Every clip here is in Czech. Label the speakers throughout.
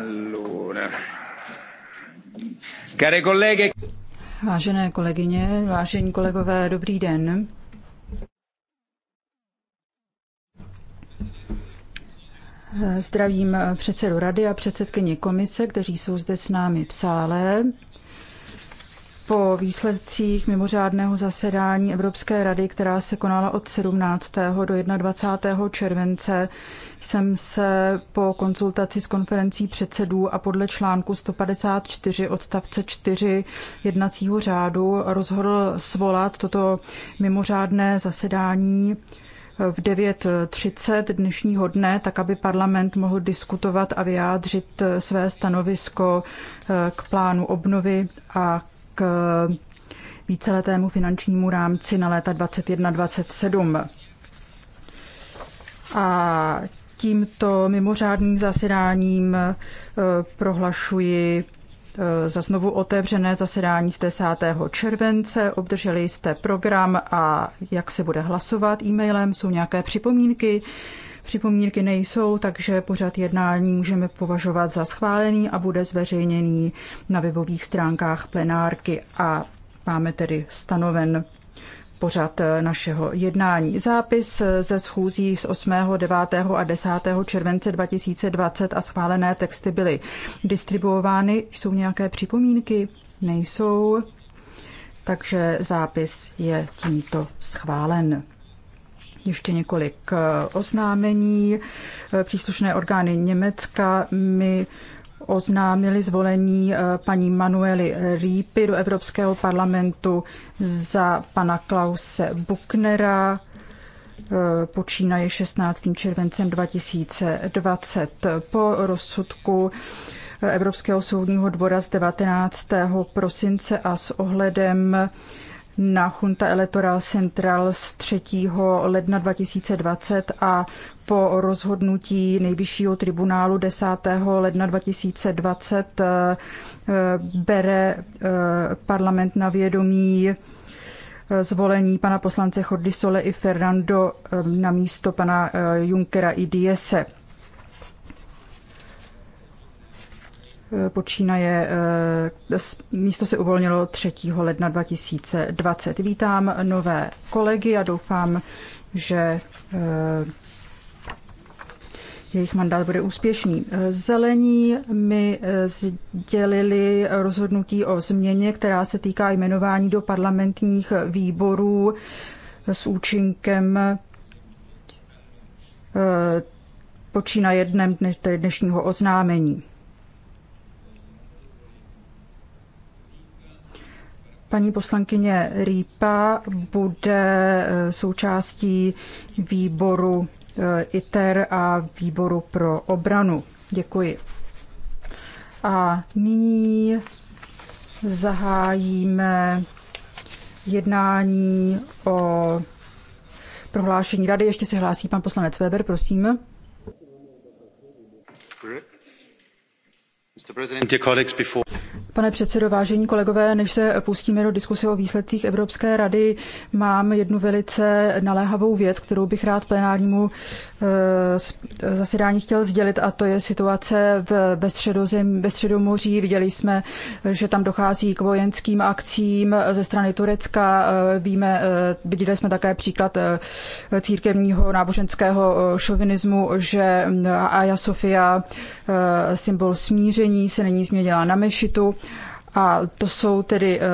Speaker 1: Allora. Care colleghe.
Speaker 2: Vážené kolegyně, vážení kolegové, dobrý den. Zdravím předsedu rady a předsedkyni komise, kteří jsou zde s námi v sále po výsledcích mimořádného zasedání Evropské rady, která se konala od 17. do 21. července, jsem se po konzultaci s konferencí předsedů a podle článku 154 odstavce 4 jednacího řádu rozhodl svolat toto mimořádné zasedání v 9.30 dnešního dne, tak aby parlament mohl diskutovat a vyjádřit své stanovisko eh, k plánu obnovy a víceletému finančnímu rámci na léta 21-27. A tímto mimořádným zasedáním e, prohlašuji e, za znovu otevřené zasedání z 10. července. Obdrželi jste program a jak se bude hlasovat e-mailem. Jsou nějaké připomínky? Připomínky nejsou, takže pořad jednání můžeme považovat za schválený a bude zveřejněný na webových stránkách plenárky a máme tedy stanoven pořad eh, našeho jednání. Zápis eh, ze schůzí z 8., 9. a 10. července 2020 a schválené texty byly distribuovány. Jsou nějaké připomínky? Nejsou. Takže zápis je tímto schválen. Ještě několik eh, oznámení. Eh, příslušné orgány Německa mi oznámili zvolení eh, paní Manuely Rýpy do Evropského parlamentu za pana Klause Bucknera počínaje 16. červencem 2020 po rozsudku Evropského soudního dvora z 19. prosince a s ohledem na Junta Electoral Central z 3. ledna 2020 a po rozhodnutí nejvyššího tribunálu 10. ledna 2020 eh, bere eh, parlament na vědomí eh, zvolení pana poslance Chordisole i Fernando na místo pana Junkera i Diese. Eh, počínaje. Eh, místo se uvolnilo 3. ledna 2020. Vítám nové kolegy a doufám, že eh, jejich mandát bude úspěšný. Zelení mi sdělili rozhodnutí o změně, která se týká jmenování do parlamentních výborů s účinkem počínaje dnem dnešního oznámení. Paní poslankyně Rýpa bude eh, součástí výboru eh, ITER a výboru pro obranu. Děkuji. A nyní zahájíme jednání o prohlášení rady. Ještě se hlásí pan poslanec Weber, prosím.
Speaker 3: Mr. President, dear colleagues, before...
Speaker 2: Pane předsedo, vážení kolegové, než se pustíme do diskuse o výsledcích Evropské rady, mám jednu velice naléhavou věc, kterou bych rád plenárnímu eh, zasedání chtěl sdělit, a to je situace v Středomoří. Viděli jsme, že tam dochází k vojenským akcím ze strany Turecka. Eh, víme, eh, viděli jsme také příklad církevního náboženského šovinismu, že Aja Sofia, symbol smíření, se není změnila na mešitu. A to jsou tedy eh,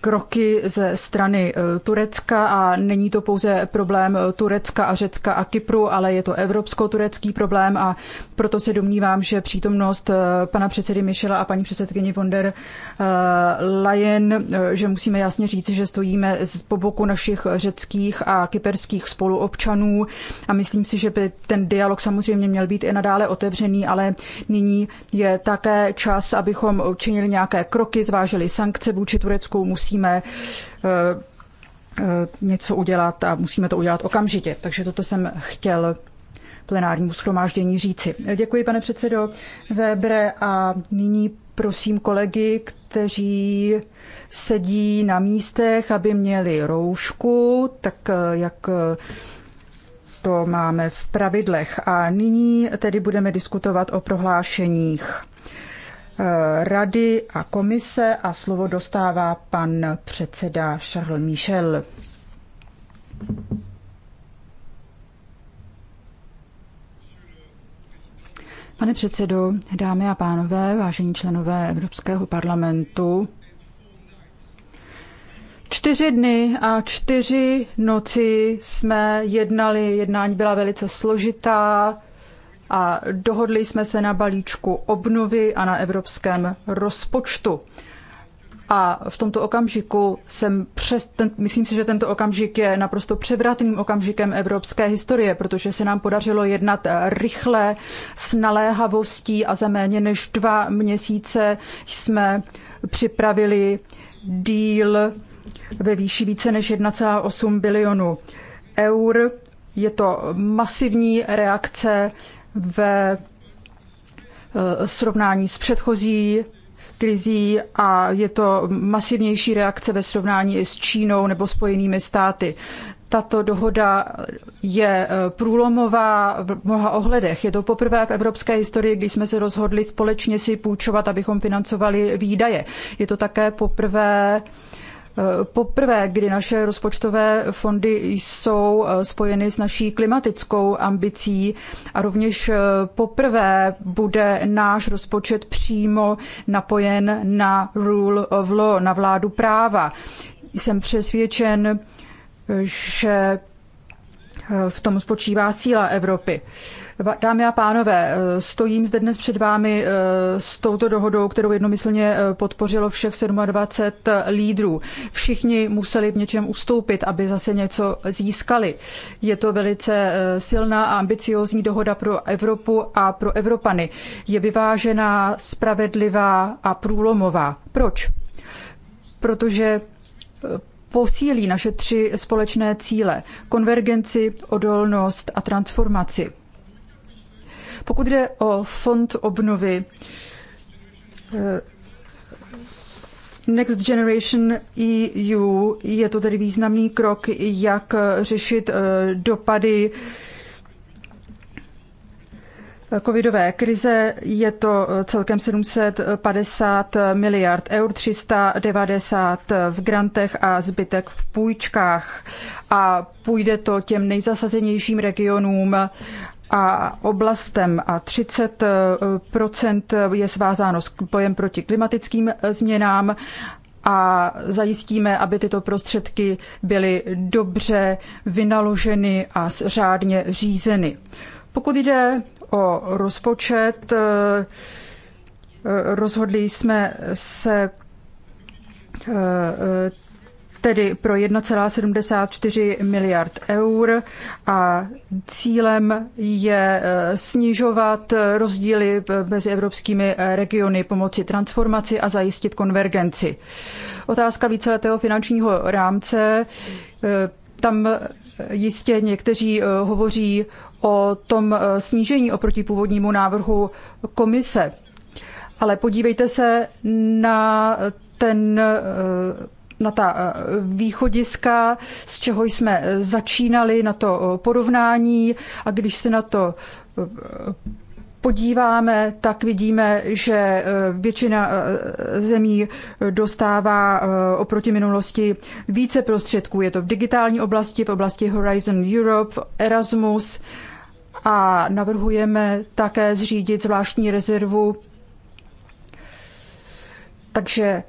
Speaker 2: kroky ze strany eh, Turecka a není to pouze problém eh, Turecka a Řecka a Kypru, ale je to evropsko-turecký problém a proto se domnívám, že přítomnost pana předsedy Michela a paní předsedkyně von der Leyen, že musíme jasně říci, že stojíme po boku našich řeckých a kyperských spoluobčanů a myslím si, že by ten dialog samozřejmě měl být i nadále otevřený, ale nyní je také čas, abychom učinili nějaké kroky, zvážili sankce vůči Turecku, musíme eh, eh, něco udělat a musíme to udělat okamžitě. Takže toto jsem chtěl plenárnímu schromáždění říci. Děkuji, pane předsedo Webre, a nyní prosím kolegy, kteří sedí na místech, aby měli roušku, tak eh, jak to máme v pravidlech. A nyní tedy budeme diskutovat o prohlášeních Eh, rady a komise a slovo dostává pan předseda Charles Michel. Pane předsedo, dámy a pánové, vážení členové Evropského parlamentu, Čtyři dny a čtyři noci jsme jednali, jednání byla velice složitá, a dohodli jsme se na balíčku obnovy a na evropském rozpočtu. A v tomto okamžiku jsem přes, ten, myslím si, že tento okamžik je naprosto převratným okamžikem evropské historie, protože se nám podařilo jednat rychle, s naléhavostí a za méně než dva měsíce jsme připravili díl ve výši více než 1,8 bilionu eur. Je to masivní reakce ve eh, srovnání s předchozí krizí a je to masivnější reakce ve srovnání i s Čínou nebo Spojenými státy. Tato dohoda je eh, průlomová v mnoha ohledech. Je to poprvé v evropské historii, kdy jsme se rozhodli společně si půjčovat, abychom financovali výdaje. Je to také poprvé Eh, poprvé, kdy naše rozpočtové fondy jsou eh, spojeny s naší klimatickou ambicí a rovněž eh, poprvé bude náš rozpočet přímo napojen na rule of law, na vládu práva. Jsem přesvědčen, že v tom spočívá síla Evropy. Dámy a pánové, eh, stojím zde dnes před vámi eh, s touto dohodou, kterou jednomyslně eh, podpořilo všech 27 lídrů. Všichni museli v něčem ustoupit, aby zase něco získali. Je to velice silná a ambiciózní dohoda pro Evropu a pro Evropany. Je vyvážená, spravedlivá a průlomová. Proč? Protože posílí naše tři společné cíle konvergenci, odolnost a transformaci. Pokud jde o fond obnovy, eh, Next Generation EU je to tedy významný krok, jak řešit eh, dopady eh, covidové krize. Je to celkem 750 miliard eur, 390 v grantech a zbytek v půjčkách. A půjde to těm nejzasazenějším regionům a oblastem a 30 eh, je svázáno s bojem proti klimatickým eh, změnám a zajistíme, aby tyto prostředky byly dobře vynaloženy a řádně řízeny. Pokud jde o rozpočet, eh, rozhodli jsme se tedy pro 1,74 miliard eur a cílem je eh, snižovat rozdíly eh, mezi evropskými eh, regiony pomocí transformaci a zajistit konvergenci. Otázka víceletého finančního rámce. Tam jistě někteří hovoří o tom snížení oproti původnímu návrhu komise. Ale podívejte se na ten na ta eh, východiska, z čeho jsme eh, začínali, na to eh, porovnání a když se na to podíváme, tak vidíme, že většina zemí dostává oproti minulosti více prostředků. Je to v digitální oblasti, v oblasti Horizon Europe, Erasmus a navrhujeme také zřídit zvláštní rezervu. Takže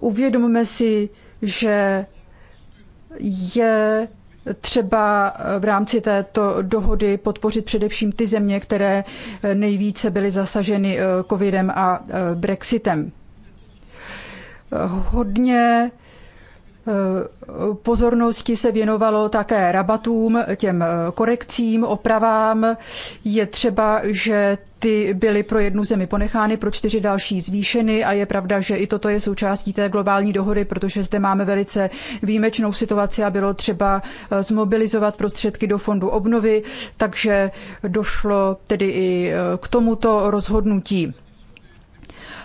Speaker 2: uvědomme si, že je třeba v rámci této dohody podpořit především ty země, které nejvíce byly zasaženy eh, covidem a eh, brexitem. Hodně Eh, pozornosti se věnovalo také rabatům, těm eh, korekcím, opravám. Je třeba, že ty byly pro jednu zemi ponechány, pro čtyři další zvýšeny a je pravda, že i toto je součástí té globální dohody, protože zde máme velice výjimečnou situaci a bylo třeba eh, zmobilizovat prostředky do fondu obnovy, takže došlo tedy i k tomuto rozhodnutí.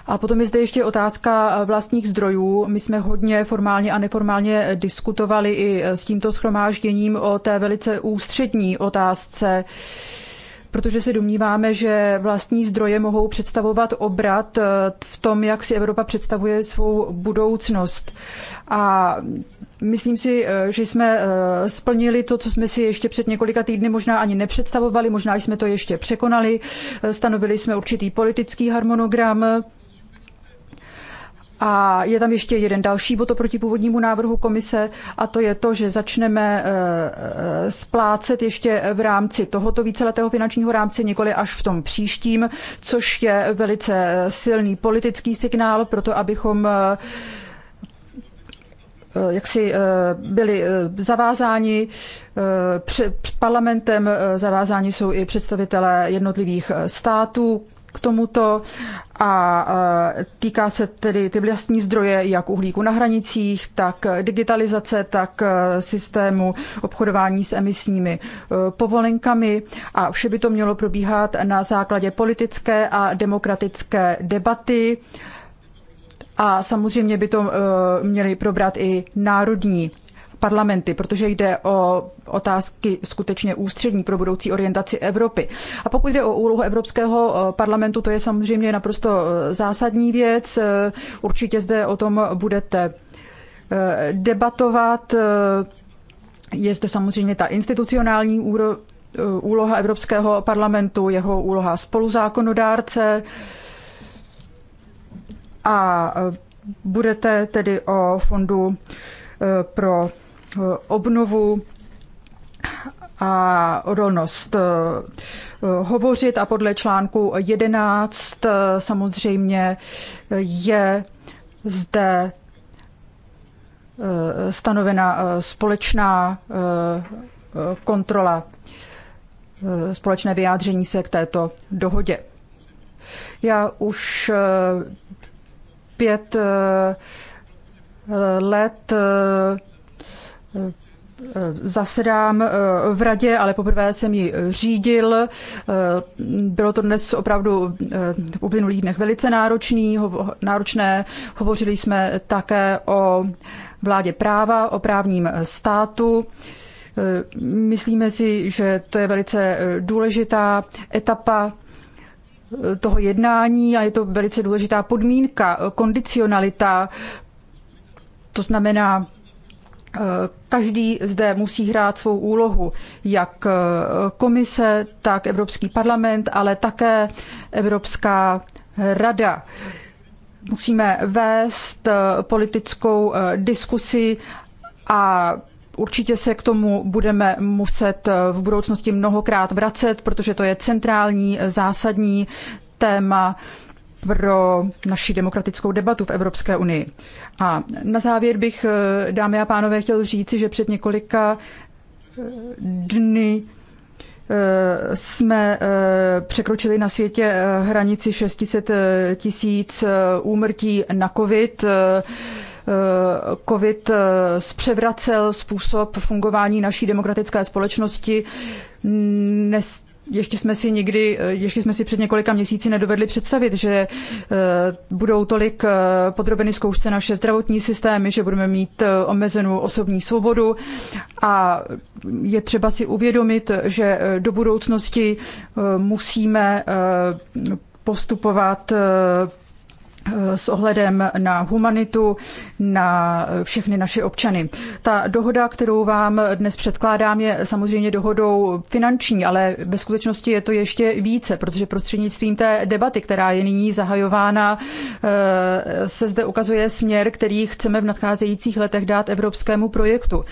Speaker 2: A potom je zde ještě otázka eh, vlastních zdrojů. My jsme hodně formálně a neformálně diskutovali i eh, s tímto schromážděním o té velice ústřední otázce protože se domníváme, že vlastní zdroje mohou představovat obrat eh, v tom, jak si Evropa představuje svou budoucnost. A myslím si, že jsme splnili to, co jsme si ještě před několika týdny možná ani nepředstavovali, možná jsme to ještě překonali. Stanovili jsme určitý politický harmonogram a je tam ještě jeden další bod oproti původnímu návrhu komise a to je to, že začneme eh, eh, splácet ještě v rámci tohoto víceletého finančního rámce, nikoli až v tom příštím, což je velice eh, silný politický signál pro to, abychom jak si byli zavázáni před parlamentem, zavázáni jsou i představitelé jednotlivých států, k tomuto a týká se tedy ty vlastní zdroje jak uhlíku na hranicích, tak digitalizace, tak e, systému obchodování s emisními e, povolenkami a vše by to mělo probíhat na základě politické a demokratické debaty a samozřejmě by to e, měly probrat i národní parlamenty, protože jde o otázky skutečně ústřední pro budoucí orientaci Evropy. A pokud jde o úlohu Evropského eh, parlamentu, to je samozřejmě naprosto eh, zásadní věc. Eh, určitě zde o tom budete debatovat. Je zde samozřejmě ta institucionální úloha Evropského parlamentu, jeho úloha spoluzákonodárce a budete tedy o fondu pro obnovu a odolnost eh, hovořit a podle článku 11 eh, samozřejmě eh, je zde stanovena společná kontrola, společné vyjádření se k této dohodě. Já už pět let zasedám eh, v radě, ale poprvé jsem ji řídil. Eh, bylo to dnes opravdu eh, v uplynulých dnech velice náročný, náročné. Hovořili jsme také o vládě práva, o právním státu. Myslíme si, že to je velice důležitá etapa toho jednání a je to velice důležitá podmínka, kondicionalita. To znamená, Každý zde musí hrát svou úlohu, jak eh, komise, tak Evropský parlament, ale také Evropská rada. Musíme vést eh, politickou eh, diskusi a určitě se k tomu budeme muset v budoucnosti mnohokrát vracet, protože to je centrální, zásadní téma pro naši demokratickou debatu v Evropské unii. A na závěr bych, eh, dámy a pánové, chtěl říci, že před několika eh, dny eh, jsme překročili na světě hranici 600 tisíc úmrtí na COVID. COVID zpřevracel způsob fungování naší demokratické společnosti ještě jsme si nikdy, eh, ještě jsme si před několika měsíci nedovedli představit, že eh, budou tolik eh, podrobeny zkoušce naše zdravotní systémy, že budeme mít omezenou osobní svobodu a je třeba si uvědomit, že do budoucnosti musíme postupovat s ohledem na humanitu, na všechny naše občany. Ta dohoda, kterou vám dnes předkládám, je samozřejmě dohodou finanční, ale ve skutečnosti je to ještě více, protože prostřednictvím té debaty, která je nyní zahajována, eh, se zde ukazuje směr, který chceme v nadcházejících letech dát evropskému projektu.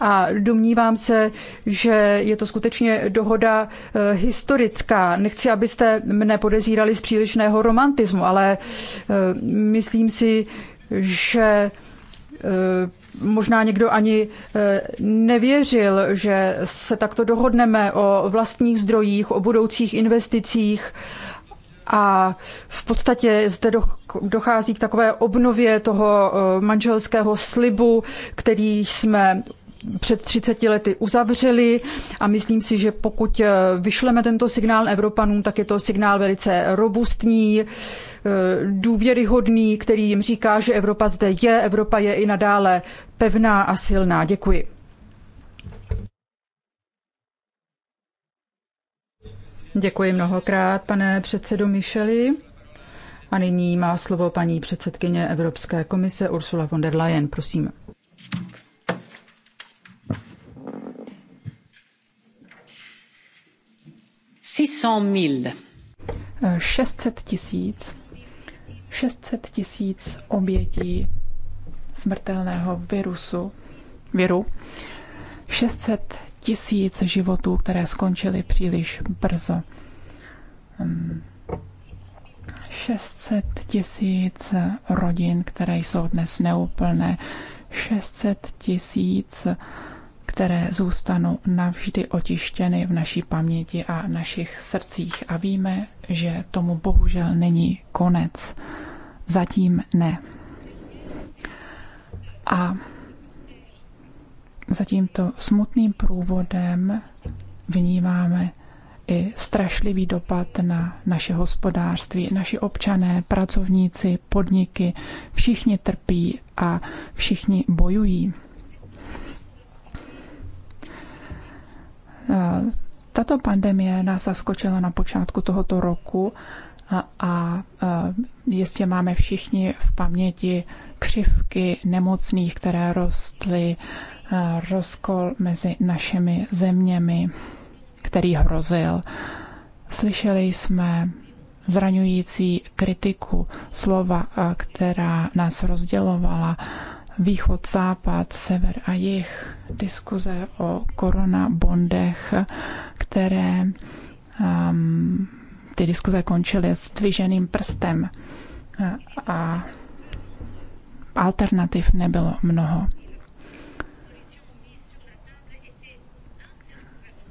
Speaker 2: A domnívám se, že je to skutečně dohoda eh, historická. Nechci, abyste mne podezírali z přílišného romantismu, ale eh, Eh, myslím si, že eh, možná někdo ani eh, nevěřil, že se takto dohodneme o vlastních zdrojích, o budoucích investicích a v podstatě zde dochází k takové obnově toho manželského slibu, který jsme před 30 lety uzavřeli a myslím si, že pokud eh, vyšleme tento signál Evropanům, tak je to signál velice robustní, eh, důvěryhodný, který jim říká, že Evropa zde je, Evropa je i nadále pevná a silná. Děkuji. Děkuji mnohokrát, pane předsedo Micheli. A nyní má slovo paní předsedkyně Evropské komise Ursula von der Leyen. Prosím. 600
Speaker 4: tisíc 600 tisíc obětí smrtelného virusu, viru, 600 tisíc životů, které skončily příliš brzo. 600 tisíc rodin, které jsou dnes neúplné, 600 tisíc 000 které zůstanou navždy otištěny v naší paměti a našich srdcích. A víme, že tomu bohužel není konec. Zatím ne. A za tímto smutným průvodem vnímáme i strašlivý dopad na naše hospodářství. Naši občané, pracovníci, podniky, všichni trpí a všichni bojují. Tato pandemie nás zaskočila na počátku tohoto roku a, a jistě máme všichni v paměti křivky nemocných, které rostly, rozkol mezi našimi zeměmi, který hrozil. Slyšeli jsme zraňující kritiku, slova, která nás rozdělovala východ, západ, sever a jih, diskuze o koronabondech, které um, ty diskuze končily s dviženým prstem a alternativ nebylo mnoho.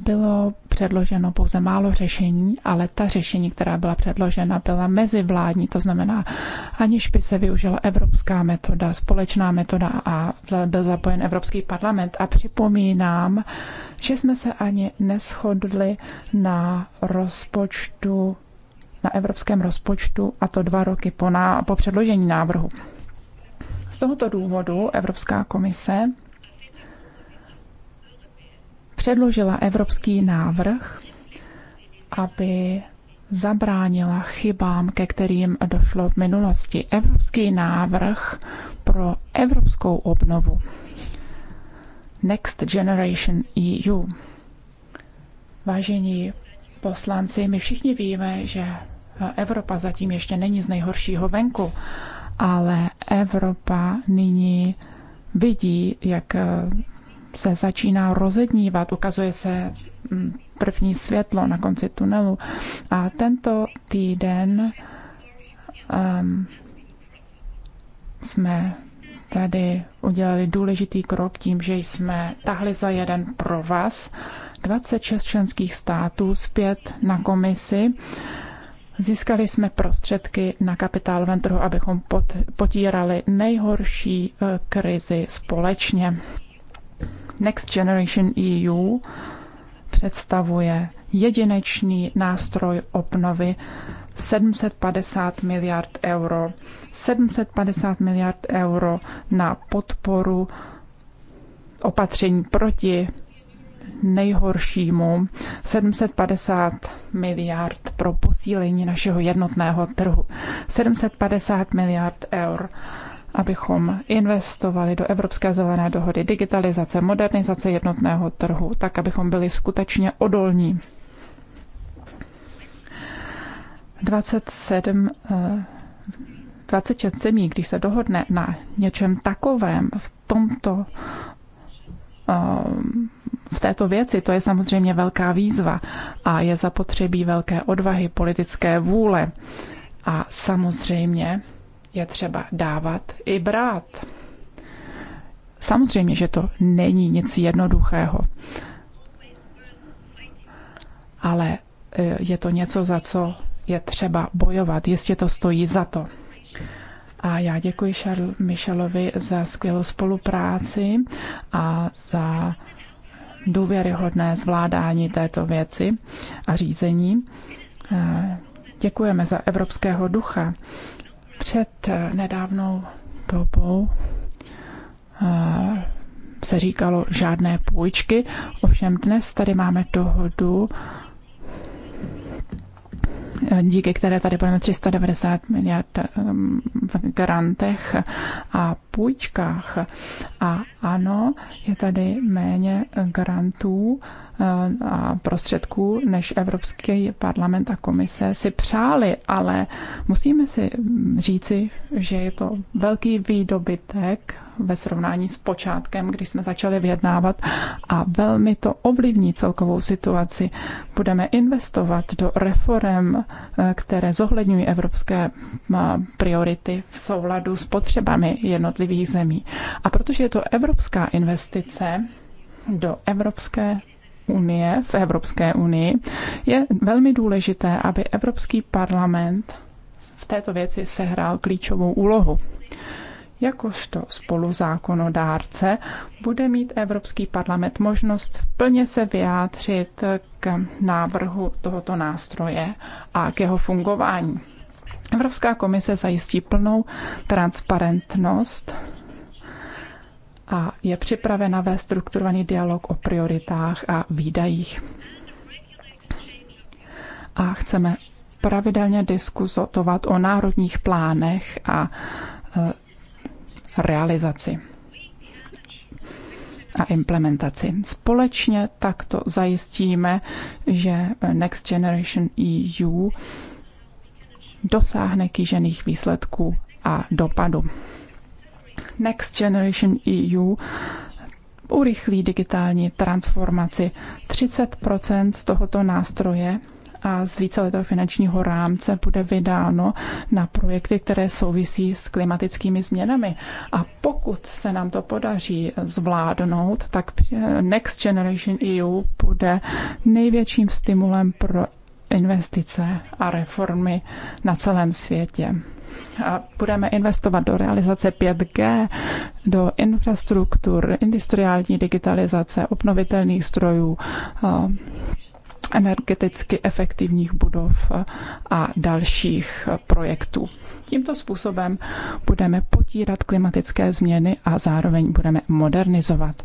Speaker 4: bylo předloženo pouze málo řešení, ale ta řešení, která byla předložena, byla mezivládní, to znamená, aniž by se využila evropská metoda, společná metoda a byl zapojen Evropský parlament. A připomínám, že jsme se ani neschodli na rozpočtu, na evropském rozpočtu, a to dva roky po, ná, po předložení návrhu. Z tohoto důvodu Evropská komise předložila evropský návrh, aby zabránila chybám, ke kterým došlo v minulosti. Evropský návrh pro evropskou obnovu. Next Generation EU. Vážení poslanci, my všichni víme, že Evropa zatím ještě není z nejhoršího venku, ale Evropa nyní vidí, jak se začíná rozednívat, ukazuje se mm, první světlo na konci tunelu. A tento týden um, jsme tady udělali důležitý krok tím, že jsme tahli za jeden pro vás 26 členských států zpět na komisi. Získali jsme prostředky na kapitálovém trhu, abychom potírali nejhorší eh, krizi společně. Next Generation EU představuje jedinečný nástroj obnovy 750 miliard euro. 750 miliard euro na podporu opatření proti nejhoršímu 750 miliard pro posílení našeho jednotného trhu. 750 miliard euro abychom investovali do Evropské zelené dohody, digitalizace, modernizace jednotného trhu, tak abychom byli skutečně odolní. 27 26 eh, zemí, když se dohodne na něčem takovém v tomto eh, v této věci, to je samozřejmě velká výzva a je zapotřebí velké odvahy, politické vůle a samozřejmě je třeba dávat i brát. Samozřejmě, že to není nic jednoduchého, ale e, je to něco, za co je třeba bojovat. Jistě to stojí za to. A já děkuji Charles Michelovi za skvělou spolupráci a za důvěryhodné zvládání této věci a řízení. E, děkujeme za evropského ducha před eh, nedávnou dobou eh, se říkalo žádné půjčky, ovšem dnes tady máme dohodu, eh, díky které tady budeme 390 miliard v garantech a půjčkách. A ano, je tady méně garantů Eh, a prostředků, než Evropský parlament a komise si přáli, ale musíme si říci, že je to velký výdobytek ve srovnání s počátkem, když jsme začali vyjednávat a velmi to ovlivní celkovou situaci. Budeme investovat do reform, eh, které zohledňují evropské eh, priority v souladu s potřebami jednotlivých zemí. A protože je to evropská investice, do evropské unie, v Evropské unii, je velmi důležité, aby Evropský parlament v této věci sehrál klíčovou úlohu. Jakožto spoluzákonodárce bude mít Evropský parlament možnost plně se vyjádřit k návrhu tohoto nástroje a k jeho fungování. Evropská komise zajistí plnou transparentnost a je připravena vést strukturovaný dialog o prioritách a výdajích. A chceme pravidelně diskutovat o národních plánech a e, realizaci a implementaci. Společně takto zajistíme, že Next Generation EU dosáhne kýžených výsledků a dopadu. Next Generation EU urychlí digitální transformaci. 30 z tohoto nástroje a z víceletého finančního rámce bude vydáno na projekty, které souvisí s klimatickými změnami. A pokud se nám to podaří zvládnout, tak Next Generation EU bude největším stimulem pro investice a reformy na celém světě a budeme investovat do realizace 5G, do infrastruktur, industriální digitalizace, obnovitelných strojů, energeticky efektivních budov a dalších projektů. Tímto způsobem budeme potírat klimatické změny a zároveň budeme modernizovat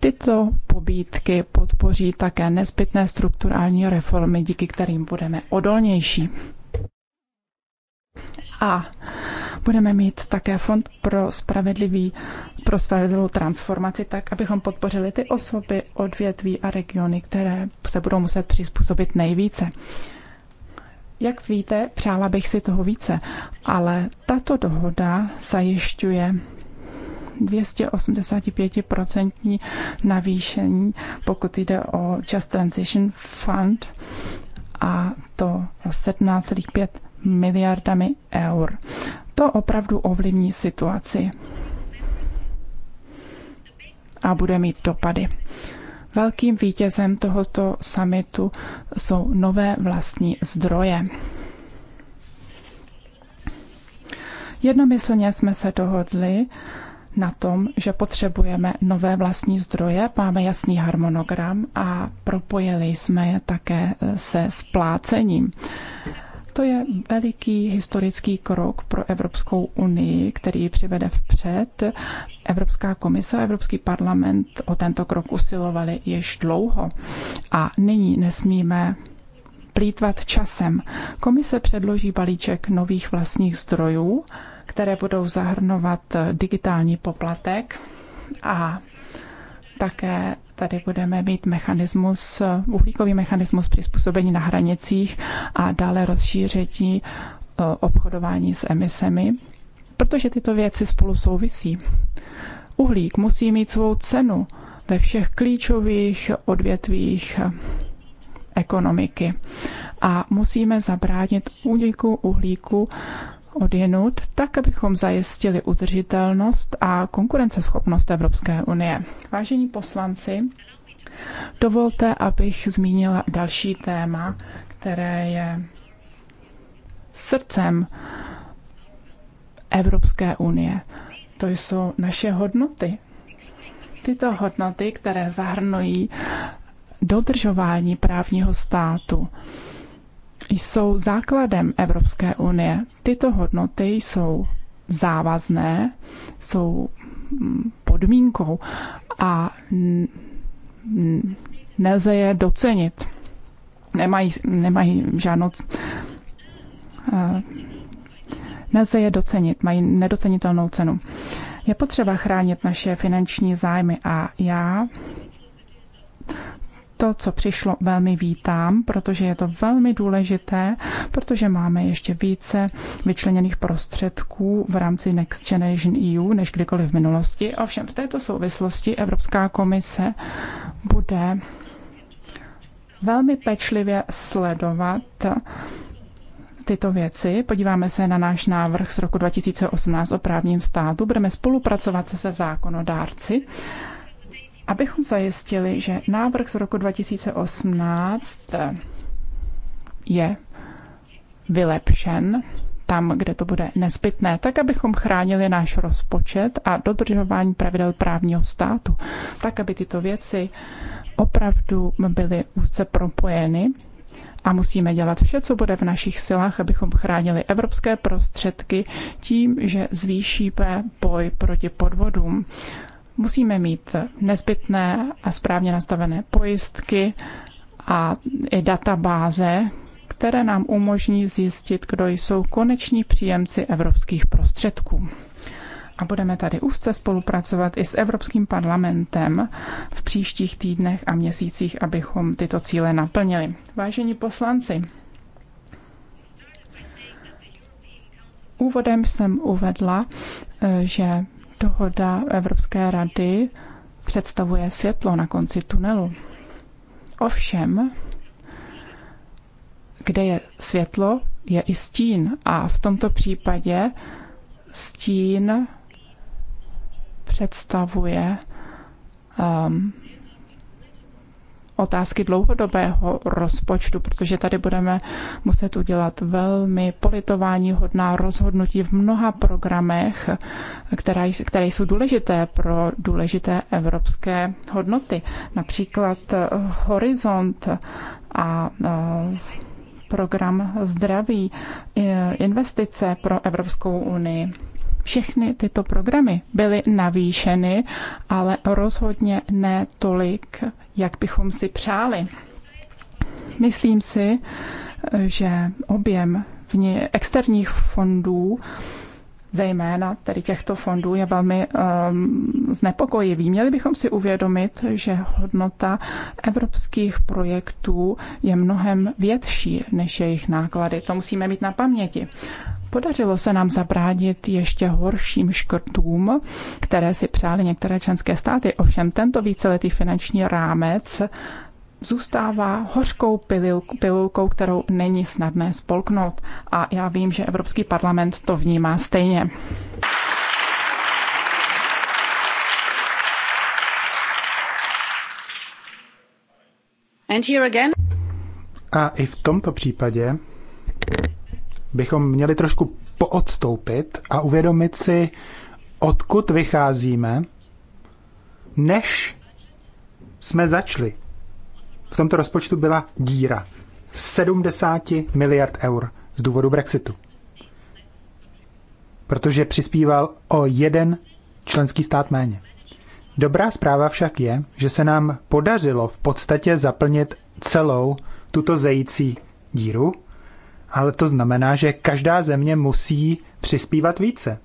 Speaker 4: tyto pobídky podpoří také nezbytné strukturální reformy, díky kterým budeme odolnější. A budeme mít také fond pro spravedlivý pro spravedlivou transformaci, tak abychom podpořili ty osoby, odvětví a regiony, které se budou muset přizpůsobit nejvíce. Jak víte, přála bych si toho více, ale tato dohoda zajišťuje 285% navýšení, pokud jde o Just Transition Fund a to 17,5 miliardami eur. To opravdu ovlivní situaci a bude mít dopady. Velkým vítězem tohoto summitu jsou nové vlastní zdroje. Jednomyslně jsme se dohodli, na tom, že potřebujeme nové vlastní zdroje, máme jasný harmonogram a propojili jsme je také eh, se splácením. To je veliký historický krok pro Evropskou unii, který přivede vpřed. Evropská komise a Evropský parlament o tento krok usilovali již dlouho a nyní nesmíme plítvat časem. Komise předloží balíček nových vlastních zdrojů které budou zahrnovat digitální poplatek a také tady budeme mít mechanismus, uhlíkový mechanismus přizpůsobení na hranicích a dále rozšíření e, obchodování s emisemi, protože tyto věci spolu souvisí. Uhlík musí mít svou cenu ve všech klíčových odvětvích ekonomiky a musíme zabránit úniku uhlíku odjenut, tak abychom zajistili udržitelnost a konkurenceschopnost Evropské unie. Vážení poslanci, dovolte, abych zmínila další téma, které je srdcem Evropské unie. To jsou naše hodnoty. Tyto hodnoty, které zahrnují dodržování právního státu, jsou základem Evropské unie. Tyto hodnoty jsou závazné, jsou mm, podmínkou a nelze je docenit. Nemají, nemají žádnou. Eh, nelze je docenit, mají nedocenitelnou cenu. Je potřeba chránit naše finanční zájmy a já to, co přišlo, velmi vítám, protože je to velmi důležité, protože máme ještě více vyčleněných prostředků v rámci Next Generation EU než kdykoliv v minulosti. Ovšem v této souvislosti Evropská komise bude velmi pečlivě sledovat tyto věci. Podíváme se na náš návrh z roku 2018 o právním státu. Budeme spolupracovat se zákonodárci Abychom zajistili, že návrh z roku 2018 je vylepšen tam, kde to bude nezbytné, tak abychom chránili náš rozpočet a dodržování pravidel právního státu, tak aby tyto věci opravdu byly úzce propojeny a musíme dělat vše, co bude v našich silách, abychom chránili evropské prostředky tím, že zvýšíme boj proti podvodům. Musíme mít nezbytné a správně nastavené pojistky a i databáze, které nám umožní zjistit, kdo jsou koneční příjemci evropských prostředků. A budeme tady úzce spolupracovat i s Evropským parlamentem v příštích týdnech a měsících, abychom tyto cíle naplnili. Vážení poslanci, úvodem jsem uvedla, eh, že Dohoda Evropské rady představuje světlo na konci tunelu. Ovšem, kde je světlo, je i stín. A v tomto případě stín představuje um, otázky dlouhodobého rozpočtu, protože tady budeme muset udělat velmi politování hodná rozhodnutí v mnoha programech, které, které jsou důležité pro důležité evropské hodnoty. Například eh, Horizont a eh, program zdraví, eh, investice pro Evropskou unii. Všechny tyto programy byly navýšeny, ale rozhodně ne tolik, jak bychom si přáli. Myslím si, že objem vně, externích fondů, zejména tedy těchto fondů, je velmi um, znepokojivý. Měli bychom si uvědomit, že hodnota evropských projektů je mnohem větší než jejich náklady. To musíme mít na paměti. Podařilo se nám zabránit ještě horším škrtům, které si přáli některé členské státy. Ovšem tento víceletý finanční rámec zůstává hořkou pilulkou, kterou není snadné spolknout. A já vím, že Evropský parlament to vnímá stejně. And here again.
Speaker 5: A i v tomto případě bychom měli trošku poodstoupit a uvědomit si, odkud vycházíme, než jsme začali. V tomto rozpočtu byla díra 70 miliard eur z důvodu Brexitu. Protože přispíval o jeden členský stát méně. Dobrá zpráva však je, že se nám podařilo v podstatě zaplnit celou tuto zející díru ale to znamená, že každá země musí přispívat více.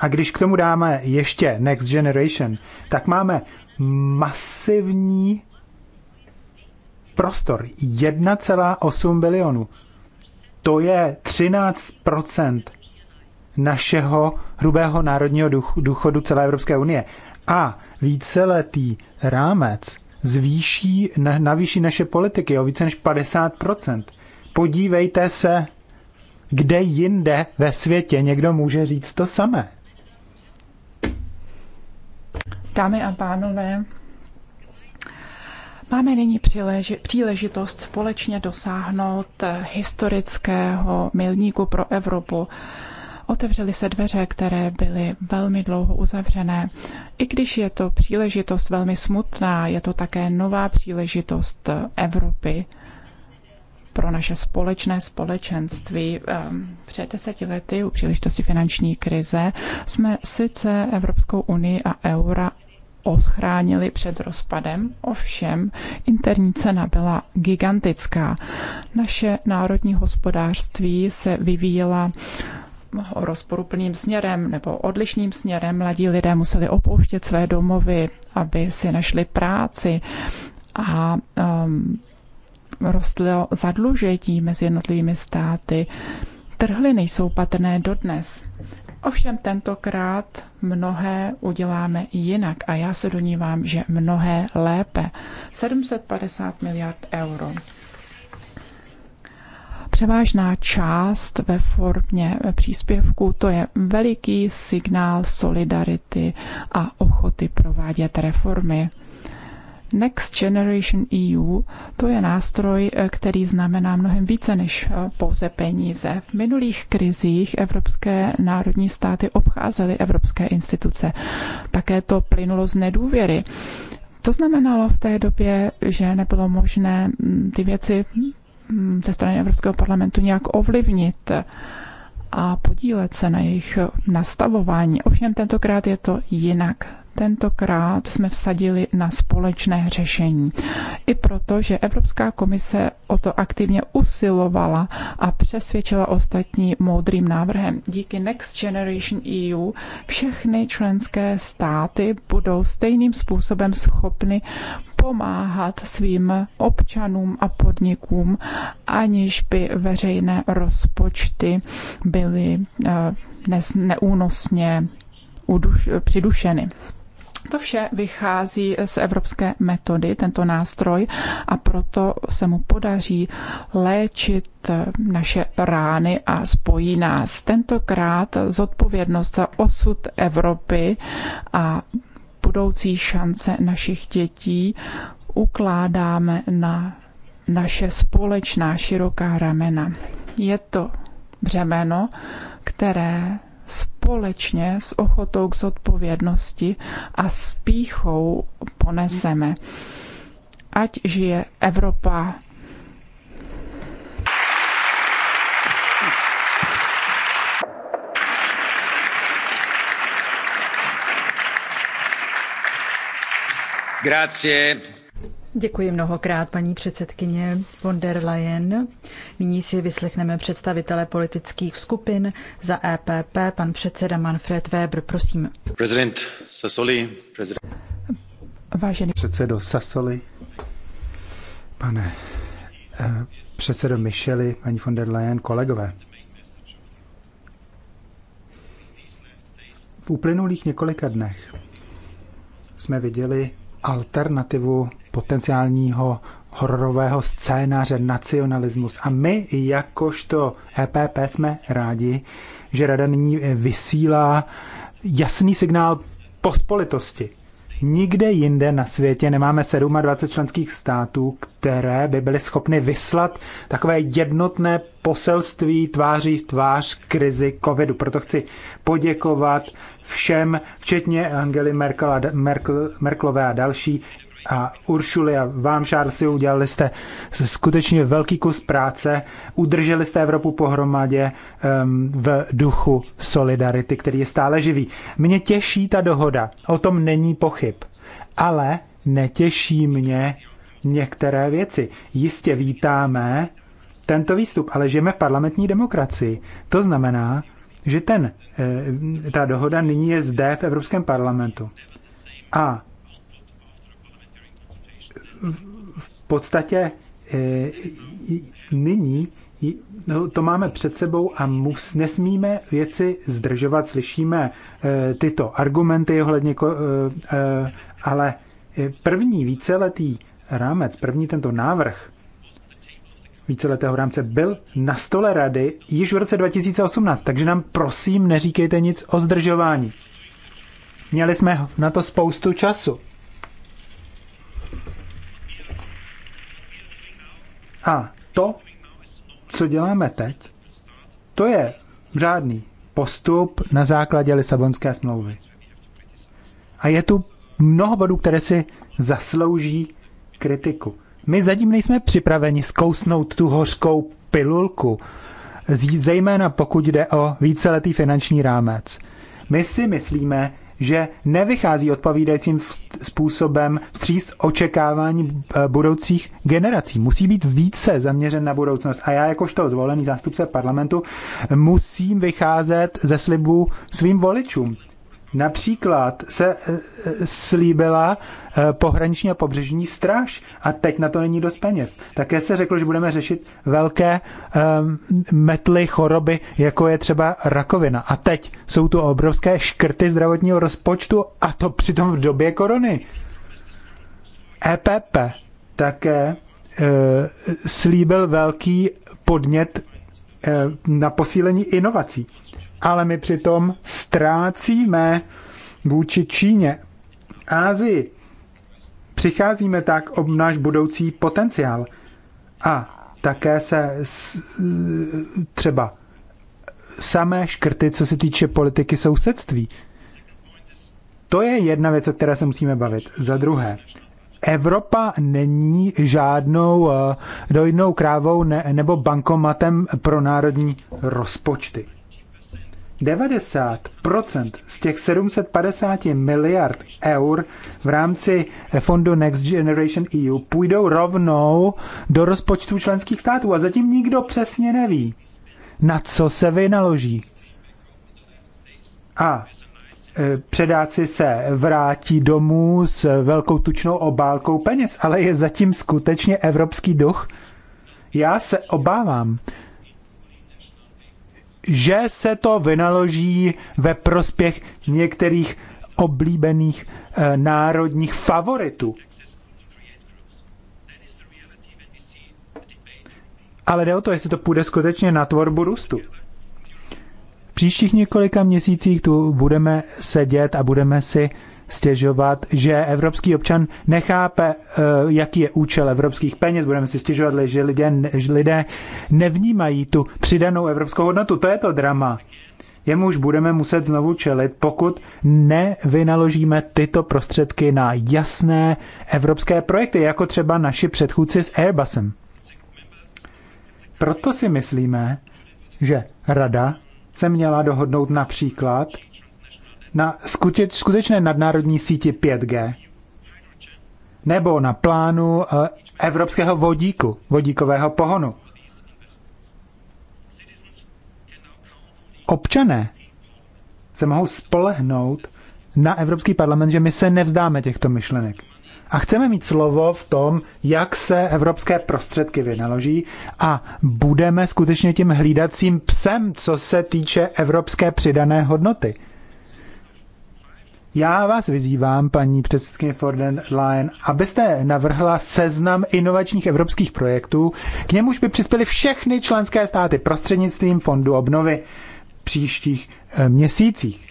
Speaker 5: A když k tomu dáme ještě Next Generation, tak máme masivní prostor 1,8 bilionu. To je 13 našeho hrubého národního důchodu celé Evropské unie. A víceletý rámec zvýší, navýší naše politiky o více než 50 Podívejte se, kde jinde ve světě někdo může říct to samé.
Speaker 4: Dámy a pánové, Máme nyní příležitost společně dosáhnout historického milníku pro Evropu. Otevřely se dveře, které byly velmi dlouho uzavřené. I když je to příležitost velmi smutná, je to také nová příležitost Evropy pro naše společné společenství. Ehm, před deseti lety u příležitosti finanční krize jsme sice Evropskou unii a eura ochránili před rozpadem, ovšem interní cena byla gigantická. Naše národní hospodářství se vyvíjela rozporuplným směrem nebo odlišným směrem. Mladí lidé museli opouštět své domovy, aby si našli práci a um, rostlo zadlužení mezi jednotlivými státy. Trhly nejsou patrné dodnes. Ovšem tentokrát mnohé uděláme jinak a já se donívám, že mnohé lépe. 750 miliard euro. Převážná část ve formě příspěvku to je veliký signál solidarity a ochoty provádět reformy. Next Generation EU to je nástroj, eh, který znamená mnohem více než eh, pouze peníze. V minulých krizích evropské národní státy obcházely evropské instituce. Také to plynulo z nedůvěry. To znamenalo v té době, že nebylo možné mm, ty věci mm, ze strany Evropského parlamentu nějak ovlivnit a podílet se na jejich nastavování. Ovšem tentokrát je to jinak tentokrát jsme vsadili na společné řešení. I proto, že Evropská komise o to aktivně usilovala a přesvědčila ostatní moudrým návrhem. Díky Next Generation EU všechny členské státy budou stejným způsobem schopny pomáhat svým občanům a podnikům, aniž by veřejné rozpočty byly eh, neúnosně přidušeny. To vše vychází z evropské metody, tento nástroj, a proto se mu podaří léčit naše rány a spojí nás. Tentokrát zodpovědnost za osud Evropy a budoucí šance našich dětí ukládáme na naše společná široká ramena. Je to břemeno, které společně s ochotou k zodpovědnosti a s píchou poneseme. Ať žije Evropa.
Speaker 1: Grazie.
Speaker 2: Děkuji mnohokrát, paní předsedkyně von der Leyen. Nyní si vyslechneme představitele politických skupin za EPP, pan předseda Manfred Weber, prosím.
Speaker 3: Prezident Sassoli, prezident.
Speaker 5: Vážený předsedo Sassoli, pane eh, předsedo Micheli, paní von der Leyen, kolegové. V uplynulých několika dnech jsme viděli alternativu potenciálního hororového scénáře nacionalismus. A my, jakožto EPP, jsme rádi, že Rada nyní vysílá jasný signál pospolitosti. Nikde jinde na světě nemáme 27 členských států, které by byly schopny vyslat takové jednotné poselství tváří v tvář krizi covidu. Proto chci poděkovat všem, včetně Angely Merkel a, Merkel, Merkelové a další, a Uršuli a vám, Charlesi, udělali jste skutečně velký kus práce, udrželi jste Evropu pohromadě um, v duchu solidarity, který je stále živý. Mě těší ta dohoda, o tom není pochyb, ale netěší mě některé věci. Jistě vítáme tento výstup, ale žijeme v parlamentní demokracii. To znamená, že ten, eh, ta dohoda nyní je zde v Evropském parlamentu. A v podstatě eh, nyní no, to máme před sebou a mus, nesmíme věci zdržovat. Slyšíme eh, tyto argumenty ohledně, eh, ale první víceletý rámec, první tento návrh víceletého rámce byl na stole rady již v roce 2018, takže nám prosím neříkejte nic o zdržování. Měli jsme na to spoustu času. A to, co děláme teď, to je řádný postup na základě Lisabonské smlouvy. A je tu mnoho bodů, které si zaslouží kritiku. My zatím nejsme připraveni zkousnout tu hořkou pilulku, zejména pokud jde o víceletý finanční rámec. My si myslíme, že nevychází odpovídajícím způsobem vstříc očekávání eh, budoucích generací. Musí být více zaměřen na budoucnost. A já jakožto zvolený zástupce parlamentu musím vycházet ze slibu svým voličům. Například se eh, slíbila eh, pohraniční a pobřežní stráž a teď na to není dost peněz. Také se řeklo, že budeme řešit velké ehm, metly, choroby, jako je třeba rakovina. A teď jsou tu obrovské škrty zdravotního rozpočtu a to přitom v době korony. EPP také eh, slíbil velký podnět na posílení inovací ale my přitom ztrácíme vůči Číně, Ázii. Přicházíme tak o náš budoucí potenciál. A také se s, třeba samé škrty, co se týče politiky sousedství. To je jedna věc, o které se musíme bavit. Za druhé, Evropa není žádnou eh, dojnou krávou ne, nebo bankomatem pro národní rozpočty. 90% z těch 750 miliard eur v rámci fondu Next Generation EU půjdou rovnou do rozpočtu členských států a zatím nikdo přesně neví, na co se vynaloží. A e, předáci se vrátí domů s velkou tučnou obálkou peněz, ale je zatím skutečně evropský duch? Já se obávám, že se to vynaloží ve prospěch některých oblíbených e, národních favoritů. Ale jde o to, jestli to půjde skutečně na tvorbu růstu. V příštích několika měsících tu budeme sedět a budeme si stěžovat, že evropský občan nechápe, eh, jaký je účel evropských peněz. Budeme si stěžovat, že lidé, že lidé nevnímají tu přidanou evropskou hodnotu. To je to drama. Jemu už budeme muset znovu čelit, pokud nevynaložíme tyto prostředky na jasné evropské projekty, jako třeba naši předchůdci s Airbusem. Proto si myslíme, že Rada se měla dohodnout například na skuteč, skutečné nadnárodní síti 5G nebo na plánu eh, evropského vodíku, vodíkového pohonu. Občané se mohou spolehnout na Evropský parlament, že my se nevzdáme těchto myšlenek. A chceme mít slovo v tom, jak se evropské prostředky vynaloží a budeme skutečně tím hlídacím psem, co se týče evropské přidané hodnoty. Já vás vyzývám, paní předsedkyně Forden Line, abyste navrhla seznam inovačních evropských projektů, k němuž by přispěly všechny členské státy prostřednictvím Fondu obnovy v příštích eh, měsících.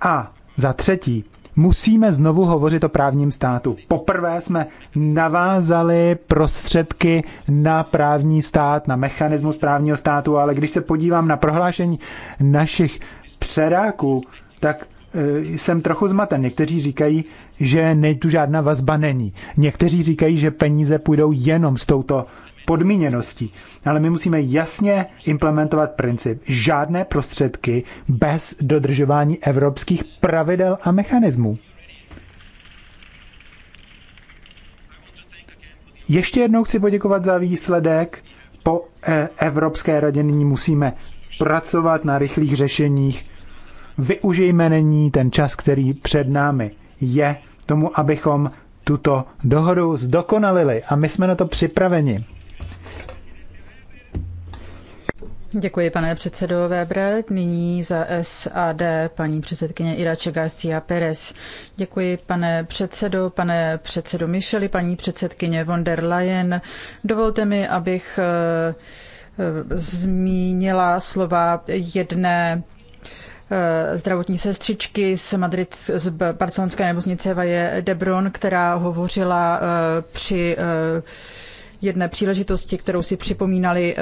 Speaker 5: A za třetí, musíme znovu hovořit o právním státu. Poprvé jsme navázali prostředky na právní stát, na mechanismus právního státu, ale když se podívám na prohlášení našich předáků, tak Eh, jsem trochu zmaten. Někteří říkají, že ne, tu žádná vazba není. Někteří říkají, že peníze půjdou jenom s touto podmíněností. Ale my musíme jasně implementovat princip. Žádné prostředky bez dodržování evropských pravidel a mechanismů. Ještě jednou chci poděkovat za výsledek. Po eh, Evropské radě nyní musíme pracovat na rychlých řešeních využijme není ten čas, který před námi je, tomu, abychom tuto dohodu zdokonalili. A my jsme na to připraveni.
Speaker 2: Děkuji, pane předsedo Webre. Nyní za SAD paní předsedkyně Irače Garcia Perez. Děkuji, pane předsedo, pane předsedo Micheli, paní předsedkyně von der Leyen. Dovolte mi, abych eh, zmínila slova jedné Eh, zdravotní sestřičky z, Madrid, z barcelonské nemocnice Vaje Debron, která hovořila eh, při eh, jedné příležitosti, kterou si připomínali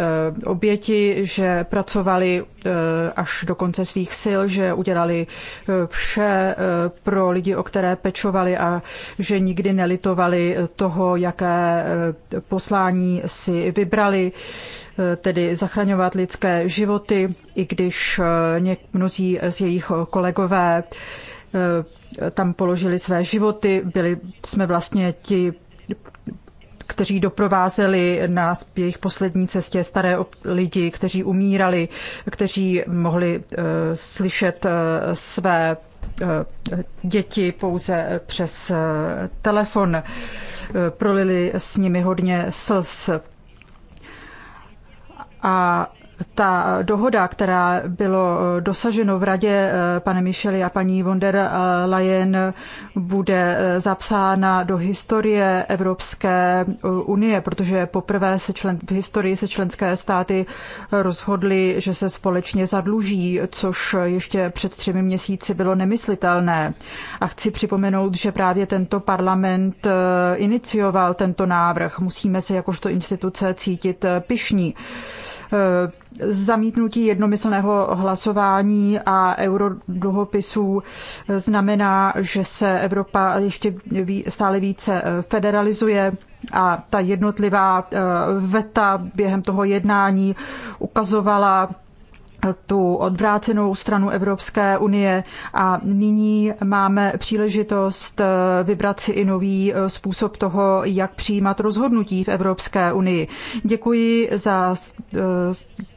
Speaker 2: oběti, že pracovali až do konce svých sil, že udělali vše pro lidi, o které pečovali a že nikdy nelitovali toho, jaké poslání si vybrali tedy zachraňovat lidské životy, i když eh, mnozí z jejich kolegové eh, tam položili své životy, byli jsme vlastně ti kteří doprovázeli na jejich poslední cestě staré lidi, kteří umírali, kteří mohli eh, slyšet své děti pouze přes telefon. Prolili s nimi hodně slz. A ta dohoda, která bylo eh, dosaženo v radě eh, pane Micheli a paní von der eh, Leyen, bude zapsána do historie Evropské unie, protože poprvé se člen, v historii se členské státy rozhodly, že se společně zadluží, což ještě před třemi měsíci bylo nemyslitelné. A chci připomenout, že právě tento parlament inicioval tento návrh. Musíme se jakožto instituce cítit pyšní. Eh, zamítnutí jednomyslného hlasování a eurodluhopisů eh, znamená, že se Evropa ještě stále více eh, federalizuje a ta jednotlivá veta během toho jednání ukazovala tu odvrácenou stranu Evropské unie a nyní máme příležitost eh, vybrat si i nový eh, způsob toho, jak přijímat rozhodnutí v Evropské unii. Děkuji za eh,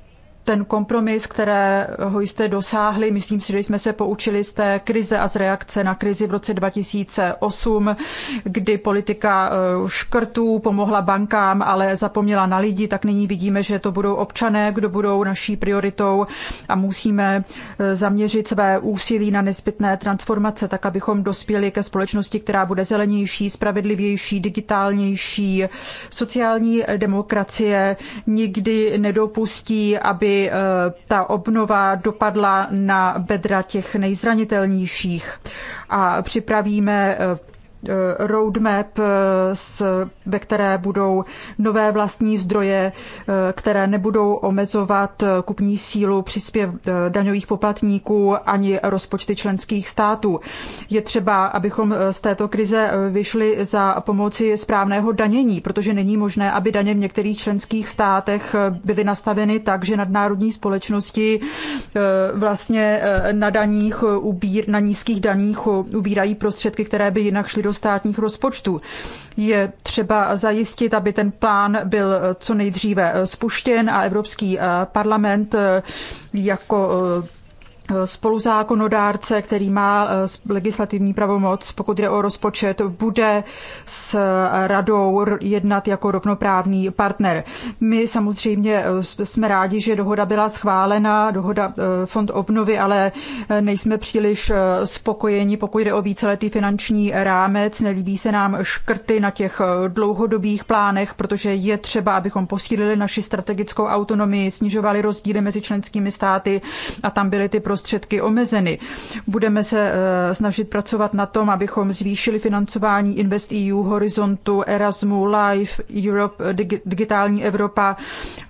Speaker 2: ten kompromis, kterého jste dosáhli, myslím si, že jsme se poučili z té krize a z reakce na krizi v roce 2008, kdy politika eh, škrtů pomohla bankám, ale zapomněla na lidi, tak nyní vidíme, že to budou občané, kdo budou naší prioritou a musíme eh, zaměřit své úsilí na nezbytné transformace, tak abychom dospěli ke společnosti, která bude zelenější, spravedlivější, digitálnější. Sociální demokracie nikdy nedopustí, aby Eh, ta obnova dopadla na bedra těch nejzranitelnějších a připravíme eh, Eh, roadmap, eh, ve které budou nové vlastní zdroje, eh, které nebudou omezovat kupní sílu přispěv daňových poplatníků ani rozpočty členských států. Je třeba, abychom z této krize vyšli za pomoci správného danění, protože není možné, aby daně v některých členských státech byly nastaveny tak, že nadnárodní společnosti vlastně na daních, na nízkých daních ubírají prostředky, které by jinak šly do státních rozpočtů. Je třeba zajistit, aby ten plán byl eh, co nejdříve eh, spuštěn a Evropský eh, parlament jako spoluzákonodárce, který má eh, legislativní pravomoc, pokud jde o rozpočet, bude s eh, radou jednat jako rovnoprávný partner. My samozřejmě eh, jsme rádi, že dohoda byla schválena, dohoda Fond obnovy, ale nejsme příliš spokojeni, pokud jde o víceletý finanční rámec. Nelíbí se nám škrty na těch dlouhodobých plánech, protože je třeba, abychom posílili naši strategickou autonomii, snižovali rozdíly mezi členskými státy a tam byly ty pro prostředky omezeny. Budeme se eh, snažit pracovat na tom, abychom zvýšili financování InvestEU, Horizontu, Erasmu, Life, Europe, Digitální Evropa,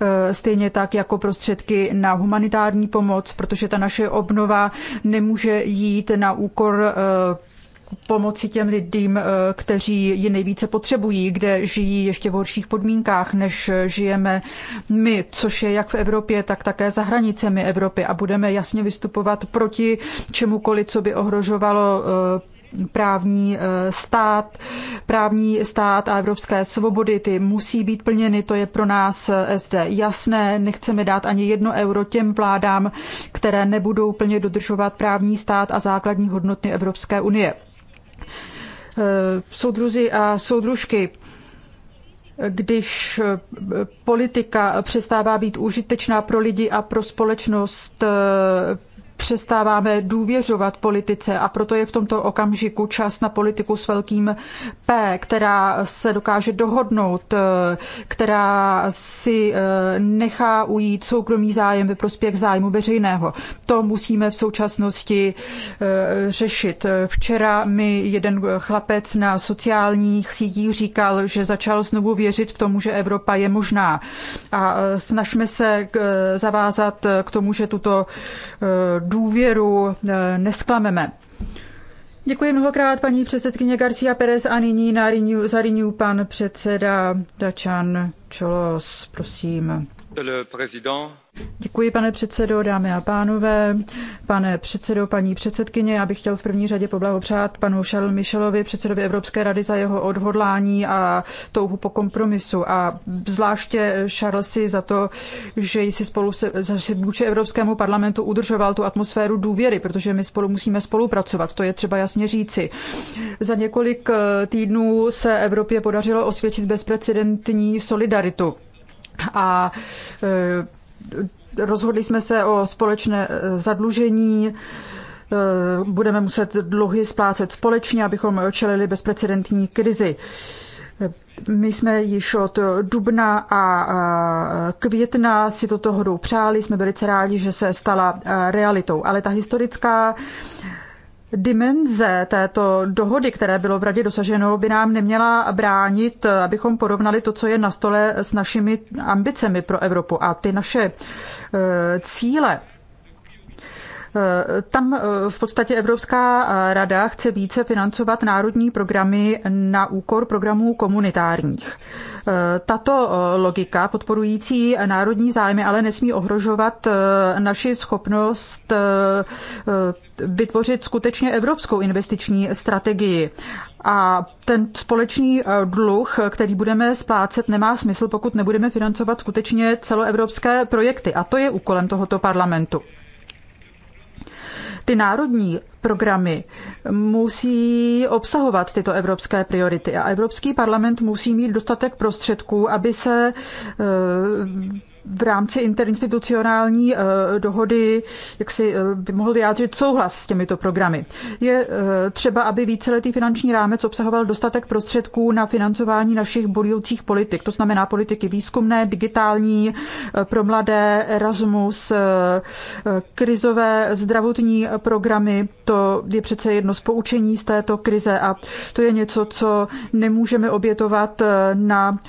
Speaker 2: eh, stejně tak jako prostředky na humanitární pomoc, protože ta naše obnova nemůže jít na úkor eh, pomoci těm lidem, eh, kteří ji nejvíce potřebují, kde žijí ještě v horších podmínkách, než žijeme my, což je jak v Evropě, tak také za hranicemi Evropy. A budeme jasně vystupovat proti čemukoliv, co by ohrožovalo eh, právní eh, stát, právní stát a evropské svobody, ty musí být plněny, to je pro nás SD jasné, nechceme dát ani jedno euro těm vládám, které nebudou plně dodržovat právní stát a základní hodnoty Evropské unie. Eh, soudruzi a soudružky. Když eh, politika přestává být užitečná pro lidi a pro společnost, eh, přestáváme důvěřovat politice a proto je v tomto okamžiku čas na politiku s velkým P, která se dokáže dohodnout, eh, která si eh, nechá ujít soukromý zájem ve prospěch zájmu veřejného. To musíme v současnosti eh, řešit. Včera mi jeden chlapec na sociálních sítích říkal, že začal znovu věřit v tomu, že Evropa je možná. A snažme se zavázat k tomu, že tuto důvěru eh, nesklameme. Děkuji mnohokrát paní předsedkyně Garcia Perez a nyní na Rinu, za Rinu pan předseda Dačan Čolos, prosím. Děkuji, pane předsedo, dámy a pánové. Pane předsedo, paní předsedkyně, já bych chtěl v první řadě poblahopřát panu Charles Michelovi, předsedovi Evropské rady, za jeho odhodlání a touhu po kompromisu. A zvláště Charlesi za to, že jsi spolu se, vůči Evropskému parlamentu udržoval tu atmosféru důvěry, protože my spolu musíme spolupracovat, to je třeba jasně říci. Za několik eh, týdnů se Evropě podařilo osvědčit bezprecedentní solidaritu a e, rozhodli jsme se o společné e, zadlužení, e, budeme muset dluhy splácet společně, abychom čelili bezprecedentní krizi. My jsme již od dubna a května si toto hodou přáli, jsme velice rádi, že se stala realitou. Ale ta historická dimenze této dohody, které bylo v radě dosaženo, by nám neměla bránit, abychom porovnali to, co je na stole s našimi ambicemi pro Evropu. A ty naše eh, cíle Eh, tam eh, v podstatě Evropská eh, rada chce více financovat národní programy na úkor programů komunitárních. Tato logika podporující národní zájmy ale nesmí ohrožovat naši schopnost vytvořit skutečně evropskou investiční strategii. A ten společný dluh, který budeme splácet, nemá smysl, pokud nebudeme financovat skutečně celoevropské projekty. A to je úkolem tohoto parlamentu. Ty národní programy musí obsahovat tyto evropské priority a Evropský parlament musí mít dostatek prostředků, aby se eh, v rámci interinstitucionální eh, dohody, jak si eh, by mohl vyjádřit souhlas s těmito programy. Je eh, třeba, aby víceletý finanční rámec obsahoval dostatek prostředků na financování našich budoucích politik, to znamená politiky výzkumné, digitální, pro mladé, Erasmus, krizové zdravotní programy. To je přece jedno z poučení z této krize a to je něco, co nemůžeme obětovat na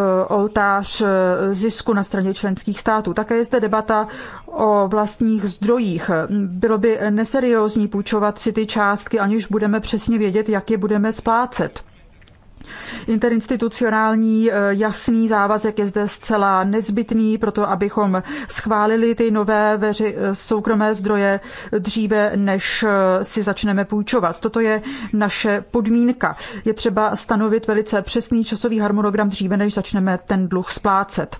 Speaker 2: E, oltář e, zisku na straně členských států. Také je zde debata o vlastních zdrojích. Bylo by neseriózní půjčovat si ty částky, aniž budeme přesně vědět, jak je budeme splácet. Interinstitucionální eh, jasný závazek je zde zcela nezbytný pro to, abychom schválili ty nové veři, eh, soukromé zdroje dříve, než eh, si začneme půjčovat. Toto je naše podmínka. Je třeba stanovit velice přesný časový harmonogram dříve, než začneme ten dluh splácet.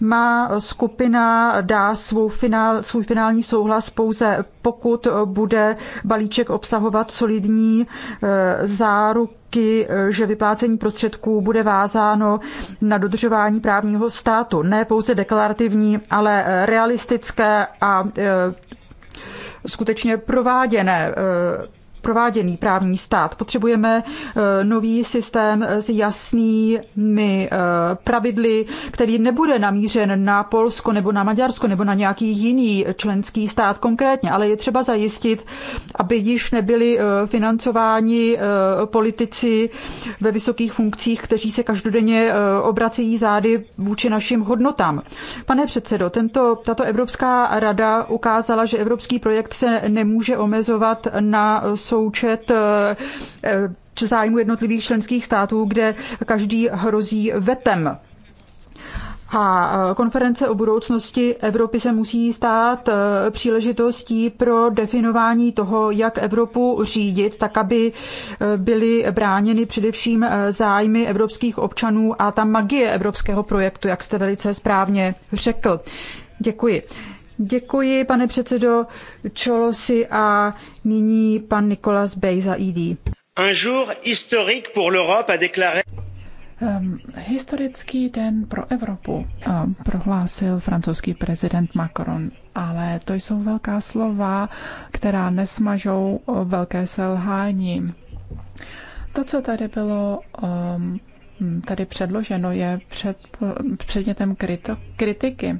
Speaker 2: Má skupina dá svou finál, svůj finální souhlas pouze pokud bude balíček obsahovat solidní eh, záruky, eh, že vyplácení prostředků bude vázáno na dodržování právního státu. Ne pouze deklarativní, ale eh, realistické a skutečně prováděné prováděný právní stát. Potřebujeme eh, nový systém s jasnými eh, pravidly, který nebude namířen na Polsko nebo na Maďarsko nebo na nějaký jiný členský stát konkrétně, ale je třeba zajistit, aby již nebyli eh, financováni politici ve vysokých funkcích, kteří se každodenně obracejí zády vůči našim hodnotám. Pane předsedo, tento, tato Evropská rada ukázala, že evropský projekt se nemůže omezovat na součet eh, eh, zájmu jednotlivých členských států, kde každý hrozí vetem. A eh, konference o budoucnosti Evropy se musí stát příležitostí pro definování toho, jak Evropu řídit, tak aby byly bráněny především zájmy evropských občanů a ta magie evropského projektu, jak jste velice správně řekl. Děkuji. Děkuji, pane předsedo Čolosi a nyní pan Nikolas Bej za ID.
Speaker 3: E Un jour historique pour
Speaker 5: l'Europe a déclaré
Speaker 4: Um, historický den pro Evropu um, prohlásil francouzský prezident Macron, ale to jsou velká slova, která nesmažou velké selhání. To, co tady bylo um, tady předloženo, je před, předmětem kritiky.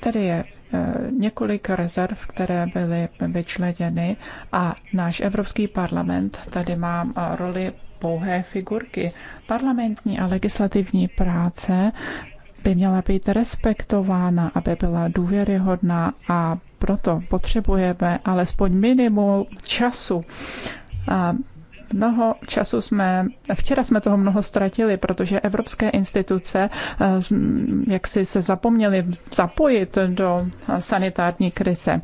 Speaker 4: Tady je eh, několik rezerv, které byly vyčleněny a náš Evropský parlament tady má eh, roli pouhé figurky. Parlamentní a legislativní práce by měla být respektována, aby byla důvěryhodná a proto potřebujeme alespoň minimum času. A eh, mnoho času jsme, včera jsme toho mnoho ztratili, protože evropské instituce eh, jak si se zapomněly zapojit do sanitární krize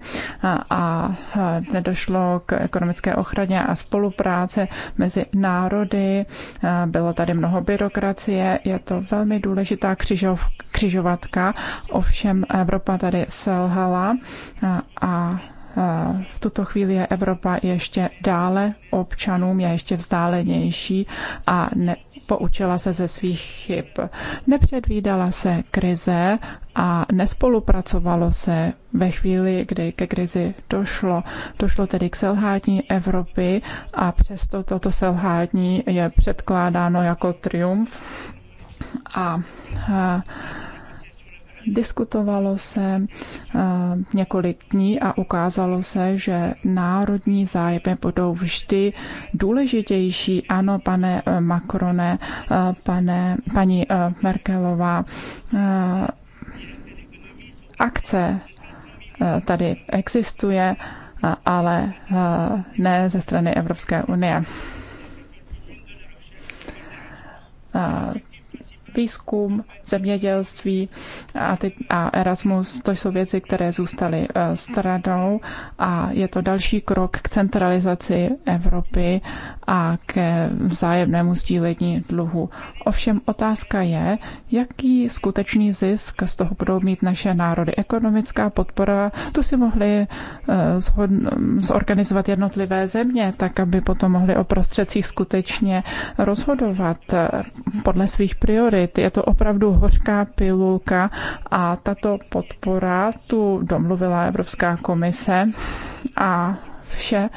Speaker 4: a eh, nedošlo k ekonomické ochraně a spolupráce mezi národy. Eh, bylo tady mnoho byrokracie, je to velmi důležitá křižov, křižovatka, ovšem Evropa tady selhala a v tuto chvíli je Evropa ještě dále občanům, je ještě vzdálenější a ne, poučila se ze svých chyb. Nepředvídala se krize a nespolupracovalo se ve chvíli, kdy ke krizi došlo. Došlo tedy k selhání Evropy a přesto toto selhání je předkládáno jako triumf. A, a Diskutovalo se eh, několik dní a ukázalo se, že národní zájmy budou vždy důležitější. Ano, pane eh, Macrone, eh, pane, paní Merkelová, akce tady existuje, ale ne ze strany Evropské unie výzkum, zemědělství a, ty, a Erasmus, to jsou věci, které zůstaly eh, stranou a je to další krok k centralizaci Evropy a ke vzájemnému sdílení dluhu. Ovšem otázka je, jaký skutečný zisk z toho budou mít naše národy. Ekonomická podpora, tu si mohli eh, zorganizovat jednotlivé země, tak aby potom mohli o prostředcích skutečně rozhodovat eh, podle svých priorit. Je to opravdu hořká pilulka a tato podpora tu domluvila Evropská komise a vše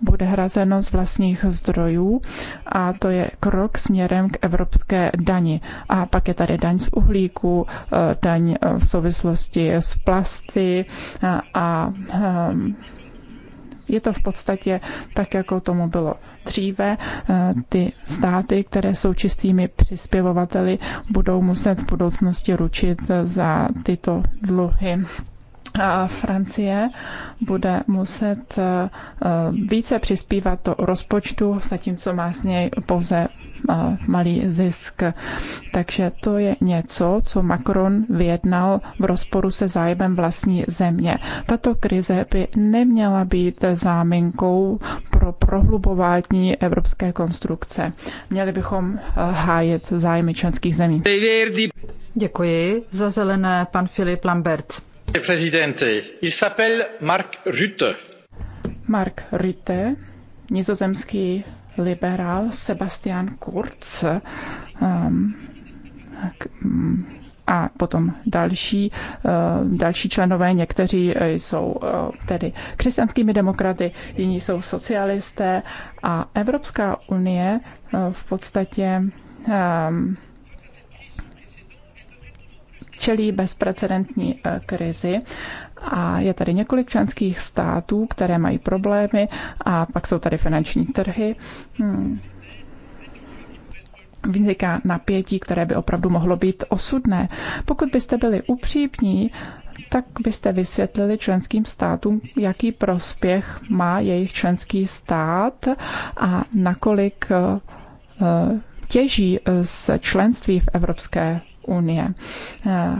Speaker 4: bude hrazeno z vlastních zdrojů a to je krok směrem k evropské dani. A pak je tady daň z uhlíku, eh, daň eh, v souvislosti s plasty eh, a, a je to v podstatě tak, jako tomu bylo dříve. Ty státy, které jsou čistými přispěvovateli, budou muset v budoucnosti ručit za tyto dluhy a Francie bude muset eh, eh, více přispívat do rozpočtu, zatímco má s něj pouze eh, malý zisk. Takže to je něco, co Macron vyjednal v rozporu se zájmem vlastní země. Tato krize by neměla být záminkou pro prohlubování evropské konstrukce. Měli bychom hájit zájmy členských zemí. Děkuji. Za zelené pan Filip Lambert.
Speaker 3: Il s'appelle Mark Rutte.
Speaker 4: Mark Rutte, nizozemský liberál Sebastian Kurz um, a potom další, uh, další členové, někteří eh, jsou eh, tedy křesťanskými demokraty, jiní jsou socialisté a Evropská unie eh, v podstatě um, čelí bezprecedentní eh, krizi. A je tady několik členských států, které mají problémy a pak jsou tady finanční trhy. Hmm vzniká napětí, které by opravdu mohlo být osudné. Pokud byste byli upřípní, tak byste vysvětlili členským státům, jaký prospěch má jejich členský stát a nakolik eh, eh, těží z členství v Evropské unie. Eh,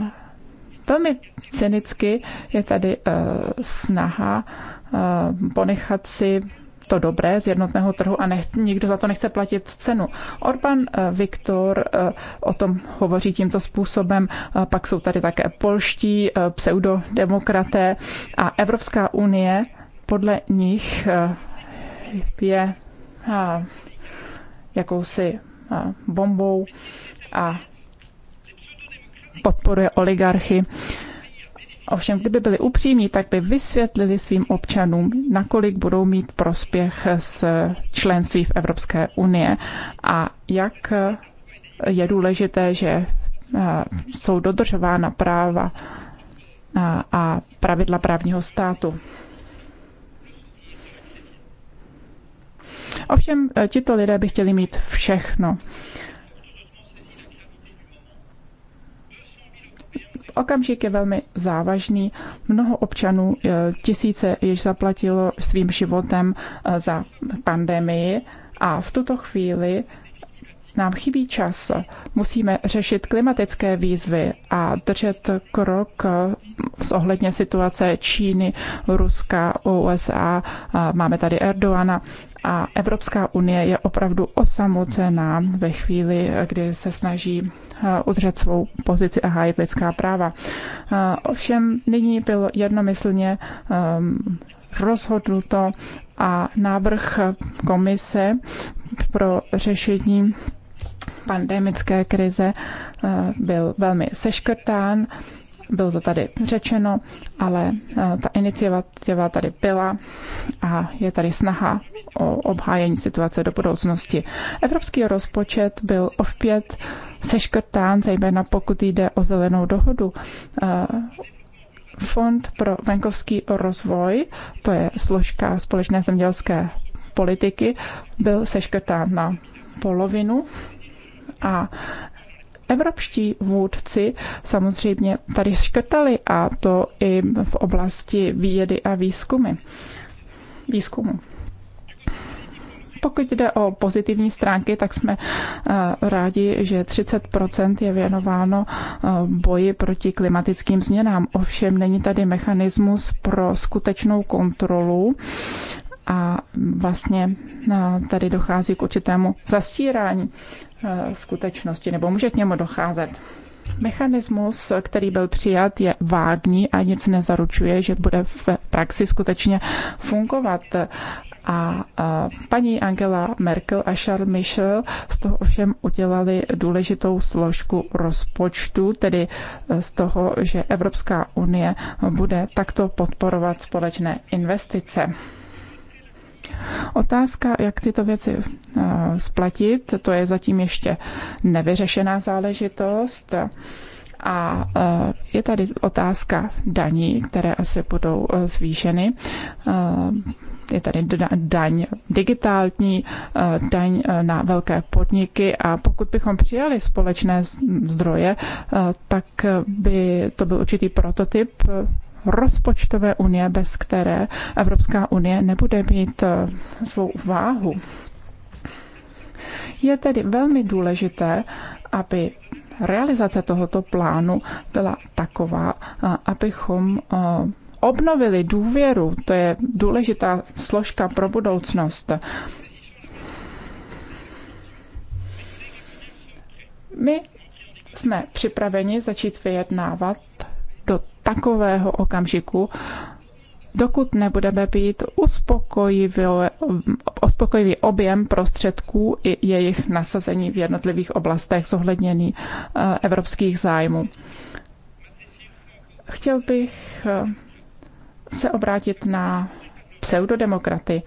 Speaker 4: velmi cynicky je tady eh, snaha eh, ponechat si to dobré z jednotného trhu a ne, nikdo za to nechce platit cenu. Orbán Viktor o tom hovoří tímto způsobem, pak jsou tady také polští pseudodemokraté a Evropská unie podle nich je jakousi bombou a podporuje oligarchy. Ovšem, kdyby byli upřímní, tak by vysvětlili svým občanům, nakolik budou mít prospěch z členství v Evropské unie a jak je důležité, že eh, jsou dodržována práva eh, a pravidla právního státu. Ovšem, eh, tito lidé by chtěli mít všechno. Okamžik je velmi závažný. Mnoho občanů, eh, tisíce již zaplatilo svým životem eh, za pandemii a v tuto chvíli nám chybí čas. Musíme řešit klimatické výzvy a držet krok eh, s ohledně situace Číny, Ruska, USA. Eh, máme tady Erdoana a Evropská unie je opravdu osamocená ve chvíli, kdy se snaží eh, udržet svou pozici a hájit lidská práva. Ovšem nyní bylo jednomyslně ehm, rozhodnuto a návrh komise pro řešení pandemické krize eh, byl velmi seškrtán. Bylo to tady řečeno, ale eh, ta iniciativa tady byla a je tady snaha o obhájení situace do budoucnosti. Evropský rozpočet byl opět seškrtán, zejména pokud jde o zelenou dohodu. Eh, Fond pro venkovský rozvoj, to je složka společné zemědělské politiky, byl seškrtán na polovinu a evropští vůdci samozřejmě tady škrtali a to i v oblasti vědy a výzkumy. výzkumu. Pokud jde o pozitivní stránky, tak jsme eh, rádi, že 30 je věnováno eh, boji proti klimatickým změnám. Ovšem není tady mechanismus pro skutečnou kontrolu a vlastně eh, tady dochází k určitému zastírání. Eh, skutečnosti, nebo může k němu docházet. Mechanismus, který byl přijat, je vágní a nic nezaručuje, že bude v praxi skutečně fungovat. A, paní Angela Merkel a Charles Michel z toho ovšem udělali důležitou složku rozpočtu, tedy eh, z toho, že Evropská unie bude takto podporovat společné investice. Otázka, jak tyto věci eh, splatit, to je zatím ještě nevyřešená záležitost. A eh, je tady otázka daní, které asi budou eh, zvýšeny. Je tady daň digitální, daň na velké podniky a pokud bychom přijali společné zdroje, tak by to byl určitý prototyp rozpočtové unie, bez které Evropská unie nebude mít eh, svou váhu. Je tedy velmi důležité, aby realizace tohoto plánu byla taková, abychom eh, obnovili důvěru. To je důležitá složka pro budoucnost. My jsme připraveni začít vyjednávat takového okamžiku, dokud nebudeme být uspokojivý, objem prostředků i jejich nasazení v jednotlivých oblastech zohlednění eh, evropských zájmů. Chtěl bych eh, se obrátit na pseudodemokraty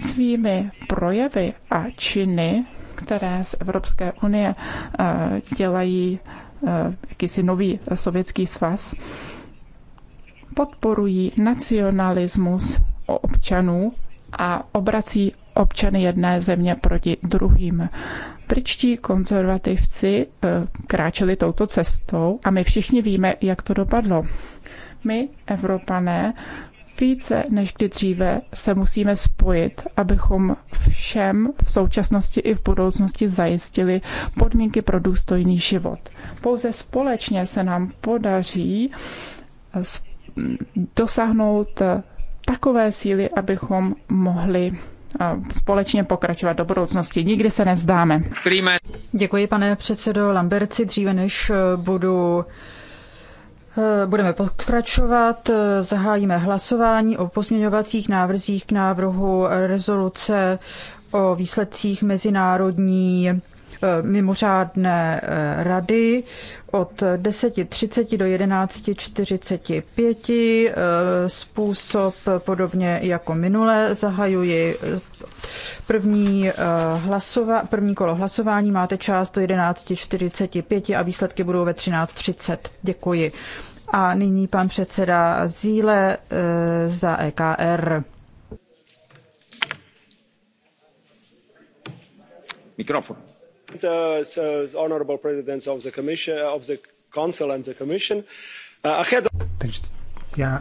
Speaker 4: svými projevy a činy, které z Evropské unie eh, dělají jakýsi nový sovětský svaz, podporují nacionalismus občanů a obrací občany jedné země proti druhým. Britští konzervativci eh, kráčeli touto cestou a my všichni víme, jak to dopadlo. My, Evropané, více než kdy dříve se musíme spojit, abychom všem v současnosti i v budoucnosti zajistili podmínky pro důstojný život. Pouze společně se nám podaří dosáhnout eh, takové síly, abychom mohli eh, společně pokračovat do budoucnosti. Nikdy se nevzdáme. Děkuji,
Speaker 2: pane předsedo Lamberci. Dříve než eh, budu Budeme pokračovat, zahájíme hlasování o pozměňovacích návrzích k návrhu rezoluce o výsledcích mezinárodní Eh, mimořádné eh, rady od 10.30 do 11.45. Eh, způsob podobně jako minule zahajuji první, hlasova, první kolo hlasování. Máte čas do 11.45 a výsledky budou ve 13.30. Děkuji. A nyní pan předseda Zíle za EKR.
Speaker 1: Mikrofon. Uh,
Speaker 5: uh, Takže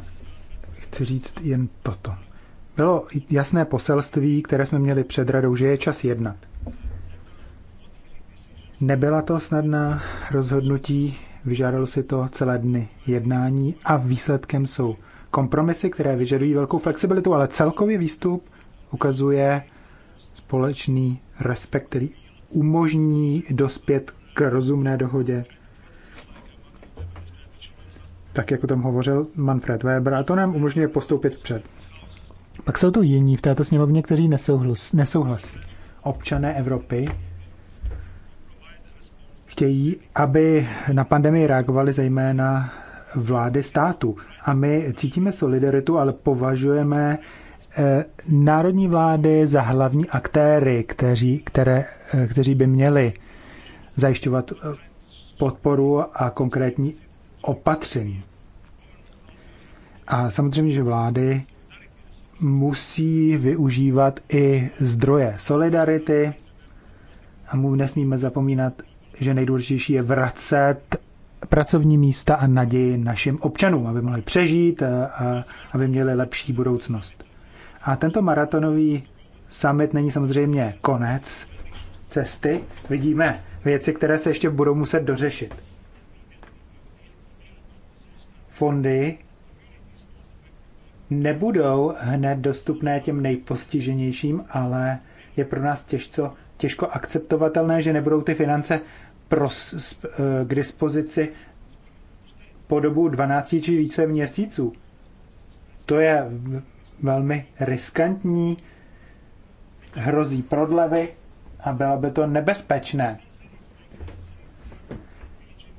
Speaker 5: chci říct jen toto. Bylo jasné poselství, které jsme měli před radou, že je čas jednat. Nebyla to snadná rozhodnutí, vyžádalo si to celé dny jednání a výsledkem jsou kompromisy, které vyžadují velkou flexibilitu, ale celkový výstup ukazuje společný respekt, který umožní dospět k rozumné dohodě, tak jak o tom hovořil Manfred Weber, a to nám umožňuje postoupit vpřed. Pak jsou tu jiní v této sněmovně, kteří nesouhlasí. Občané Evropy chtějí, aby na pandemii reagovali zejména vlády státu. A my cítíme solidaritu, ale považujeme Eh, národní vlády za hlavní aktéry, kteří, které, eh, kteří by měli zajišťovat eh, podporu a konkrétní opatření. A samozřejmě, že vlády musí využívat i zdroje solidarity a mu nesmíme zapomínat, že nejdůležitější je vracet pracovní místa a naději našim občanům, aby mohli přežít a, a aby měli lepší budoucnost. A tento maratonový summit není samozřejmě konec cesty. Vidíme věci, které se ještě budou muset dořešit. Fondy nebudou hned dostupné těm nejpostiženějším, ale je pro nás těžko, těžko akceptovatelné, že nebudou ty finance pros, eh, k dispozici po dobu 12 či více měsíců. To je velmi riskantní, hrozí prodlevy a bylo by to nebezpečné.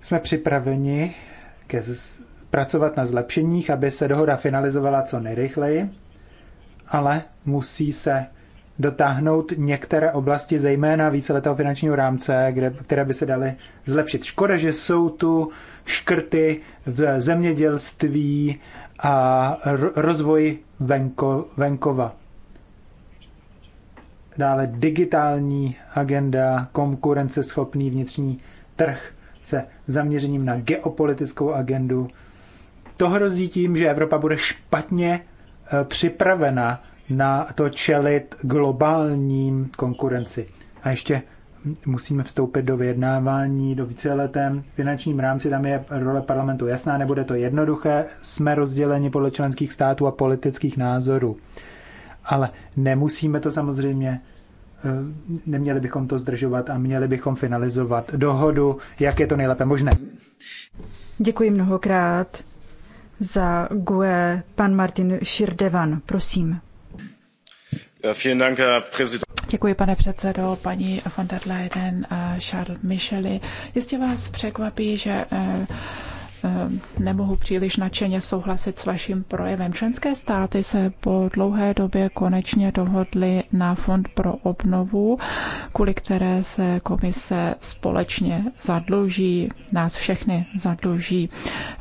Speaker 5: Jsme připraveni ke pracovat na zlepšeních, aby se dohoda finalizovala co nejrychleji, ale musí se dotáhnout některé oblasti, zejména víceletého finančního rámce, kde, které by se daly zlepšit. Škoda, že jsou tu škrty v zemědělství, a rozvoj venko, venkova. Dále digitální agenda, konkurenceschopný vnitřní trh se zaměřením na geopolitickou agendu. To hrozí tím, že Evropa bude špatně e, připravena na to čelit globálním konkurenci. A ještě musíme vstoupit do vyjednávání, do víceletém finančním rámci, tam je role parlamentu jasná, nebude to jednoduché, jsme rozděleni podle členských států a politických názorů. Ale nemusíme to samozřejmě, eh, neměli bychom to zdržovat a měli bychom finalizovat dohodu, jak je to nejlépe možné.
Speaker 2: Děkuji mnohokrát za GUE, pan Martin Širdevan, prosím.
Speaker 3: vielen Dank, Herr Präsident.
Speaker 4: Děkuji, pane předsedo, paní von der Leyen a eh, Charlotte Micheli. Jistě vás překvapí, že eh, eh, nemohu příliš nadšeně souhlasit s vaším projevem. Členské státy se po dlouhé době konečně dohodly na Fond pro obnovu, kvůli které se komise společně zadluží, nás všechny zadluží.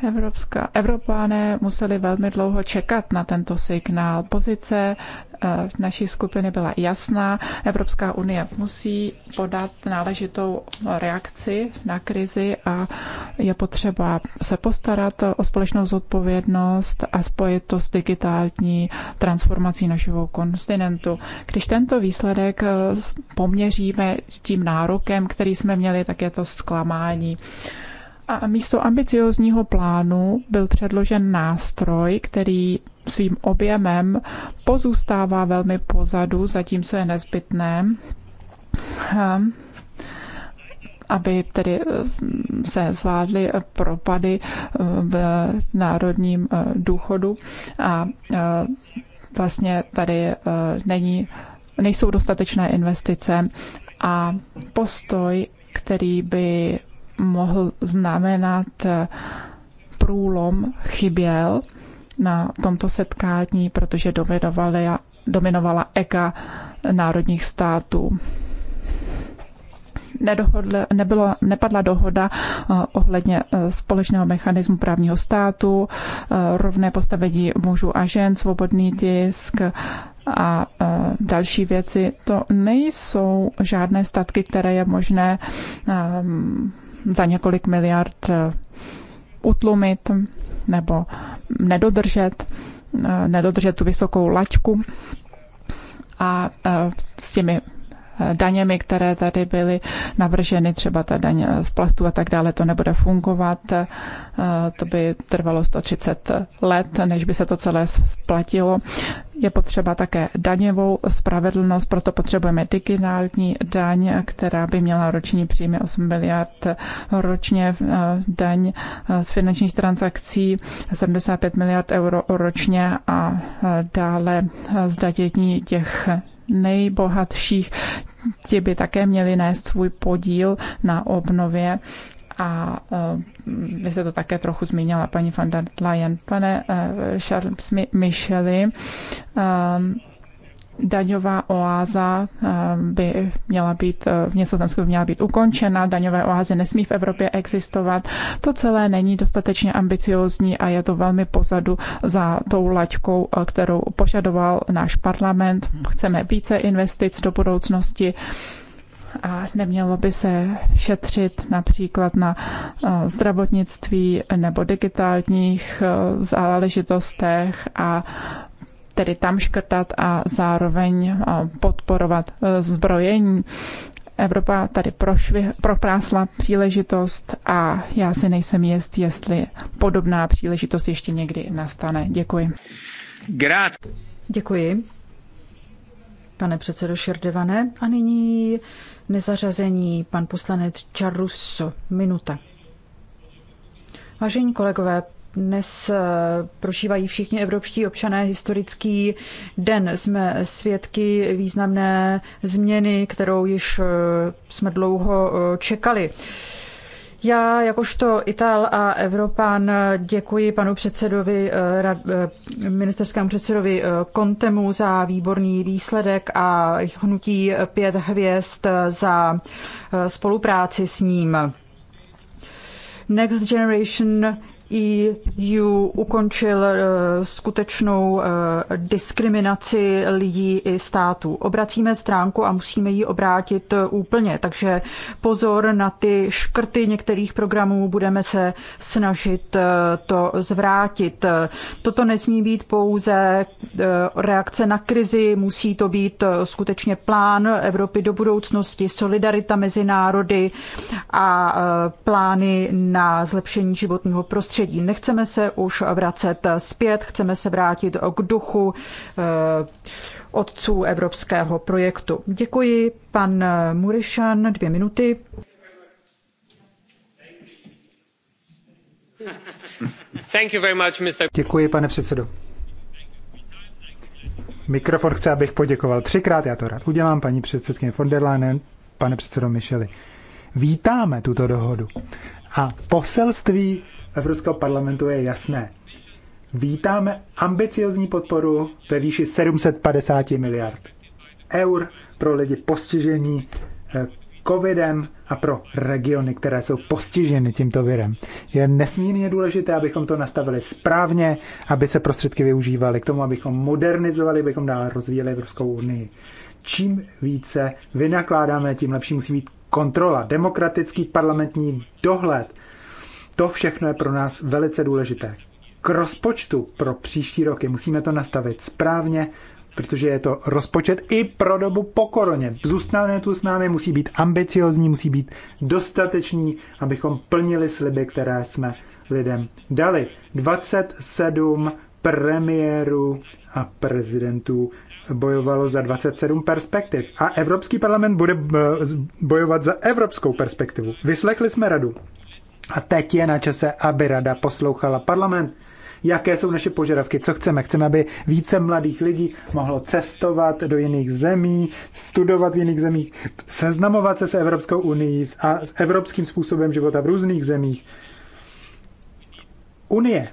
Speaker 4: Evropská, Evropané museli velmi dlouho čekat na tento signál. Pozice Eh, v naší skupiny byla jasná. Evropská unie musí podat náležitou reakci na krizi a je potřeba se postarat o společnou zodpovědnost a spojit to s digitální transformací našeho kontinentu. Když tento výsledek eh, poměříme tím nárokem, který jsme měli, tak je to zklamání. A místo ambiciozního plánu byl předložen nástroj, který svým objemem pozůstává velmi pozadu, zatímco je nezbytné ehm, aby tedy eh, se zvládly propady eh, v národním eh, důchodu a vlastně tady není, nejsou dostatečné investice a postoj, který by mohl znamenat průlom, chyběl na tomto setkání, protože dominovala, EGA národních států. Nedohodl, nebylo, nepadla dohoda eh, ohledně eh, společného mechanismu právního státu, eh, rovné postavení mužů a žen, svobodný tisk a další věci. To nejsou žádné statky, které je možné za několik miliard utlumit nebo nedodržet, eh, nedodržet tu vysokou laťku a eh, s těmi daněmi, které tady byly navrženy, třeba ta daň z plastu a tak dále, to nebude fungovat. Eh, to by trvalo 130 let, než by se to celé splatilo. Je potřeba také daněvou spravedlnost, proto potřebujeme digitální daň, která by měla roční příjmy 8 miliard ročně, eh, daň eh, z finančních transakcí 75 miliard euro ročně a dále zdatění těch nejbohatších. Ti by také měli nést svůj podíl na obnově a e, vy jste to také trochu zmínila, paní van der Leyen, pane uh, Charles Micheli, e, daňová oáza eh, by měla být eh, v Nizozemsku měla být ukončena, daňové oázy nesmí v Evropě existovat. To celé není dostatečně ambiciozní a je to velmi pozadu za tou laťkou, eh, kterou požadoval náš parlament. Chceme více investic do budoucnosti a nemělo by se šetřit například na zdravotnictví nebo digitálních záležitostech a tedy tam škrtat a zároveň podporovat e, zbrojení. Evropa tady prošvi, proprásla příležitost a já si nejsem jist, jestli podobná příležitost ještě někdy nastane. Děkuji. Grát. Děkuji.
Speaker 2: Pane předsedo Šerdevané, a nyní nezařazení pan poslanec Čarus, Minuta. Vážení kolegové, dnes eh, prožívají všichni evropští občané historický den. Jsme svědky významné změny, kterou již eh, jsme dlouho eh, čekali. Já jakožto Ital a Evropan děkuji panu předsedovi, ministerskému předsedovi Kontemu za výborný výsledek a hnutí pět hvězd za spolupráci s ním. Next Generation EU ukončil eh, skutečnou eh, diskriminaci lidí i států. Obracíme stránku a musíme ji obrátit eh, úplně, takže pozor na ty škrty některých programů, budeme se snažit to zvrátit. Toto nesmí být pouze reakce na krizi, musí to být skutečně plán Evropy do budoucnosti, solidarita mezi národy a plány na zlepšení životního prostředí prostředí. Nechceme se už vracet zpět, chceme se vrátit k duchu eh, otců evropského projektu. Děkuji, pan Murišan, dvě minuty.
Speaker 5: Děkuji, pane předsedo. Mikrofon chce, abych poděkoval třikrát, já to rád udělám, paní předsedkyně von der Leyen, pane předsedo Micheli. Vítáme tuto dohodu. A poselství Evropského parlamentu je jasné. Vítáme ambiciozní podporu ve výši 750 miliard eur pro lidi postižení eh, covidem a pro regiony, které jsou postiženy tímto virem. Je nesmírně důležité, abychom to nastavili správně, aby se prostředky využívaly k tomu, abychom modernizovali, abychom dále rozvíjeli Evropskou unii. Čím více vynakládáme, tím lepší musí být kontrola, demokratický parlamentní dohled to všechno je pro nás velice důležité. K rozpočtu pro příští roky musíme to nastavit správně, protože je to rozpočet i pro dobu po koroně. Zůstane tu s námi, musí být ambiciozní, musí být dostatečný, abychom plnili sliby, které jsme lidem dali. 27 premiérů a prezidentů bojovalo za 27 perspektiv a Evropský parlament bude eh, bojovat za evropskou perspektivu. Vyslechli jsme radu, a teď je na čase, aby rada poslouchala parlament. Jaké jsou naše požadavky, co chceme? Chceme, aby více mladých lidí mohlo cestovat do jiných zemí, studovat v jiných zemích, seznamovat se s Evropskou unii a s evropským způsobem života v různých zemích. Unie.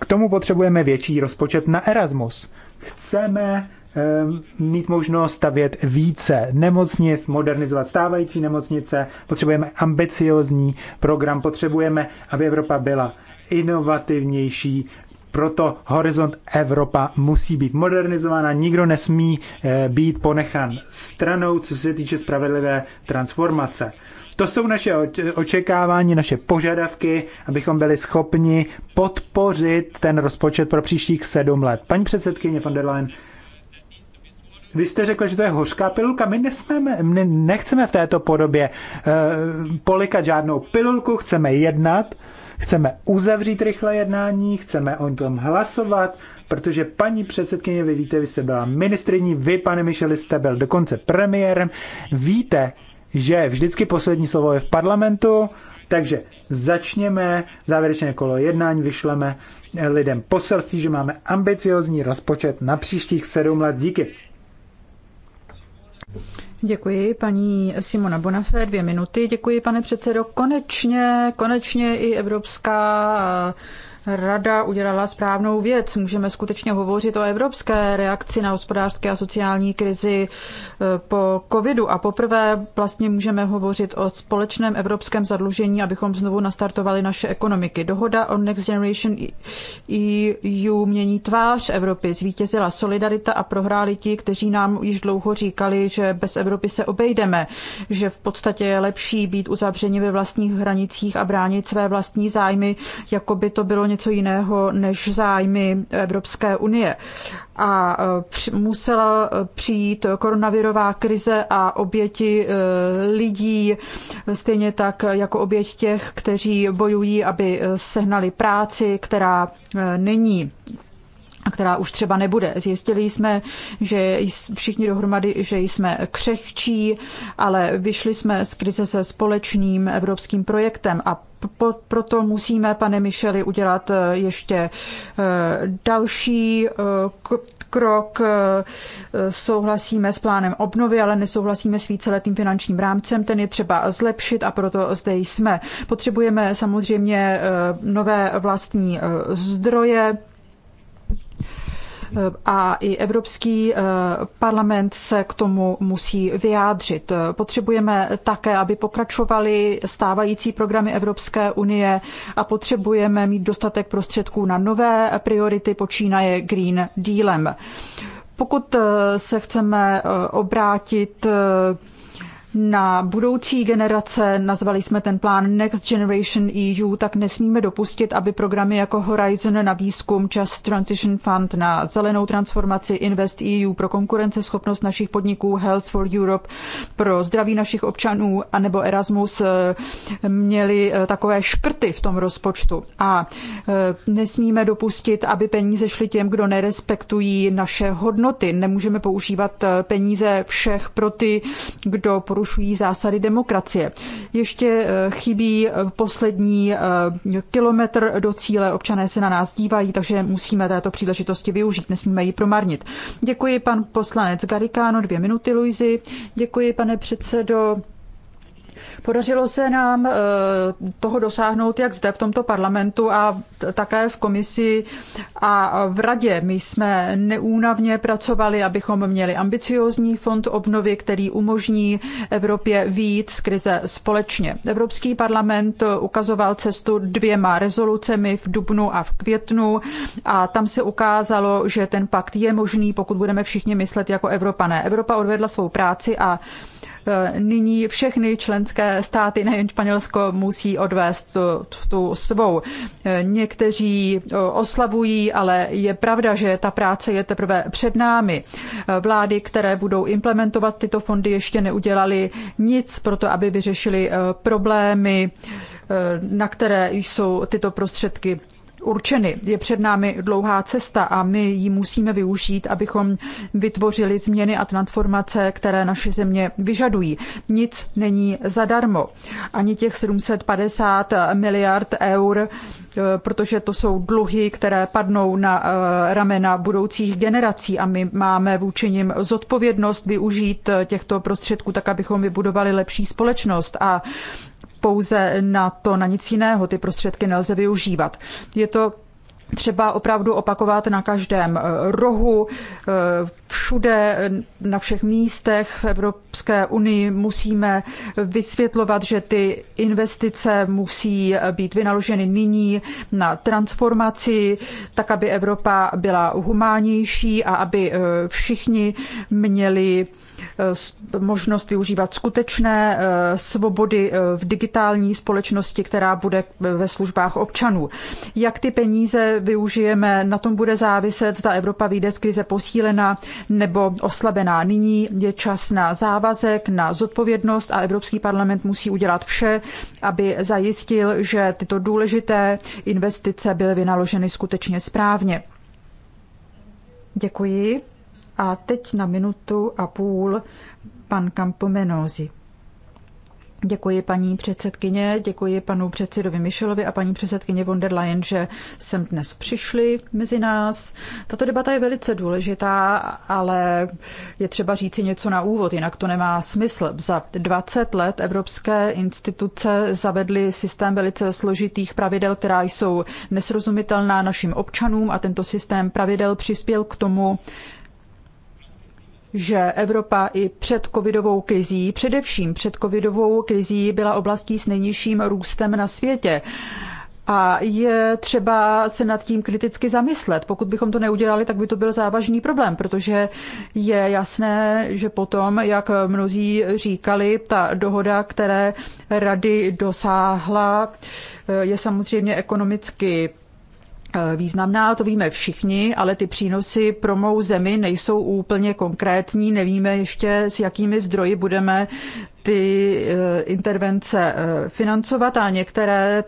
Speaker 5: K tomu potřebujeme větší rozpočet na Erasmus. Chceme Ehm, mít možnost stavět více nemocnic, modernizovat stávající nemocnice, potřebujeme ambiciozní program, potřebujeme, aby Evropa byla inovativnější, proto Horizont Evropa musí být modernizována, nikdo nesmí eh, být ponechan stranou, co se týče spravedlivé transformace. To jsou naše očekávání, naše požadavky, abychom byli schopni podpořit ten rozpočet pro příštích sedm let. Paní předsedkyně von der Leyen, vy jste řekl, že to je hořká pilulka. My nesmeme, my nechceme v této podobě uh, polikat žádnou pilulku, chceme jednat, chceme uzavřít rychle jednání, chceme o tom hlasovat, protože paní předsedkyně, vy víte, vy jste byla ministriní, vy, pane Mišeli, jste byl dokonce premiérem, víte, že vždycky poslední slovo je v parlamentu, takže začněme závěrečné kolo jednání, vyšleme eh, lidem poselství, že máme ambiciozní rozpočet na příštích sedm let. Díky.
Speaker 2: Děkuji, paní Simona Bonafé, dvě minuty. Děkuji, pane předsedo. Konečně, konečně i Evropská Rada udělala správnou věc. Můžeme skutečně hovořit o evropské reakci na hospodářské a sociální krizi eh, po covidu a poprvé vlastně můžeme hovořit o společném evropském zadlužení, abychom znovu nastartovali naše ekonomiky. Dohoda o Next Generation EU mění tvář Evropy. Zvítězila solidarita a prohráli ti, kteří nám již dlouho říkali, že bez Evropy se obejdeme, že v podstatě je lepší být uzavřeni ve vlastních hranicích a bránit své vlastní zájmy, jako by to bylo něco něco jiného než zájmy Evropské unie. A e, musela e, přijít koronavirová krize a oběti e, lidí, stejně tak jako oběť těch, kteří bojují, aby sehnali práci, která není která už třeba nebude. Zjistili jsme, že všichni dohromady, že jsme křehčí, ale vyšli jsme z krize se společným evropským projektem a po, proto musíme, pane Micheli, udělat eh, ještě eh, další eh, krok. Souhlasíme s plánem obnovy, ale nesouhlasíme s víceletým finančním rámcem. Ten je třeba zlepšit a proto zde jsme. Potřebujeme samozřejmě nové vlastní zdroje a i Evropský eh, parlament se k tomu musí vyjádřit. Potřebujeme také, aby pokračovaly stávající programy Evropské unie a potřebujeme mít dostatek prostředků na nové priority, počínaje Green Dealem. Pokud eh, se chceme eh, obrátit na budoucí generace, nazvali jsme ten plán Next Generation EU, tak nesmíme dopustit, aby programy jako Horizon na výzkum, Just Transition Fund na zelenou transformaci, Invest EU pro konkurenceschopnost našich podniků, Health for Europe pro zdraví našich občanů, anebo Erasmus eh, měli eh, takové škrty v tom rozpočtu. A eh, nesmíme dopustit, aby peníze šly těm, kdo nerespektují naše hodnoty. Nemůžeme používat peníze všech pro ty, kdo porušují porušují zásady demokracie. Ještě eh, chybí eh, poslední eh, kilometr do cíle, občané se na nás dívají, takže musíme této příležitosti využít, nesmíme ji promarnit. Děkuji pan poslanec Garikáno, dvě minuty, Luizi. Děkuji, pane předsedo. Podařilo se nám eh, toho dosáhnout jak zde v tomto parlamentu a také v komisi a v radě. My jsme neúnavně pracovali, abychom měli ambiciózní fond obnovy, který umožní Evropě výjít z krize společně. Evropský parlament ukazoval cestu dvěma rezolucemi v dubnu a v květnu a tam se ukázalo, že ten pakt je možný, pokud budeme všichni myslet jako Evropané. Evropa odvedla svou práci a Eh, nyní všechny členské státy, nejen Španělsko, musí odvést tu, tu svou. Eh, někteří eh, oslavují, ale je pravda, že ta práce je teprve před námi. Vlády, které budou implementovat tyto fondy, ještě neudělali nic pro to, aby vyřešili problémy, na které jsou tyto prostředky určeny. Je před námi dlouhá cesta a my ji musíme využít, abychom vytvořili změny a transformace, které naše země vyžadují. Nic není zadarmo. Ani těch 750 miliard eur, eh, protože to jsou dluhy, které padnou na eh, ramena budoucích generací a my máme vůči nim zodpovědnost využít eh, těchto prostředků tak, abychom vybudovali lepší společnost. A pouze na to, na nic jiného. Ty prostředky nelze využívat. Je to třeba opravdu opakovat na každém eh, rohu, eh, všude, eh, na všech místech v Evropské unii musíme vysvětlovat, že ty investice musí být vynaloženy nyní na transformaci, tak aby Evropa byla humánnější a aby všichni měli Eh, možnost využívat skutečné eh, svobody eh, v digitální společnosti, která bude ve službách občanů. Jak ty peníze využijeme, na tom bude záviset, zda Evropa vyjde z krize posílená nebo oslabená. Nyní je čas na závazek, na zodpovědnost a Evropský parlament musí udělat vše, aby zajistil, že tyto důležité investice byly vynaloženy skutečně správně. Děkuji. A teď na minutu a půl pan Campomenozi. Děkuji paní předsedkyně, děkuji panu předsedovi Mišelovi a paní předsedkyně von der Leyen, že sem dnes přišli mezi nás. Tato debata je velice důležitá, ale je třeba říci něco na úvod, jinak to nemá smysl. Za 20 let evropské instituce zavedly systém velice složitých pravidel, která jsou nesrozumitelná našim občanům a tento systém pravidel přispěl k tomu, že Evropa i před covidovou krizí, především před covidovou krizí, byla oblastí s nejnižším růstem na světě. A je třeba se nad tím kriticky zamyslet. Pokud bychom to neudělali, tak by to byl závažný problém, protože je jasné, že potom, jak mnozí říkali, ta dohoda, které rady dosáhla, je samozřejmě ekonomicky Eh, významná, to víme všichni, ale ty přínosy pro mou zemi nejsou úplně konkrétní. Nevíme ještě, s jakými zdroji budeme ty eh, intervence eh, financovat a některé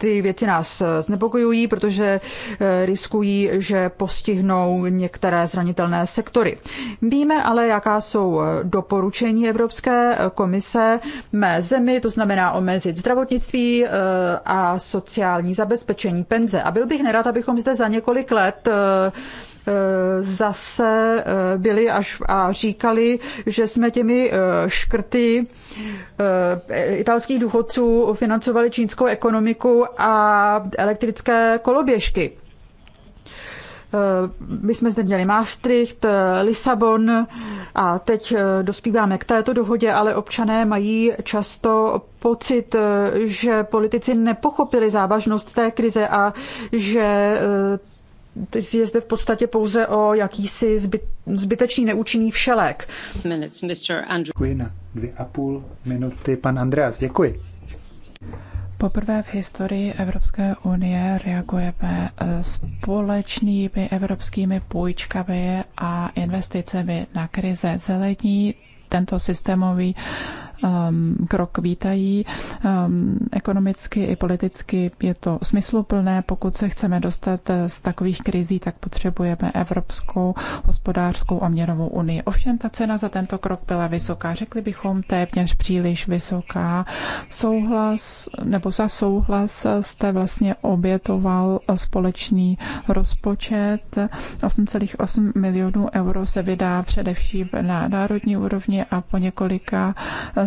Speaker 2: ty věci nás eh, znepokojují, protože eh, riskují, že postihnou některé zranitelné sektory. Víme ale, jaká jsou eh, doporučení Evropské komise mé zemi, to znamená omezit zdravotnictví a sociální zabezpečení penze. A byl bych nerad, abychom zde za několik let Eh, zase eh, byli až a říkali, že jsme těmi eh, škrty italských důchodců financovali čínskou ekonomiku a elektrické koloběžky. My jsme zde měli Maastricht, Lisabon a teď dospíváme k této dohodě, ale občané mají často pocit, že politici nepochopili závažnost té krize a že je zde v podstatě pouze o jakýsi zbyt, zbytečný neúčinný všelek.
Speaker 5: Děkuji na dvě a půl minuty, pan Andreas, děkuji.
Speaker 4: Poprvé v historii Evropské unie reagujeme eh, společnými evropskými půjčkami a investicemi na krize zelení. Tento systémový Um, krok vítají. Um, ekonomicky i politicky je to smysluplné. Pokud se chceme dostat eh, z takových krizí, tak potřebujeme Evropskou hospodářskou a měnovou unii. Ovšem ta cena za tento krok byla vysoká. Řekli bychom téměř příliš vysoká. Souhlas nebo za souhlas jste vlastně obětoval společný rozpočet. 8,8 milionů euro se vydá především na národní úrovni a po několika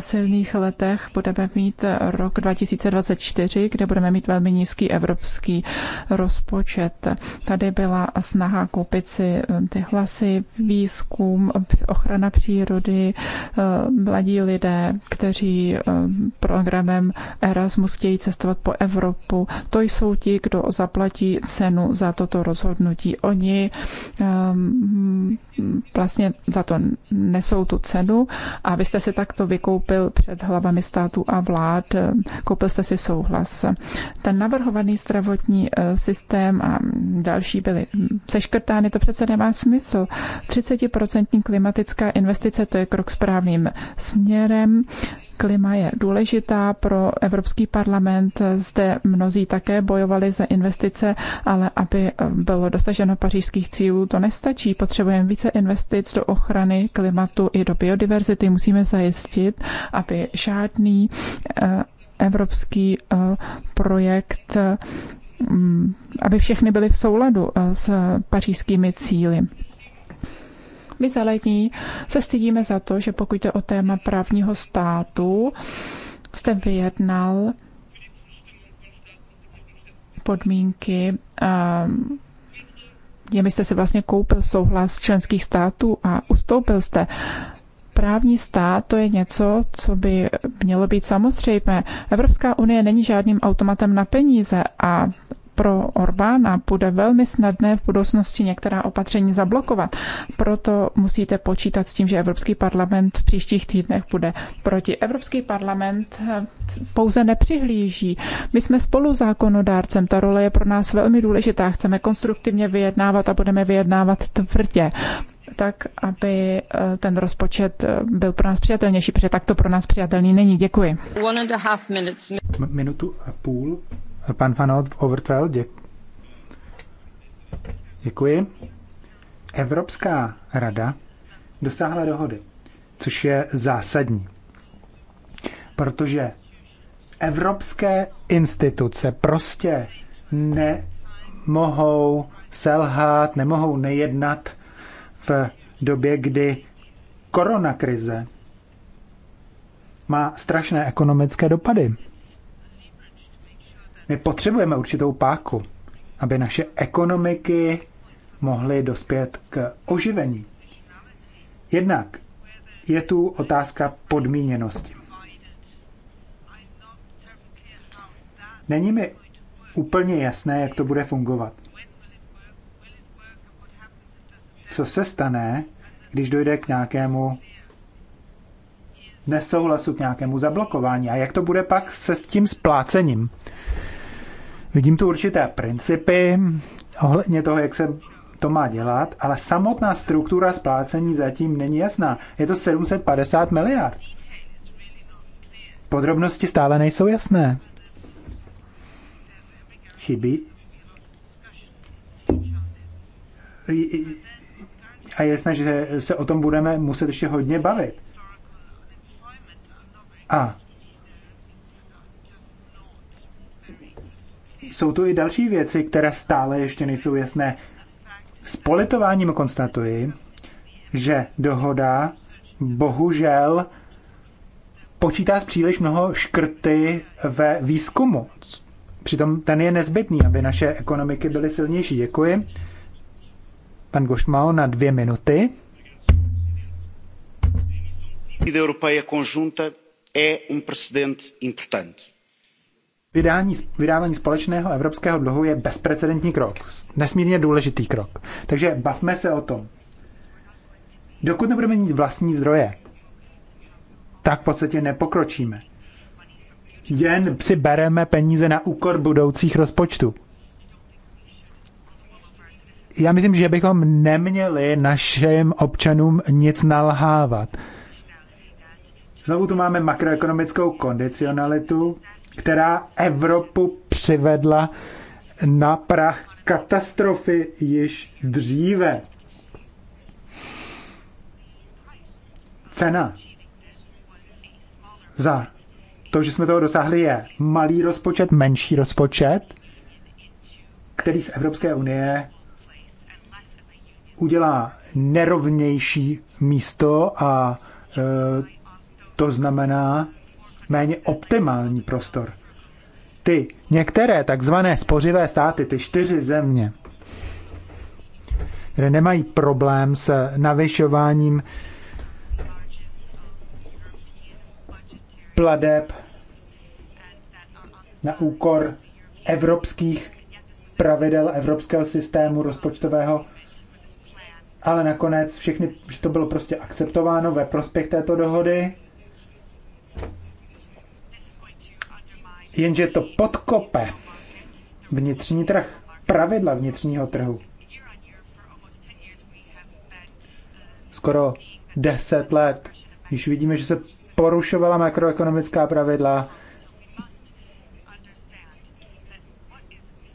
Speaker 4: silných letech budeme mít rok 2024, kde budeme mít velmi nízký evropský rozpočet. Tady byla snaha koupit si eh, ty hlasy, výzkum, ochrana přírody, eh, mladí lidé, kteří eh, programem Erasmus chtějí cestovat po Evropu. To jsou ti, kdo zaplatí cenu za toto rozhodnutí. Oni ehm, vlastně za to nesou tu cenu a vy jste si takto vykoupili koupil před hlavami států a vlád, koupil jste si souhlas. Ten navrhovaný zdravotní eh, systém a další byly seškrtány, to přece nemá smysl. 30% klimatická investice, to je krok správným směrem klima je důležitá pro Evropský parlament. Zde mnozí také bojovali za investice, ale aby eh, bylo dosaženo pařížských cílů, to nestačí. Potřebujeme více investic do ochrany klimatu i do biodiverzity. Musíme zajistit, aby žádný eh, evropský eh, projekt mm, aby všechny byly v souladu s pařížskými cíly. My zelení se stydíme za to, že pokud jde o téma právního státu, jste vyjednal podmínky um, jste si vlastně koupil souhlas členských států a ustoupil jste. Právní stát to je něco, co by mělo být samozřejmé. Evropská unie není žádným automatem na peníze a pro Orbána bude velmi snadné v budoucnosti některá opatření zablokovat. Proto musíte počítat s tím, že Evropský parlament v příštích týdnech bude proti. Evropský parlament eh, pouze nepřihlíží. My jsme spolu zákonodárcem, ta role je pro nás velmi důležitá. Chceme konstruktivně vyjednávat a budeme vyjednávat tvrdě tak, aby eh, ten rozpočet eh, byl pro nás přijatelnější, protože tak to pro nás přijatelný není. Děkuji.
Speaker 5: Minutu a půl Pan Fanot v Overtrail, dě... děkuji. Evropská rada dosáhla dohody, což je zásadní, protože evropské instituce prostě nemohou selhat, nemohou nejednat v době, kdy koronakrize má strašné ekonomické dopady. My potřebujeme určitou páku, aby naše ekonomiky mohly dospět k oživení. Jednak je tu otázka podmíněnosti. Není mi úplně jasné, jak to bude fungovat. Co se stane, když dojde k nějakému nesouhlasu, k nějakému zablokování a jak to bude pak se s tím splácením. Vidím tu určité principy ohledně toho, jak se to má dělat, ale samotná struktura splácení zatím není jasná. Je to 750 miliard. Podrobnosti stále nejsou jasné. Chybí. A je jasné, že se o tom budeme muset ještě hodně bavit. A jsou tu i další věci, které stále ještě nejsou jasné. S politováním konstatuji, že dohoda bohužel počítá s příliš mnoho škrty ve výzkumu. Přitom ten je nezbytný, aby naše ekonomiky byly silnější. Děkuji. Pan Gošmao na dvě minuty. Europeia conjunta je um precedente importante Vydání, vydávání společného evropského dluhu je bezprecedentní krok, nesmírně důležitý krok. Takže bavme se o tom. Dokud nebudeme mít vlastní zdroje, tak v podstatě nepokročíme. Jen si bereme peníze na úkor budoucích rozpočtů. Já myslím, že bychom neměli našim občanům nic nalhávat. Znovu tu máme makroekonomickou kondicionalitu, která Evropu přivedla na prach katastrofy již dříve. Cena za to, že jsme toho dosáhli, je malý rozpočet, menší rozpočet, který z Evropské unie udělá nerovnější místo a e, to znamená, méně optimální prostor. Ty některé takzvané spořivé státy, ty čtyři země, které nemají problém s navyšováním pladeb na úkor evropských pravidel evropského systému rozpočtového, ale nakonec všechny, že to bylo prostě akceptováno ve prospěch této dohody Jenže to podkope vnitřní trh, pravidla vnitřního trhu. Skoro deset let již vidíme, že se porušovala makroekonomická pravidla.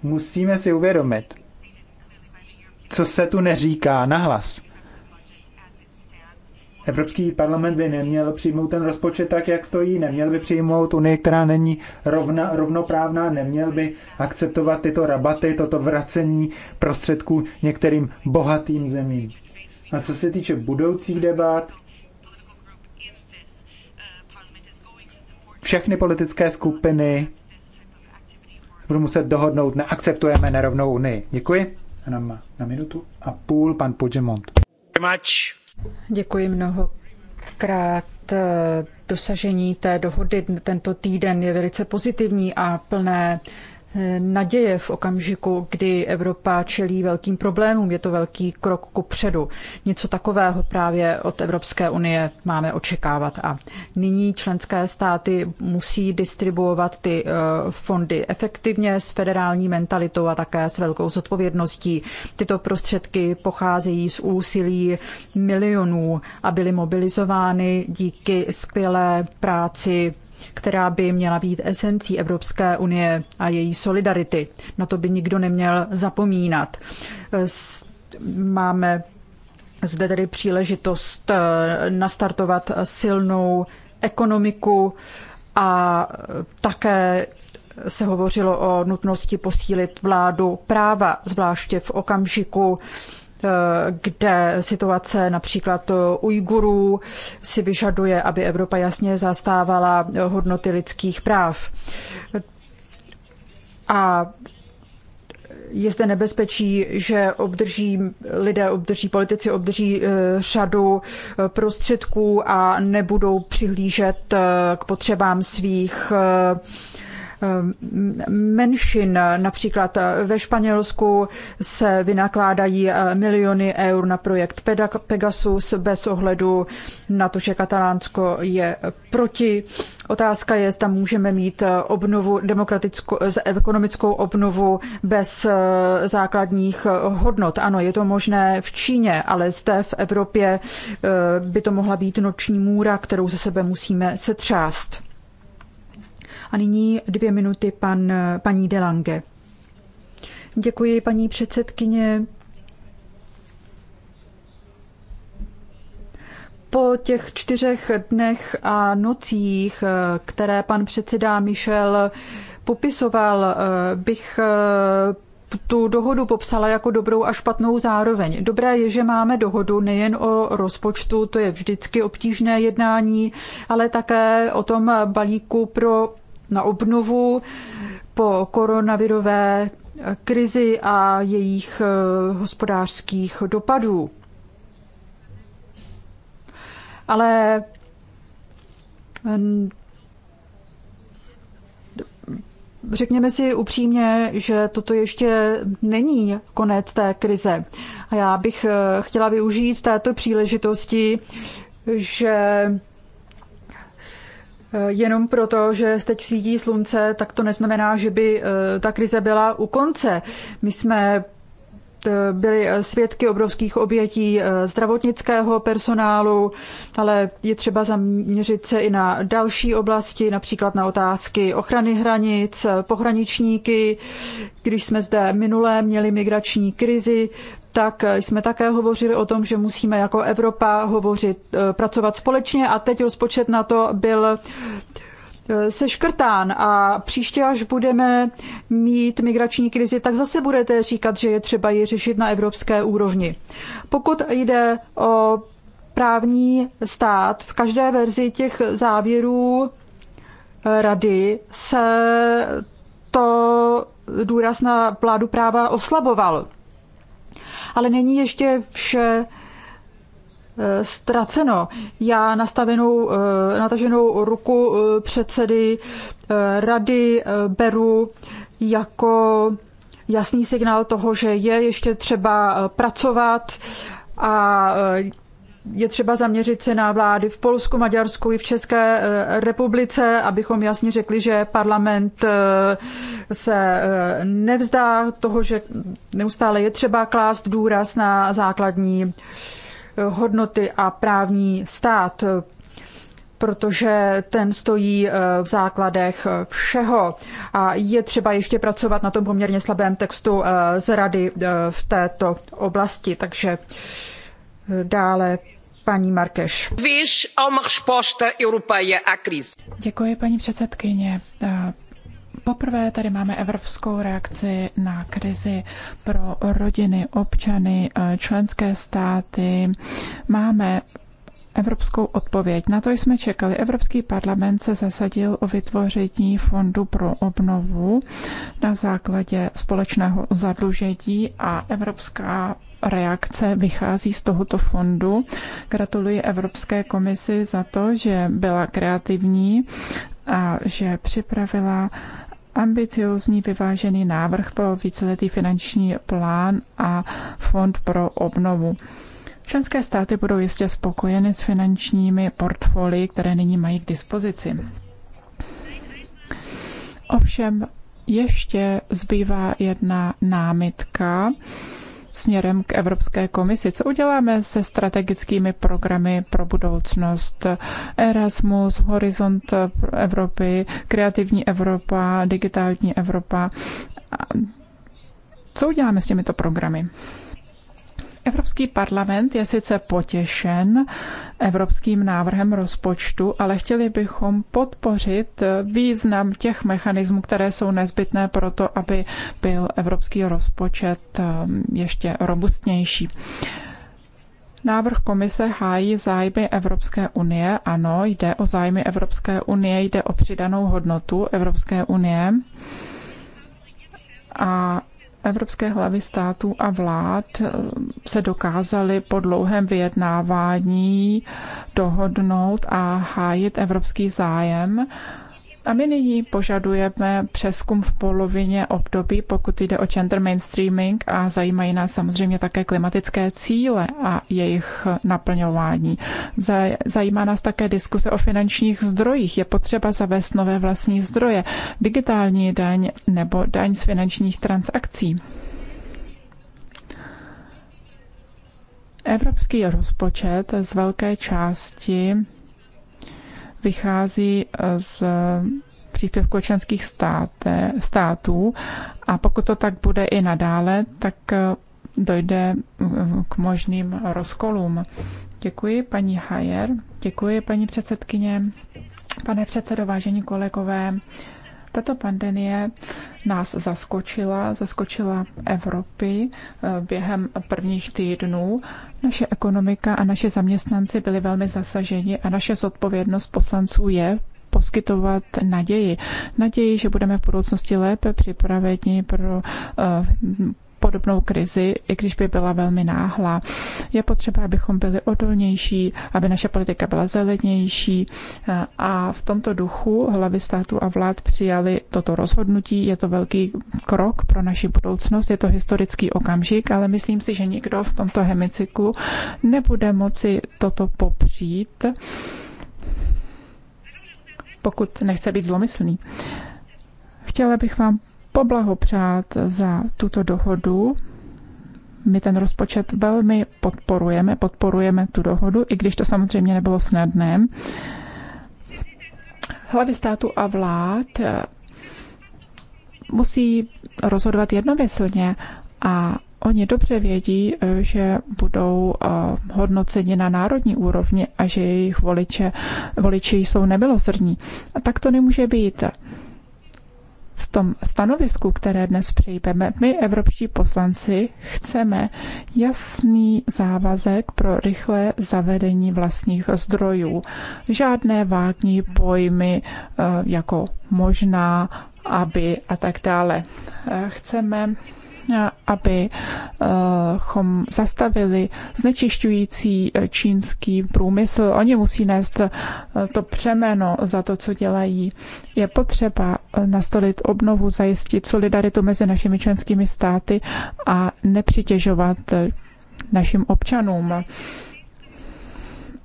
Speaker 5: Musíme si uvědomit, co se tu neříká nahlas. Evropský parlament by neměl přijmout ten rozpočet tak, jak stojí, neměl by přijmout Unii, která není rovna, rovnoprávná, neměl by akceptovat tyto rabaty, toto vracení prostředků některým bohatým zemím. A co se týče budoucích debat, všechny politické skupiny budou muset dohodnout, neakceptujeme nerovnou Unii. Děkuji. A na, na minutu a půl pan Pudžemont. Much.
Speaker 2: Děkuji mnohokrát. Dosažení té dohody tento týden je velice pozitivní a plné naděje v okamžiku, kdy Evropa čelí velkým problémům. Je to velký krok ku předu. Něco takového právě od Evropské unie máme očekávat. A nyní členské státy musí distribuovat ty eh, fondy efektivně s federální mentalitou a také s velkou zodpovědností. Tyto prostředky pocházejí z úsilí milionů a byly mobilizovány díky skvělé práci která by měla být esencí Evropské unie a její solidarity. Na to by nikdo neměl zapomínat. Máme zde tedy příležitost eh, nastartovat silnou ekonomiku a také se hovořilo o nutnosti posílit vládu práva, zvláště v okamžiku Eh, kde situace například Ujgurů si vyžaduje, aby Evropa jasně zastávala hodnoty lidských práv. A je zde nebezpečí, že obdrží lidé, obdrží politici, obdrží eh, řadu eh, prostředků a nebudou přihlížet k potřebám svých Ehm, menšin. Například eh, ve Španělsku se vynakládají eh, miliony eur na projekt Pegasus bez ohledu na to, že Katalánsko je proti. Otázka je, zda můžeme mít eh, obnovu demokratickou, ekonomickou obnovu bez základních hodnot. Ano, je to možné v Číně, ale zde v Evropě by to mohla být noční můra, kterou ze sebe musíme setřást. A nyní dvě minuty pan, paní Delange. Děkuji, paní předsedkyně. Po těch čtyřech dnech a nocích, které pan předseda Michel popisoval, bych eh, tu dohodu popsala jako dobrou a špatnou zároveň. Dobré je, že máme dohodu nejen o rozpočtu, to je vždycky obtížné jednání, ale také o tom balíku pro na obnovu po koronavirové krizi a jejich eh, hospodářských dopadů. Ale eh, řekněme si upřímně, že toto ještě není konec té krize. A já bych eh, chtěla využít této příležitosti, že Eh, jenom proto, že teď svítí slunce, tak to neznamená, že by eh, ta krize byla u konce. My jsme eh, byli svědky obrovských obětí zdravotnického personálu, ale je třeba zaměřit se i na další oblasti, například na otázky ochrany hranic, pohraničníky. Když jsme zde minulé měli migrační krizi, tak jsme také hovořili o tom, že musíme jako Evropa hovořit, eh, pracovat společně a teď rozpočet na to byl eh, seškrtán a příště, až budeme mít migrační krizi, tak zase budete říkat, že je třeba ji řešit na evropské úrovni. Pokud jde o právní stát, v každé verzi těch závěrů eh, rady se to důraz na vládu práva oslaboval ale není ještě vše eh, ztraceno. Já nastavenou, eh, nataženou ruku eh, předsedy rady beru jako jasný signál toho, že je ještě třeba pracovat a je třeba zaměřit se na vlády v Polsku, Maďarsku i v České eh, republice, abychom jasně řekli, že parlament eh, se eh, nevzdá toho, že neustále je třeba klást důraz na základní hodnoty a právní stát, protože ten stojí v základech všeho. A je třeba ještě pracovat na tom poměrně slabém textu z rady v této oblasti. Takže dále paní Markeš.
Speaker 4: Děkuji, paní předsedkyně. Eh, poprvé tady máme evropskou reakci na krizi pro rodiny, občany, eh, členské státy. Máme evropskou odpověď. Na to jsme čekali. Evropský parlament se zasadil o vytvoření fondu pro obnovu na základě společného zadlužení a Evropská reakce vychází z tohoto fondu. Gratuluji Evropské komisi za to, že byla kreativní a že připravila ambiciózní vyvážený návrh pro víceletý finanční plán a fond pro obnovu. Členské státy budou jistě spokojeny s finančními portfolii, které nyní mají k dispozici. Ovšem ještě zbývá jedna námitka, směrem k Evropské komisi. Co uděláme se strategickými programy pro budoucnost? Erasmus, Horizont Evropy, Kreativní Evropa, Digitální Evropa. Co uděláme s těmito programy? Evropský parlament je sice potěšen evropským návrhem rozpočtu, ale chtěli bychom podpořit význam těch mechanismů, které jsou nezbytné pro to, aby byl evropský rozpočet um, ještě robustnější. Návrh komise hájí zájmy Evropské unie. Ano, jde o zájmy Evropské unie, jde o přidanou hodnotu Evropské unie. A Evropské hlavy států a vlád eh, se dokázali po dlouhém vyjednávání dohodnout a hájit evropský zájem a my nyní požadujeme přeskum v polovině období, pokud jde o gender mainstreaming a zajímají nás samozřejmě také klimatické cíle a jejich naplňování. Zajímá nás také diskuse o finančních zdrojích. Je potřeba zavést nové vlastní zdroje, digitální daň nebo daň z finančních transakcí. Evropský rozpočet z velké části vychází eh, z příspěvku členských státe, států a pokud to tak bude i nadále, tak eh, dojde eh, k možným rozkolům. Děkuji, paní Hajer. Děkuji, paní předsedkyně. Pane předsedo, vážení kolegové, tato pandemie nás zaskočila, zaskočila Evropy eh, během prvních týdnů. Naše ekonomika a naše zaměstnanci byli velmi zasaženi a naše zodpovědnost poslanců je poskytovat naději. Naději, že budeme v budoucnosti lépe připraveni pro uh, podobnou krizi, i když by byla velmi náhla, Je potřeba, abychom byli odolnější, aby naše politika byla zelenější eh, a v tomto duchu hlavy státu a vlád přijali toto rozhodnutí. Je to velký krok pro naši budoucnost, je to historický okamžik, ale myslím si, že nikdo v tomto hemicyklu nebude moci toto popřít, pokud nechce být zlomyslný. Chtěla bych vám poblahopřát za tuto dohodu. My ten rozpočet velmi podporujeme, podporujeme tu dohodu, i když to samozřejmě nebylo snadné. Hlavy státu a vlád eh, musí rozhodovat jednomyslně a oni dobře vědí, eh, že budou eh, hodnoceni na národní úrovni a že jejich voliče, voliči jsou nemilosrdní. A tak to nemůže být v tom stanovisku, které dnes přijmeme, my, evropští poslanci, chceme jasný závazek pro rychlé zavedení vlastních zdrojů. Žádné vágní pojmy eh, jako možná, aby a tak dále. Eh, chceme abychom eh, zastavili znečišťující eh, čínský průmysl. Oni musí nést eh, to přemeno za to, co dělají. Je potřeba nastolit obnovu, zajistit solidaritu mezi našimi členskými státy a nepřitěžovat našim občanům.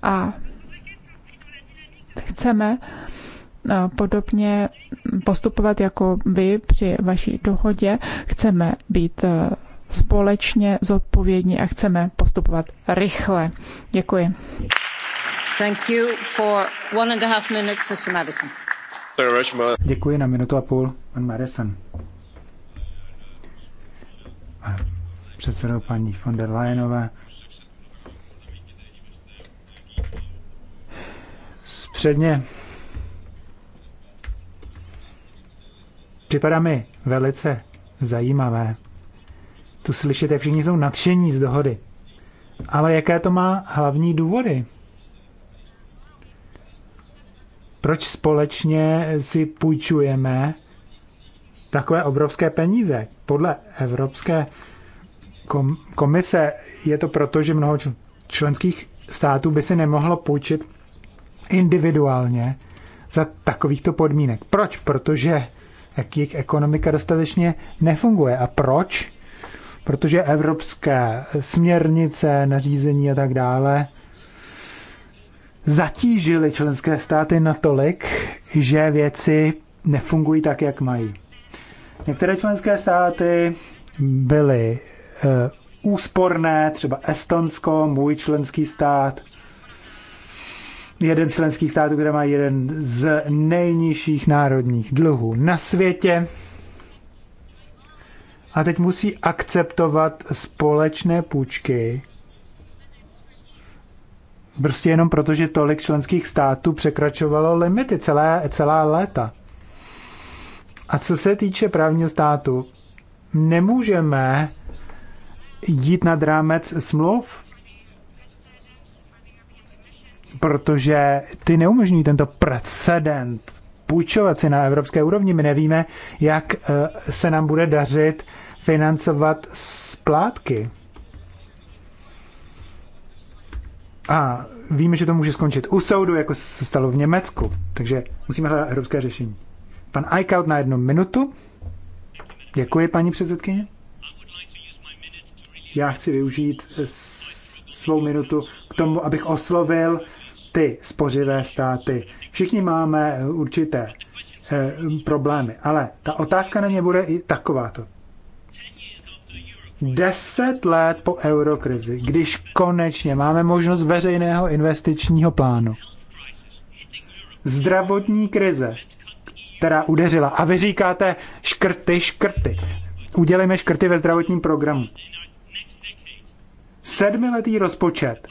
Speaker 4: A chceme, podobně postupovat jako vy při vaší dohodě. Chceme být e, společně zodpovědní a chceme postupovat rychle. Děkuji.
Speaker 2: Thank you for one and a half minutes, Mr. Madison.
Speaker 5: Děkuji na minutu a půl, pan Madison. Předsedou paní von der Leyenové. Předně Připadá mi velice zajímavé tu slyšet, jak všichni jsou nadšení z dohody. Ale jaké to má hlavní důvody? Proč společně si půjčujeme takové obrovské peníze? Podle Evropské komise je to proto, že mnoho členských států by si nemohlo půjčit individuálně za takovýchto podmínek. Proč? Protože jak jejich ekonomika dostatečně nefunguje. A proč? Protože evropské směrnice, nařízení a tak dále zatížily členské státy natolik, že věci nefungují tak, jak mají. Některé členské státy byly e, úsporné, třeba Estonsko, můj členský stát, jeden z členských států, kde má jeden z nejnižších národních dluhů na světě. A teď musí akceptovat společné půjčky, prostě jenom proto, že tolik členských států překračovalo limity celé, celá léta. A co se týče právního státu, nemůžeme jít nad rámec smluv, protože ty neumožňují tento precedent půjčovat si na evropské úrovni. My nevíme, jak eh, se nám bude dařit financovat splátky. A víme, že to může skončit u soudu, jako se stalo v Německu. Takže musíme hledat evropské řešení. Pan Eichhout na jednu minutu. Děkuji, paní předsedkyně. Já chci využít svou minutu k tomu, abych oslovil ty spořivé státy. Všichni máme určité eh, problémy, ale ta otázka na ně bude i takováto. Deset let po eurokrizi, když konečně máme možnost veřejného investičního plánu, zdravotní krize, která udeřila. A vy říkáte škrty, škrty. Udělejme škrty ve zdravotním programu. Sedmiletý rozpočet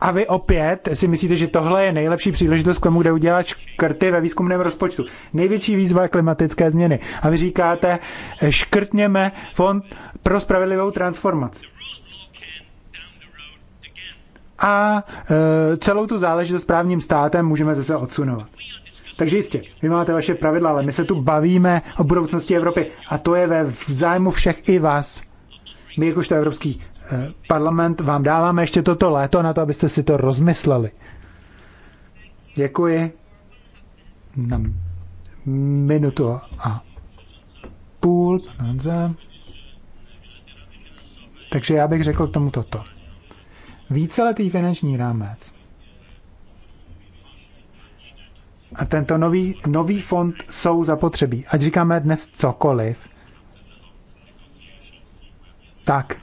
Speaker 5: a vy opět si myslíte, že tohle je nejlepší příležitost k tomu, kde udělat škrty ve výzkumném rozpočtu. Největší výzva je klimatické změny. A vy říkáte, škrtněme fond pro spravedlivou transformaci. A e, celou tu záležitost právním státem můžeme zase odsunovat. Takže jistě, vy máte vaše pravidla, ale my se tu bavíme o budoucnosti Evropy. A to je ve zájmu všech i vás. My jakožto Evropský Eh, parlament vám dáváme ještě toto léto na to, abyste si to rozmysleli. Děkuji. Na minutu a půl. Takže já bych řekl k tomu toto. Víceletý finanční rámec a tento nový, nový fond jsou zapotřebí. Ať říkáme dnes cokoliv, tak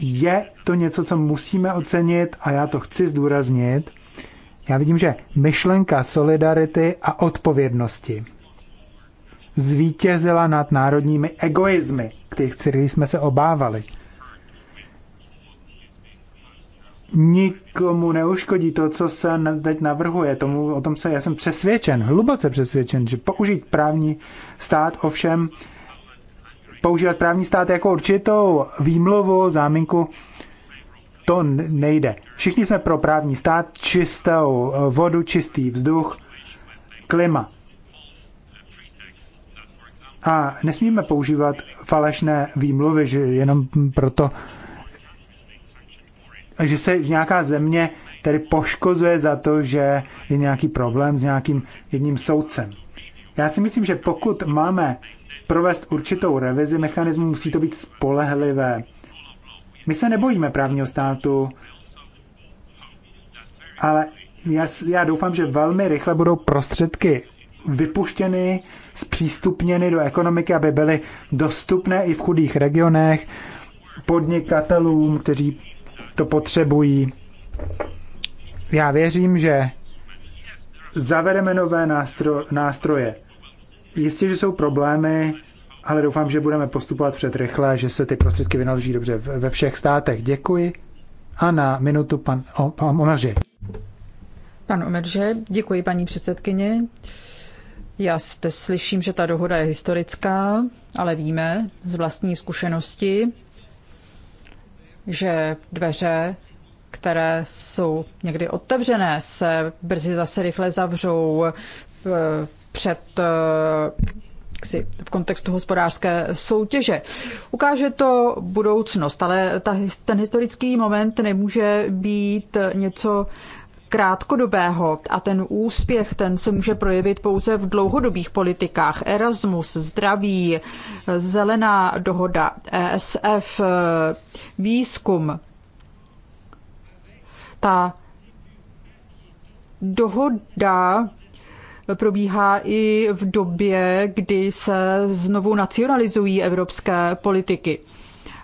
Speaker 5: je to něco, co musíme ocenit a já to chci zdůraznit. Já vidím, že myšlenka solidarity a odpovědnosti zvítězila nad národními egoizmy, kterých jsme se obávali. Nikomu neuškodí to, co se teď navrhuje. Tomu, o tom se já jsem přesvědčen, hluboce přesvědčen, že použít právní stát ovšem používat právní stát jako určitou výmluvu, záminku, to nejde. Všichni jsme pro právní stát, čistou vodu, čistý vzduch, klima. A nesmíme používat falešné výmluvy, že jenom proto, že se nějaká země tedy poškozuje za to, že je nějaký problém s nějakým jedním soudcem. Já si myslím, že pokud máme provést určitou revizi mechanismu, musí to být spolehlivé. My se nebojíme právního státu, ale já, já doufám, že velmi rychle budou prostředky vypuštěny, zpřístupněny do ekonomiky, aby byly dostupné i v chudých regionech podnikatelům, kteří to potřebují. Já věřím, že zavedeme nové nástro, nástroje Jistě, že jsou problémy, ale doufám, že budeme postupovat před rychle, že se ty prostředky vynaloží dobře ve všech státech. Děkuji. A na minutu pan, o, pan Omerže.
Speaker 2: Pan Omerže, děkuji paní předsedkyně. Já jste slyším, že ta dohoda je historická, ale víme z vlastní zkušenosti, že dveře, které jsou někdy otevřené, se brzy zase rychle zavřou. V před eh, si, v kontextu hospodářské soutěže. Ukáže to budoucnost, ale ta, ten historický moment nemůže být něco krátkodobého a ten úspěch, ten se může projevit pouze v dlouhodobých politikách. Erasmus, zdraví, zelená dohoda, ESF, výzkum. Ta dohoda probíhá i v době, kdy se znovu nacionalizují evropské politiky.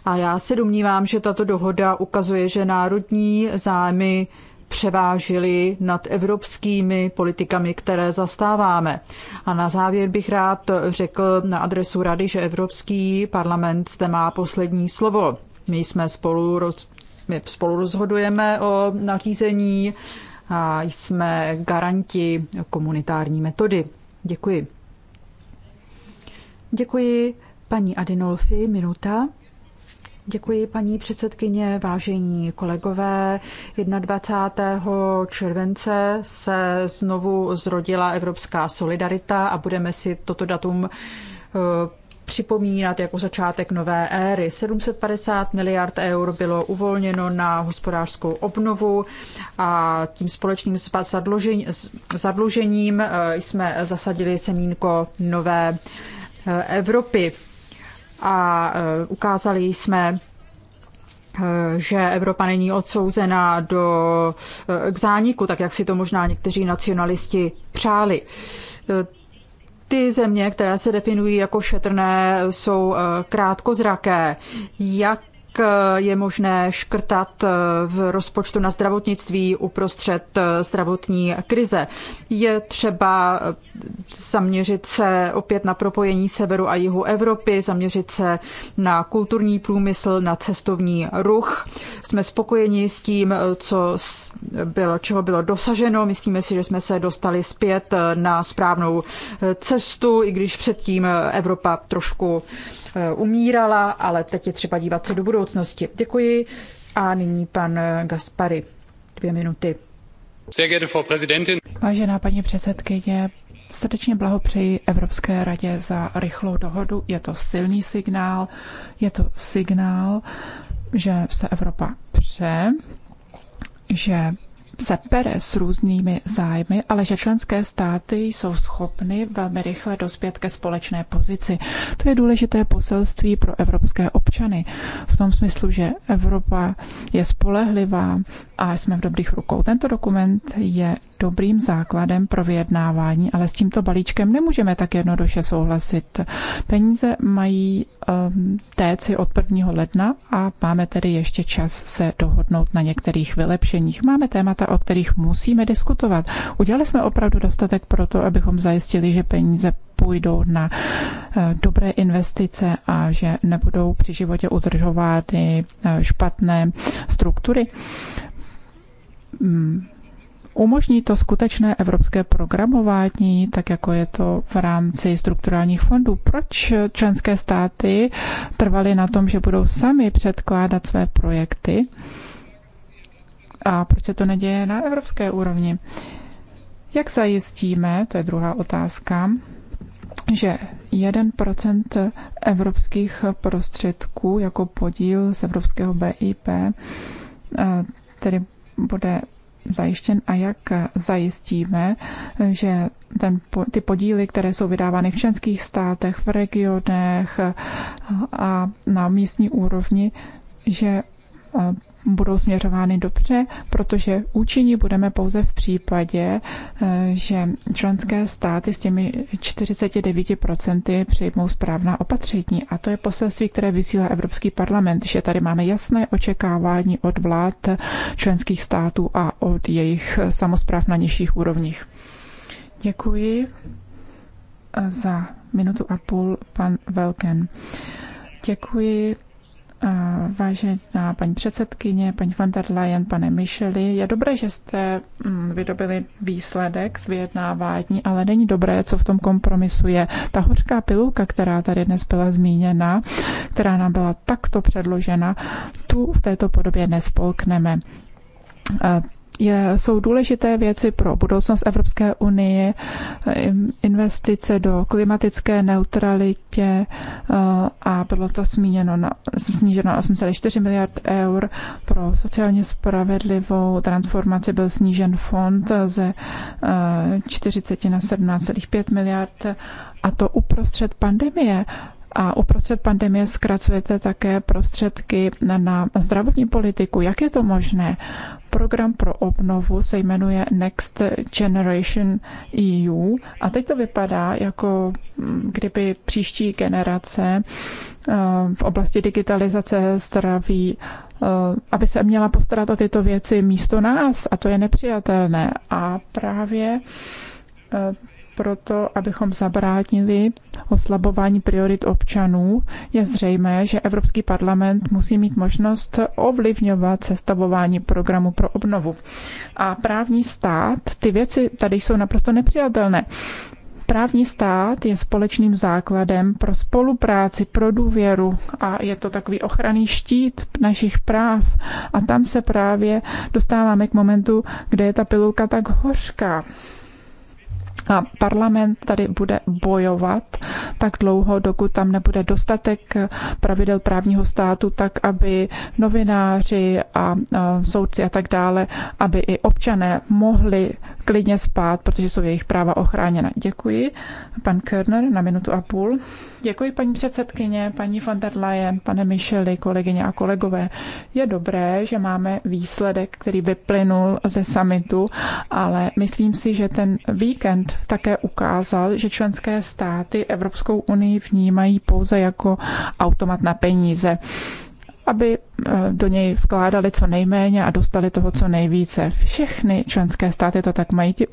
Speaker 2: A já se domnívám, že tato dohoda ukazuje, že národní zájmy převážily nad evropskými politikami, které zastáváme. A na závěr bych rád řekl na adresu Rady, že Evropský parlament zde má poslední slovo. My jsme spolu, roz, my spolu rozhodujeme o nařízení a jsme garanti komunitární metody. Děkuji. Děkuji paní Adinolfi, minuta. Děkuji, paní předsedkyně, vážení kolegové. 21. července se znovu zrodila Evropská solidarita a budeme si toto datum eh, připomínat jako začátek nové éry. 750 miliard eur bylo uvolněno na hospodářskou obnovu a tím společným zadlužením eh, jsme zasadili semínko nové eh, Evropy a eh, ukázali jsme, že Evropa není odsouzena do, k zániku, tak jak si to možná někteří nacionalisti přáli ty země, které se definují jako šetrné, jsou eh, krátkozraké. Jak je možné škrtat v rozpočtu na zdravotnictví uprostřed zdravotní krize. Je třeba zaměřit se opět na propojení severu a jihu Evropy, zaměřit se na kulturní průmysl, na cestovní ruch. Jsme spokojeni s tím, co bylo, čeho bylo dosaženo. Myslíme si, že jsme se dostali zpět na správnou cestu, i když předtím Evropa trošku Eh, umírala, ale teď je třeba dívat se do budoucnosti. Děkuji a nyní pan eh, Gaspary. Dvě minuty.
Speaker 4: Vážená paní předsedkyně, srdečně blahopřeji Evropské radě za rychlou dohodu. Je to silný signál, je to signál, že se Evropa pře, že se pere s různými zájmy, ale že členské státy jsou schopny velmi rychle dospět ke společné pozici. To je důležité poselství pro evropské občany. V tom smyslu, že Evropa je spolehlivá a jsme v dobrých rukou. Tento dokument je dobrým základem pro vyjednávání, ale s tímto balíčkem nemůžeme tak jednoduše souhlasit. Peníze mají um, téci od 1. ledna a máme tedy ještě čas se dohodnout na některých vylepšeních. Máme témata témata, o kterých musíme diskutovat. Udělali jsme opravdu dostatek pro to, abychom zajistili, že peníze půjdou na eh, dobré investice a že nebudou při životě udržovány eh, špatné struktury. Hmm. Umožní to skutečné evropské programování, tak jako je to v rámci strukturálních fondů. Proč členské státy trvaly na tom, že budou sami předkládat své projekty? A proč se to neděje na evropské úrovni? Jak zajistíme, to je druhá otázka, že 1% evropských prostředků jako podíl z evropského BIP eh, tedy bude zajištěn a jak zajistíme, že ten, ty podíly, které jsou vydávány v členských státech, v regionech eh, a na místní úrovni, že eh, budou směřovány dobře, protože účinní budeme pouze v případě, eh, že členské státy s těmi 49% přijmou správná opatření. A to je poselství, které vysílá Evropský parlament, že tady máme jasné očekávání od vlád členských států a od jejich samozpráv na nižších úrovních. Děkuji eh, za minutu a půl, pan Velken. Děkuji, Vážená paní předsedkyně, paní van der Leyen, pane Micheli, je dobré, že jste mm, vydobili výsledek z vyjednávání, ale není dobré, co v tom kompromisu je. Ta hořká pilulka, která tady dnes byla zmíněna, která nám byla takto předložena, tu v této podobě nespolkneme je, jsou důležité věci pro budoucnost Evropské unie, eh, investice do klimatické neutralitě eh, a bylo to smíněno na, sníženo na 8,4 miliard eur. Pro sociálně spravedlivou transformaci byl snížen fond ze 40 eh, na 17,5 miliard a to uprostřed pandemie a uprostřed pandemie zkracujete také prostředky na, na zdravotní politiku. Jak je to možné? Program pro obnovu se jmenuje Next Generation EU a teď to vypadá, jako mm, kdyby příští generace eh, v oblasti digitalizace zdraví eh, aby se měla postarat o tyto věci místo nás a to je nepřijatelné. A právě eh, proto, abychom zabránili oslabování priorit občanů, je zřejmé, že Evropský parlament musí mít možnost ovlivňovat sestavování programu pro obnovu. A právní stát, ty věci tady jsou naprosto nepřijatelné. Právní stát je společným základem pro spolupráci, pro důvěru a je to takový ochranný štít našich práv. A tam se právě dostáváme k momentu, kde je ta pilulka tak hořká. A parlament tady bude bojovat tak dlouho, dokud tam nebude dostatek pravidel právního státu, tak aby novináři a soudci a tak dále, aby i občané mohli klidně spát, protože jsou jejich práva ochráněna. Děkuji. Pan Körner na minutu a půl. Děkuji paní předsedkyně, paní van der Leyen, pane Micheli, kolegyně a kolegové. Je dobré, že máme výsledek, který vyplynul ze summitu, ale myslím si, že ten víkend také ukázal, že členské státy Evropskou unii vnímají pouze jako automat na peníze aby eh, do něj vkládali co nejméně a dostali toho co nejvíce. Všechny členské státy to tak mají. Ty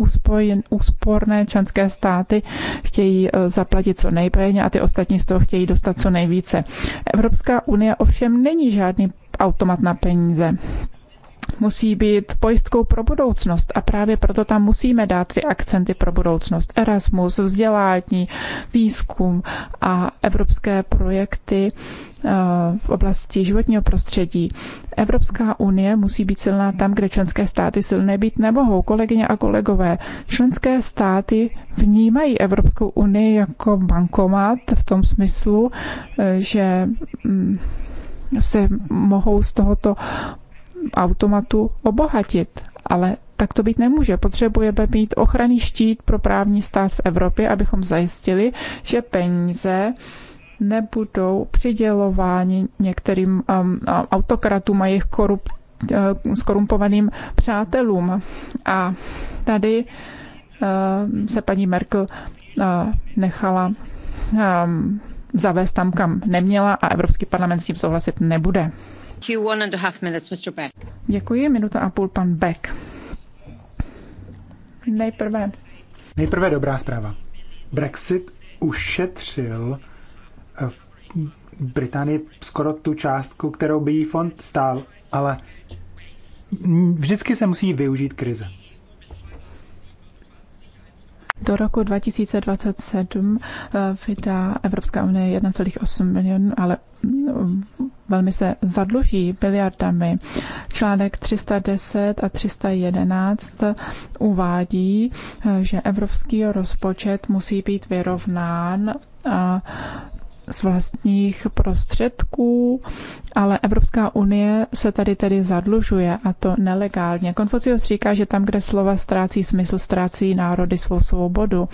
Speaker 4: úsporné členské státy chtějí eh, zaplatit co nejméně a ty ostatní z toho chtějí dostat co nejvíce. Evropská unie ovšem není žádný automat na peníze musí být pojistkou pro budoucnost a právě proto tam musíme dát ty akcenty pro budoucnost. Erasmus, vzdělání, výzkum a evropské projekty Eh, v oblasti životního prostředí. Evropská unie musí být silná tam, kde členské státy silné být nemohou. Kolegyně a kolegové, členské státy vnímají Evropskou unii jako bankomat v tom smyslu, eh, že mm, se mohou z tohoto automatu obohatit. Ale tak to být nemůže. Potřebujeme mít ochranný štít pro právní stát v Evropě, abychom zajistili, že peníze nebudou přidělováni některým um, autokratům a jejich korup, uh, skorumpovaným přátelům. A tady uh, se paní Merkel uh, nechala um, zavést tam, kam neměla a Evropský parlament s tím souhlasit nebude. Děkuji, minuta a půl, pan Beck. Nejprve. Nejprve dobrá zpráva.
Speaker 5: Brexit ušetřil Británii skoro tu částku, kterou by jí fond stál, ale vždycky se musí využít krize.
Speaker 4: Do roku 2027 eh, vydá Evropská unie 1,8 milionů, ale mm, velmi se zadluží biliardami. Článek 310 a 311 uvádí, eh, že evropský rozpočet musí být vyrovnán a z vlastních prostředků, ale Evropská unie se tady tedy zadlužuje a to nelegálně. Konfucius říká, že tam, kde slova ztrácí smysl, ztrácí národy svou svobodu.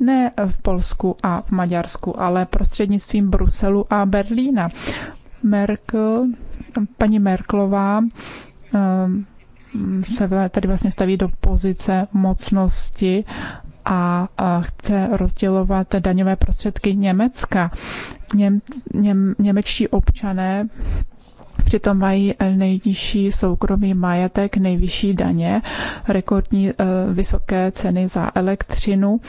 Speaker 4: Ne v Polsku a v Maďarsku, ale prostřednictvím Bruselu a Berlína. Merkel, paní Merklová ehm, se tady vlastně staví do pozice mocnosti a chce rozdělovat daňové prostředky Německa. Něm, něm, němečtí občané Přitom mají nejnižší soukromý majetek, nejvyšší daně, rekordní e, vysoké ceny za elektřinu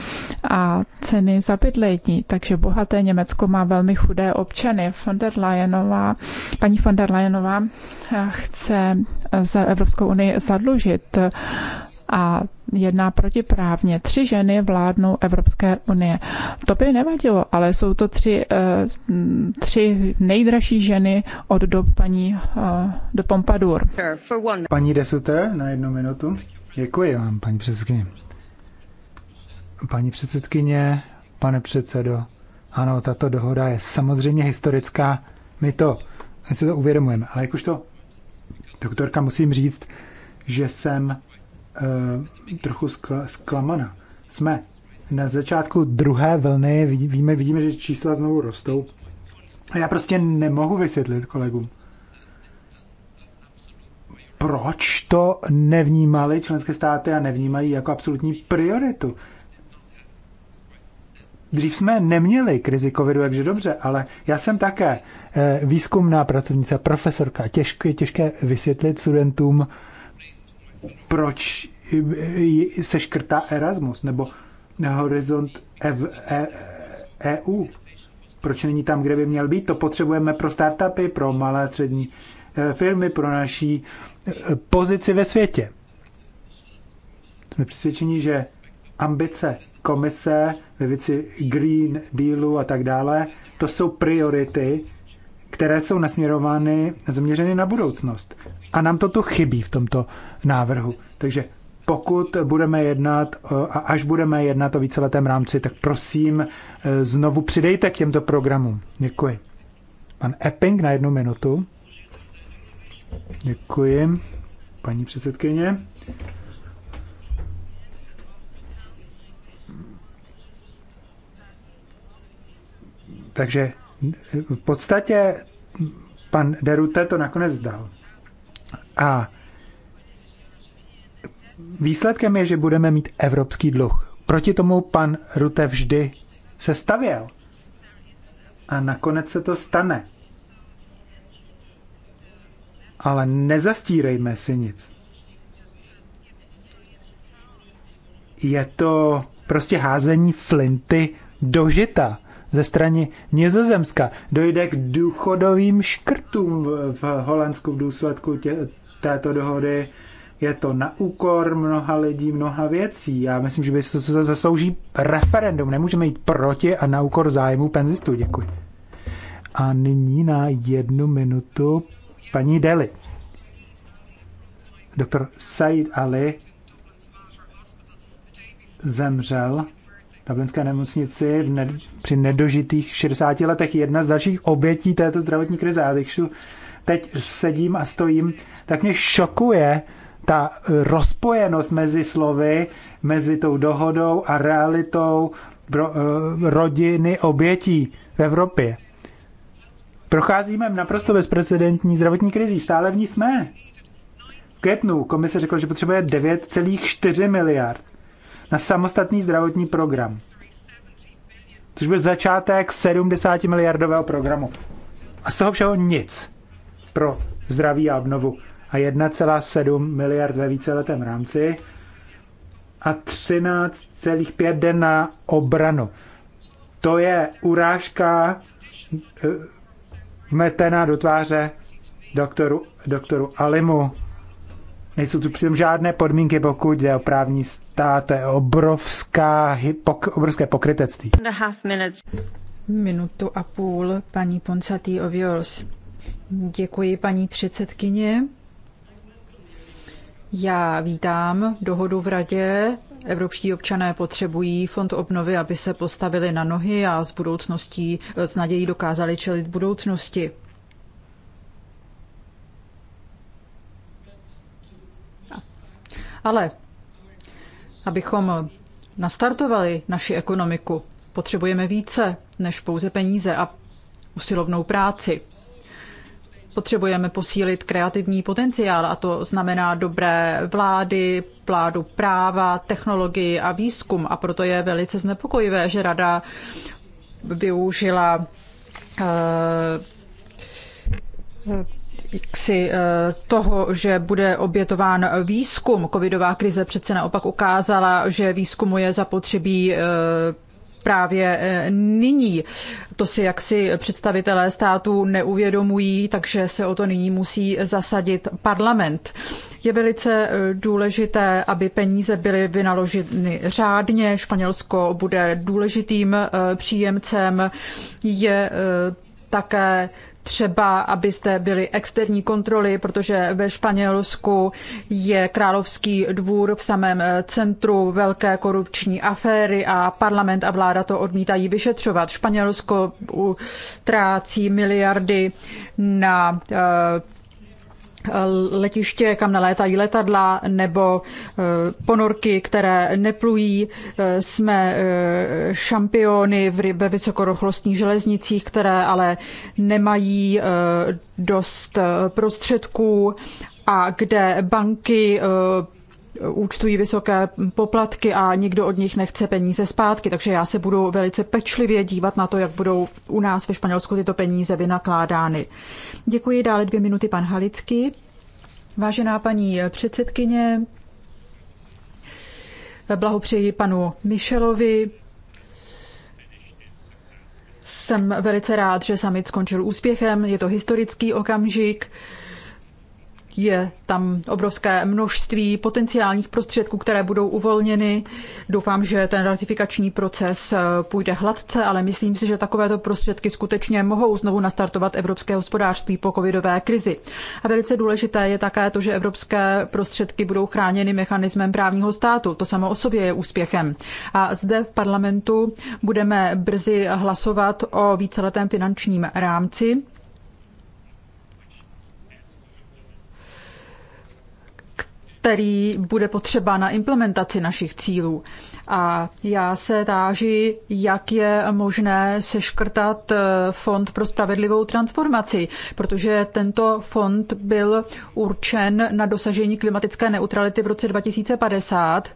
Speaker 4: a ceny za bydlení. Takže bohaté Německo má velmi chudé občany. Von der Leyenová, paní von der Leyenová e, chce e, za Evropskou unii zadlužit a jedná protiprávně. Tři ženy vládnou Evropské unie. To by nevadilo, ale jsou to tři, eh, tři nejdražší ženy od do paní eh, do Pompadour. Paní
Speaker 5: Desuter, na jednu minutu. Děkuji vám, paní předsedkyně. Paní předsedkyně, pane předsedo, ano, tato dohoda je samozřejmě historická. My to, my si to uvědomujeme, ale to? doktorka musím říct, že jsem Eh, trochu skla, zklamaná. Jsme na začátku druhé vlny, vidíme, vidíme, že čísla znovu rostou. A já prostě nemohu vysvětlit kolegům, proč to nevnímali členské státy a nevnímají jako absolutní prioritu. Dřív jsme neměli krizi covidu, jakže dobře, ale já jsem také eh, výzkumná pracovnice, profesorka. Těžké, těžké vysvětlit studentům, proč eh, se škrtá Erasmus nebo Horizont EU? E proč není tam, kde by měl být? To potřebujeme pro startupy, pro malé a střední eh, firmy, pro naší eh, pozici ve světě. Jsme přesvědčeni, že ambice komise ve věci Green Dealu a tak dále, to jsou priority, které jsou nasměrovány, zaměřeny na budoucnost. A nám to tu chybí v tomto návrhu. Takže pokud budeme jednat a až budeme jednat o víceletém rámci, tak prosím e, znovu přidejte k těmto programům. Děkuji. Pan Epping na jednu minutu. Děkuji, paní předsedkyně. Takže v podstatě pan Derute to nakonec zdal. A výsledkem je, že budeme mít evropský dluh. Proti tomu pan Rute vždy se stavěl. A nakonec se to stane. Ale nezastírejme si nic. Je to prostě házení flinty do žita ze strany Nizozemska. Dojde k důchodovým škrtům v Holandsku v důsledku této dohody. Je to na úkor mnoha lidí, mnoha věcí. Já myslím, že by se to zaslouží referendum. Nemůžeme jít proti a na úkor zájmu penzistů. Děkuji. A nyní na jednu minutu paní Deli. Doktor Said Ali zemřel v Dublinské nemocnici v ne, při nedožitých 60 letech. Jedna z dalších obětí této zdravotní krize. Já teď sedím a stojím, tak mě šokuje ta rozpojenost mezi slovy, mezi tou dohodou a realitou pro, eh, rodiny obětí v Evropě. Procházíme naprosto bezprecedentní zdravotní krizi, stále v ní jsme. V květnu komise řekla, že potřebuje 9,4 miliard na samostatný zdravotní program, což byl začátek 70 miliardového programu. A z toho všeho nic pro zdraví a obnovu a 1,7 miliard ve víceletém rámci a 13,5 den na obranu. To je urážka eh, vmetená do tváře doktoru, doktoru Alimu. Nejsou tu přitom žádné podmínky, pokud jde o právní stát. To je obrovská, pok, obrovské pokrytectví.
Speaker 2: Minutu a půl, paní Ponsatý Oviols. Děkuji, paní předsedkyně. Já vítám dohodu v radě. Evropští občané potřebují fond obnovy, aby se postavili na nohy a s budoucností, s nadějí dokázali čelit budoucnosti. Ale abychom nastartovali naši ekonomiku, potřebujeme více než pouze peníze a usilovnou práci. Potřebujeme posílit kreativní potenciál a to znamená dobré vlády, vládu práva, technologii a výzkum a proto je velice znepokojivé, že rada využila uh, jaksi eh, toho, že bude obětován výzkum. Covidová krize přece naopak ukázala, že výzkumu je zapotřebí eh, právě e, nyní. To si jaksi představitelé států neuvědomují, takže se o to nyní musí zasadit parlament. Je velice e, důležité, aby peníze byly vynaloženy řádně. Španělsko bude důležitým e, příjemcem. Je také třeba, abyste byli externí kontroly, protože ve Španělsku je Královský dvůr v samém eh, centru velké korupční aféry a parlament a vláda to odmítají vyšetřovat. Španělsko utrácí miliardy na eh, letiště, kam nelétají letadla, nebo eh, ponorky, které neplují. Eh, jsme eh, šampiony ve vysokorychlostních železnicích, které ale nemají dost prostředků a kde banky účtují vysoké poplatky a nikdo od nich nechce peníze zpátky. Takže já se budu velice pečlivě dívat na to, jak budou u nás ve Španělsku tyto peníze vynakládány. Děkuji. Dále dvě minuty pan Halický. Vážená paní předsedkyně, blahopřeji panu Michelovi. Jsem velice rád, že summit skončil úspěchem. Je to historický okamžik je tam obrovské množství potenciálních prostředků, které budou uvolněny. Doufám, že ten ratifikační proces eh, půjde hladce, ale myslím si, že takovéto prostředky skutečně mohou znovu nastartovat evropské hospodářství po covidové krizi. A velice důležité je také to, že evropské prostředky budou chráněny mechanismem právního státu. To samo o sobě je úspěchem. A zde v parlamentu budeme brzy hlasovat o víceletém finančním rámci který bude potřeba na implementaci našich cílů. A já se táži, jak je možné seškrtat eh, Fond pro spravedlivou transformaci, protože tento fond byl určen na dosažení klimatické neutrality v roce 2050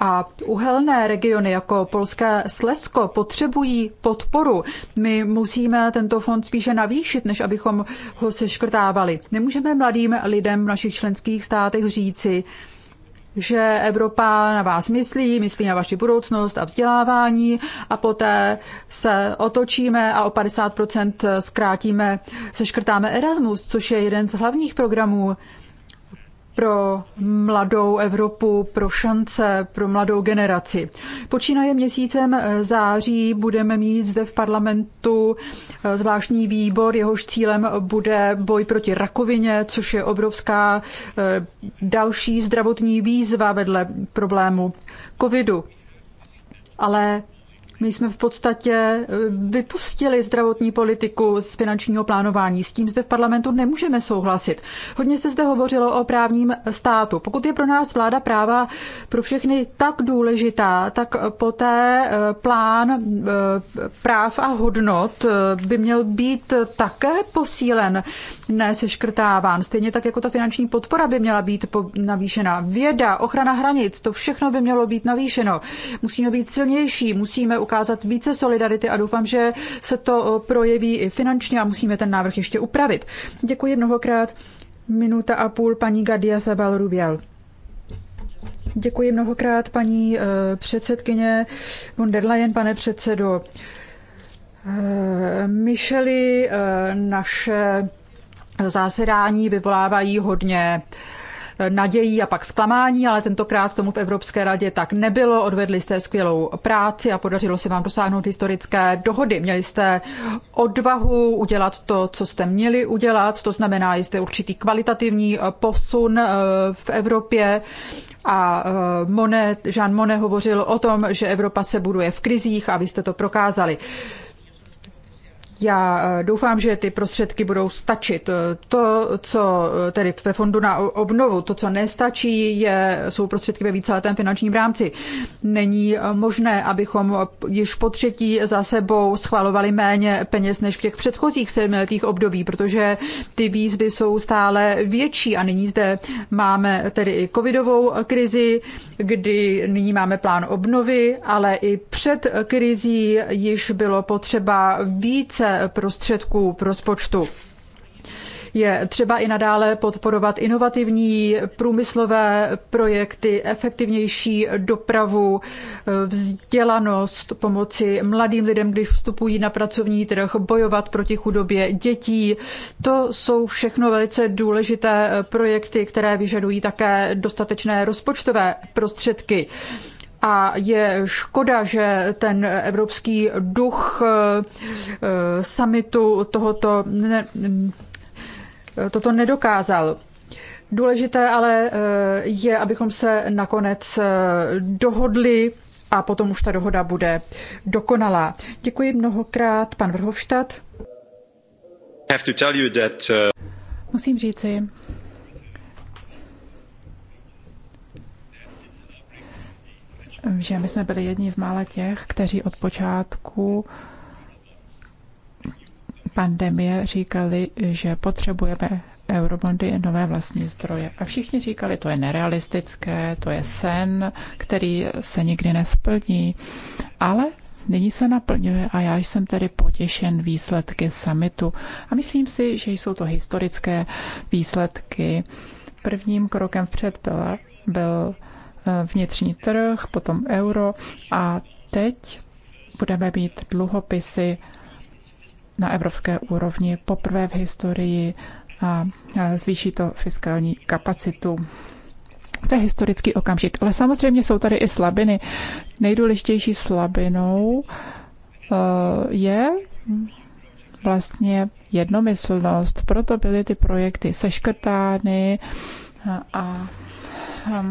Speaker 2: a uhelné regiony jako Polské Slezsko potřebují podporu. My musíme tento fond spíše navýšit, než abychom ho seškrtávali. Nemůžeme mladým lidem v našich členských státech říci, že Evropa na vás myslí, myslí na vaši budoucnost a vzdělávání a poté se otočíme a o 50% zkrátíme, seškrtáme Erasmus, což je jeden z hlavních programů pro mladou Evropu, pro šance, pro mladou generaci. Počínaje měsícem září budeme mít zde v parlamentu eh, zvláštní výbor, jehož cílem bude boj proti rakovině, což je obrovská eh, další zdravotní výzva vedle problému covidu. Ale my jsme v podstatě eh, vypustili zdravotní politiku z finančního plánování. S tím zde v parlamentu nemůžeme souhlasit. Hodně se zde hovořilo o právním státu. Pokud je pro nás vláda práva pro všechny tak důležitá, tak poté eh, plán eh, práv a hodnot by měl být také posílen seškrtáván. Stejně tak jako ta finanční podpora by měla být navýšena. Věda, ochrana hranic, to všechno by mělo být navýšeno. Musíme být silnější, musíme ukázat více solidarity a doufám, že se to projeví i finančně a musíme ten návrh ještě upravit. Děkuji mnohokrát. Minuta a půl paní Gadia Sabal Rubial. Děkuji mnohokrát, paní e, předsedkyně von der Leyen, pane předsedo. E, Micheli, e, naše zasedání vyvolávají hodně eh, nadějí a pak zklamání, ale tentokrát tomu v Evropské radě tak nebylo. Odvedli jste skvělou práci a podařilo se vám dosáhnout historické dohody. Měli jste odvahu udělat to, co jste měli udělat, to znamená, jste určitý kvalitativní eh, posun eh, v Evropě a Monet, Jean Monnet hovořil o tom, že Evropa se buduje v krizích a vy jste to prokázali. Já eh, doufám, že ty prostředky budou stačit. Eh, to, co eh, tedy ve fondu na obnovu, to, co nestačí, je, jsou prostředky ve víceletém finančním rámci. Není možné, abychom již po třetí za sebou schvalovali méně peněz než v těch předchozích sedmiletých období, protože ty výzvy jsou stále větší a nyní zde máme tedy i covidovou krizi, kdy nyní máme plán obnovy, ale i před krizí již bylo potřeba více prostředků v rozpočtu. Je třeba i nadále podporovat inovativní průmyslové projekty, efektivnější dopravu, vzdělanost, pomoci mladým lidem, když vstupují na pracovní trh, bojovat proti chudobě dětí. To jsou všechno velice důležité projekty, které vyžadují také dostatečné rozpočtové prostředky. A je škoda, že ten evropský duch eh, eh, samitu tohoto ne, toto nedokázal. Důležité ale eh, je, abychom se nakonec dohodli a potom už ta dohoda bude dokonalá. Děkuji mnohokrát, pan Vrhovštad.
Speaker 3: Uh,
Speaker 4: Musím říci, že my jsme byli jedni z mála těch, kteří od počátku pandemie říkali, že potřebujeme eurobondy, nové vlastní zdroje. A všichni říkali, to je nerealistické, to je sen, který se nikdy nesplní. Ale nyní se naplňuje a já jsem tedy potěšen výsledky summitu. A myslím si, že jsou to historické výsledky. Prvním krokem vpřed byla, byl vnitřní trh, potom euro a teď budeme mít dluhopisy na evropské úrovni poprvé v historii a zvýší to fiskální kapacitu. To je historický okamžik. Ale samozřejmě jsou tady i slabiny. Nejdůležitější slabinou e, je vlastně jednomyslnost. Proto byly ty projekty seškrtány a, a, a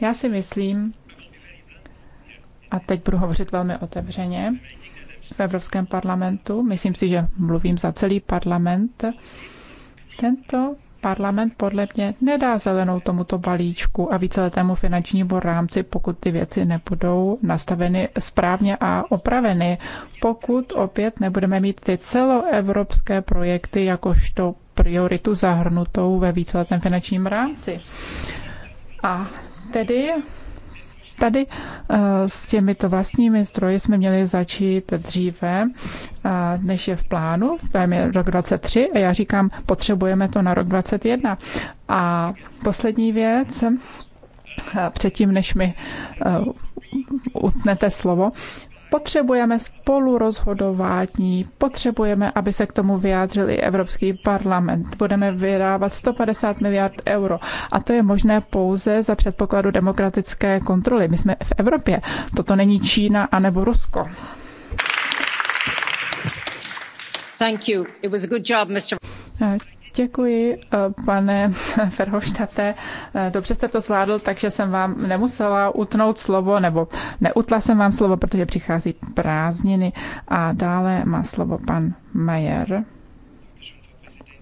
Speaker 4: já si myslím, a teď budu hovořit velmi otevřeně, v Evropském parlamentu, myslím si, že mluvím za celý parlament, tento parlament podle mě nedá zelenou tomuto balíčku a víceletému finančnímu rámci, pokud ty věci nebudou nastaveny správně a opraveny. Pokud opět nebudeme mít ty celoevropské projekty jakožto prioritu zahrnutou ve víceletém finančním rámci. A Tedy Tady eh, s těmito vlastními zdroji jsme měli začít dříve, eh, než je v plánu, to je rok 23 a já říkám, potřebujeme to na rok 21. A poslední věc, eh, předtím, než mi utnete slovo, Potřebujeme spolurozhodování, potřebujeme, aby se k tomu vyjádřil i Evropský parlament. Budeme vyrávat 150 miliard euro a to je možné pouze za předpokladu demokratické kontroly. My jsme v Evropě, toto není Čína anebo Rusko. Thank you. It was a good job, Mr. Eh, Děkuji, eh, pane Ferhoštate. Eh, dobře jste to zvládl, takže jsem vám nemusela utnout slovo, nebo neutla jsem vám slovo, protože přichází prázdniny. A dále má slovo pan Majer.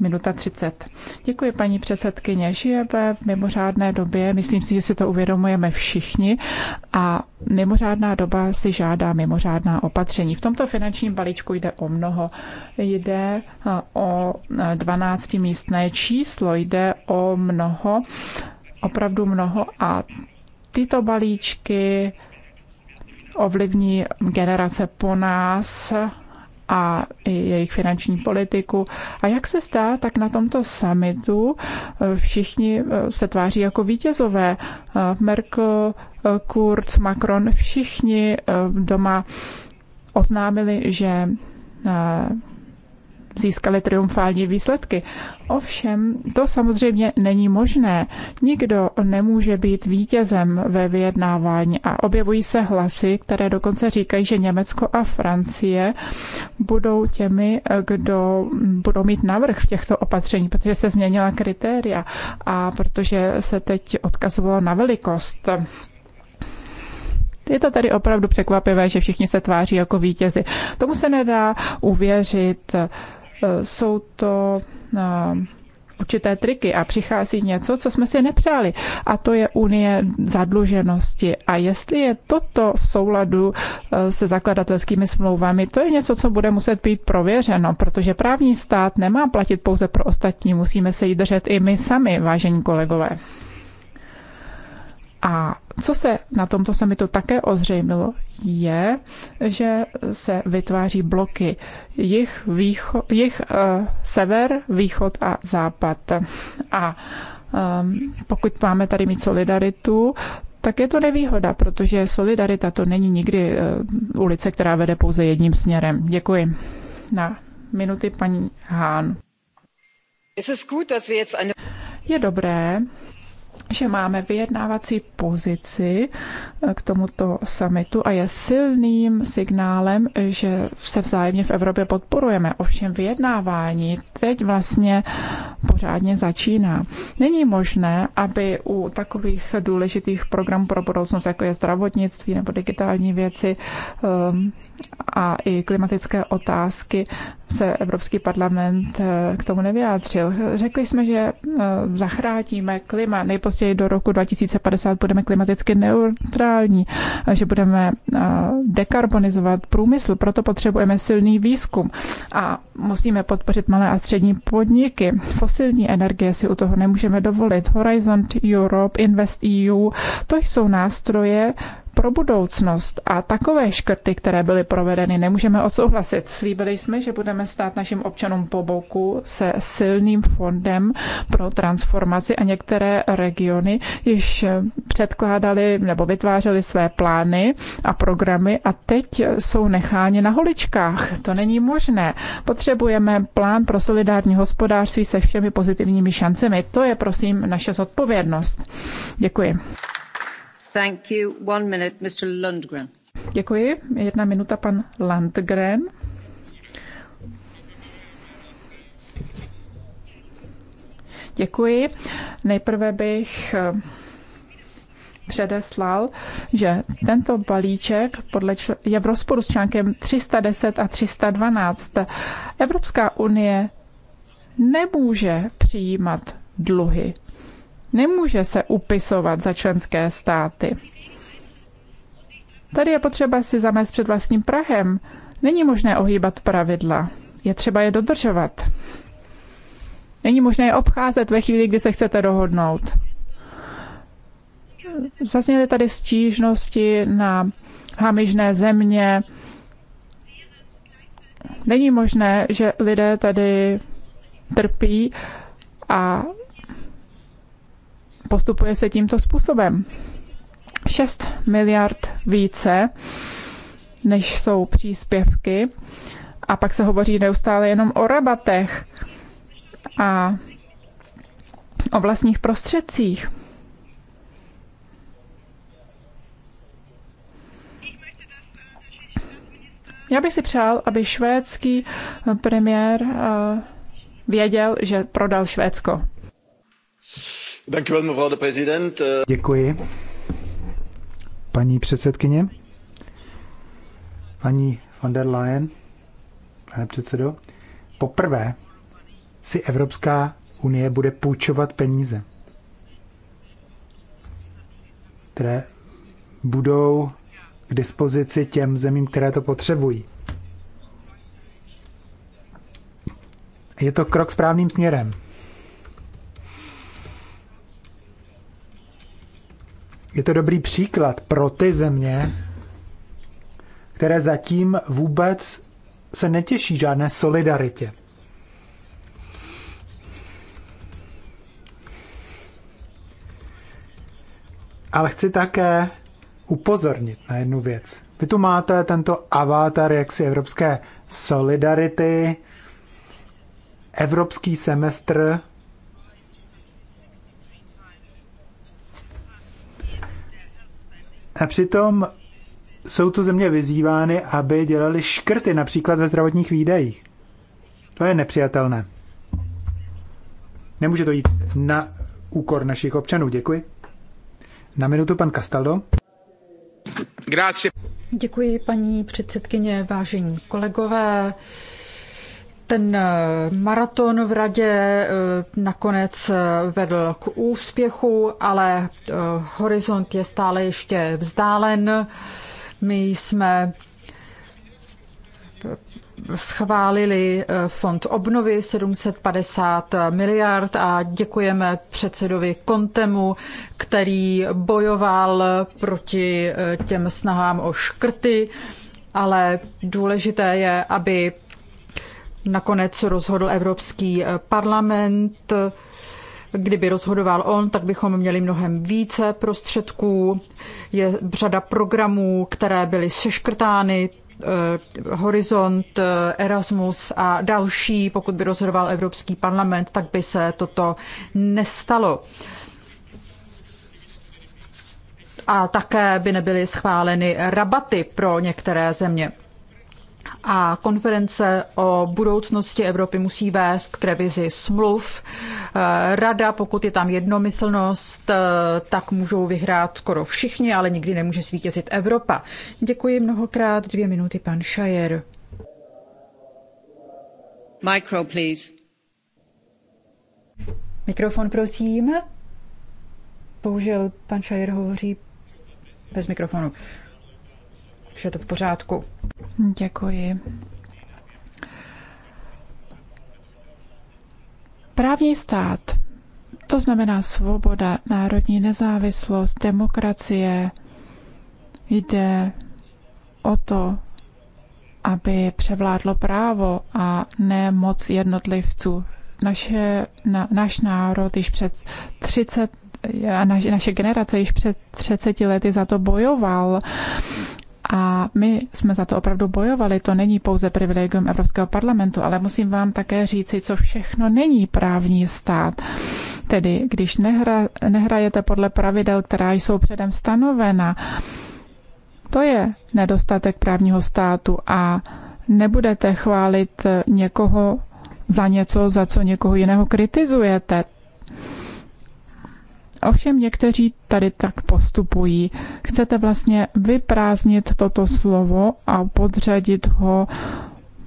Speaker 4: Minuta 30. Děkuji, paní předsedkyně. Žijeme v mimořádné době, myslím si, že si to uvědomujeme všichni a mimořádná doba si žádá mimořádná opatření. V tomto finančním balíčku jde o mnoho. Jde o 12 místné číslo, jde o mnoho, opravdu mnoho a tyto balíčky ovlivní generace po nás a jejich finanční politiku. A jak se stá, tak na tomto summitu eh, všichni eh, se tváří jako vítězové. Eh, Merkel, Kurz, Macron, všichni doma oznámili, že získali triumfální výsledky. Ovšem, to samozřejmě není možné. Nikdo nemůže být vítězem ve vyjednávání a objevují se hlasy, které dokonce říkají, že Německo a Francie budou těmi, kdo budou mít navrh v těchto opatření, protože se změnila kritéria a protože se teď odkazovalo na velikost. Je to tady opravdu překvapivé, že všichni se tváří jako vítězi. Tomu se nedá uvěřit. Eh, jsou to eh, určité triky a přichází něco, co jsme si nepřáli. A to je unie zadluženosti. A jestli je toto v souladu eh, se zakladatelskými smlouvami, to je něco, co bude muset být prověřeno, protože právní stát nemá platit pouze pro ostatní, musíme se jí držet i my sami, vážení kolegové. A co se na tomto summitu také ozřejmilo, je, že se vytváří bloky jich, výcho, jich uh, sever, východ a západ. A um, pokud máme tady mít solidaritu, tak je to nevýhoda, protože solidarita to není nikdy uh, ulice, která vede pouze jedním směrem. Děkuji. Na minuty paní Hán. Je dobré, že máme vyjednávací pozici eh, k tomuto summitu a je silným signálem, že se vzájemně v Evropě podporujeme. Ovšem vyjednávání teď vlastně pořádně začíná. Není možné, aby u takových důležitých programů pro budoucnost, jako je zdravotnictví nebo digitální věci, eh, a i klimatické otázky se Evropský parlament eh, k tomu nevyjádřil. Řekli jsme, že eh, zachrátíme klima, nejpozději do roku 2050 budeme klimaticky neutrální, že budeme eh, dekarbonizovat průmysl, proto potřebujeme silný výzkum a musíme podpořit malé a střední podniky. Fosilní energie si u toho nemůžeme dovolit. Horizon Europe, Invest EU, to jsou nástroje, pro budoucnost a takové škrty, které byly provedeny, nemůžeme odsouhlasit. Slíbili jsme, že budeme stát našim občanům po boku se silným fondem pro transformaci a některé regiony již předkládali nebo vytvářely své plány a programy a teď jsou necháni na holičkách. To není možné. Potřebujeme plán pro solidární hospodářství se všemi pozitivními šancemi. To je prosím naše zodpovědnost. Děkuji. Děkuji. Jedna minuta, pan Landgren. Děkuji. Nejprve bych eh, předeslal, že tento balíček podle čl- je v rozporu s článkem 310 a 312. Evropská unie nemůže přijímat dluhy nemůže se upisovat za členské státy. Tady je potřeba si zamést před vlastním prahem. Není možné ohýbat pravidla. Je třeba je dodržovat. Není možné je obcházet ve chvíli, kdy se chcete dohodnout. Zazněly tady stížnosti na hamižné země. Není možné, že lidé tady trpí a postupuje se tímto způsobem. 6 miliard více, než jsou příspěvky. A pak se hovoří neustále jenom o rabatech a o vlastních prostředcích. Já bych si přál, aby švédský eh, premiér eh, věděl, že prodal Švédsko.
Speaker 3: Eh,
Speaker 5: Děkuji. Paní předsedkyně, paní von der Leyen, pane předsedo, poprvé si Evropská unie bude půjčovat peníze, které budou k dispozici těm zemím, které to potřebují. Je to krok správným směrem. je to dobrý příklad pro ty země, které zatím vůbec se netěší žádné solidaritě. Ale chci také upozornit na jednu věc. Vy tu máte tento avatar jaksi evropské solidarity, evropský semestr, A přitom jsou tu země vyzývány, aby dělali škrty, například ve zdravotních výdejích. To je nepřijatelné. Nemůže to jít na úkor našich občanů. Děkuji. Na minutu pan Castaldo.
Speaker 1: Grazie.
Speaker 2: Děkuji, paní předsedkyně, vážení kolegové. Ten eh, maraton v radě eh, nakonec eh, vedl k úspěchu, ale horizont je stále ještě vzdálen. My jsme schválili fond obnovy 750 miliard a děkujeme předsedovi Kontemu, který bojoval proti těm snahám o škrty, ale důležité je, aby nakonec rozhodl Evropský eh, parlament. Kdyby rozhodoval on, tak bychom měli mnohem více prostředků. Je řada programů, které byly seškrtány, eh, Horizont, eh, Erasmus a další, pokud by rozhodoval Evropský parlament, tak by se toto nestalo. A také by nebyly schváleny rabaty pro některé země a konference o budoucnosti Evropy musí vést k revizi smluv. Eh, Rada, pokud je tam jednomyslnost, eh, tak můžou vyhrát skoro všichni, ale nikdy nemůže svítězit Evropa. Děkuji mnohokrát. Dvě minuty, pan Šajer.
Speaker 6: Micro, please.
Speaker 2: Mikrofon, prosím. Bohužel pan Šajer hovoří bez mikrofonu
Speaker 4: že je to v pořádku. Děkuji. Právní stát, to znamená svoboda, národní nezávislost, demokracie, jde o to, aby převládlo právo a ne moc jednotlivců. Naše, na, naš národ již před 30 a naš, naše generace již před 30 lety za to bojoval a my jsme za to opravdu bojovali. To není pouze privilegium Evropského parlamentu, ale musím vám také říci, co všechno není právní stát. Tedy, když nehra, nehrajete podle pravidel, která jsou předem stanovena, to je nedostatek právního státu a nebudete chválit někoho za něco, za co někoho jiného kritizujete. Ovšem někteří tady tak postupují. Chcete vlastně vyprázdnit toto slovo a podřadit ho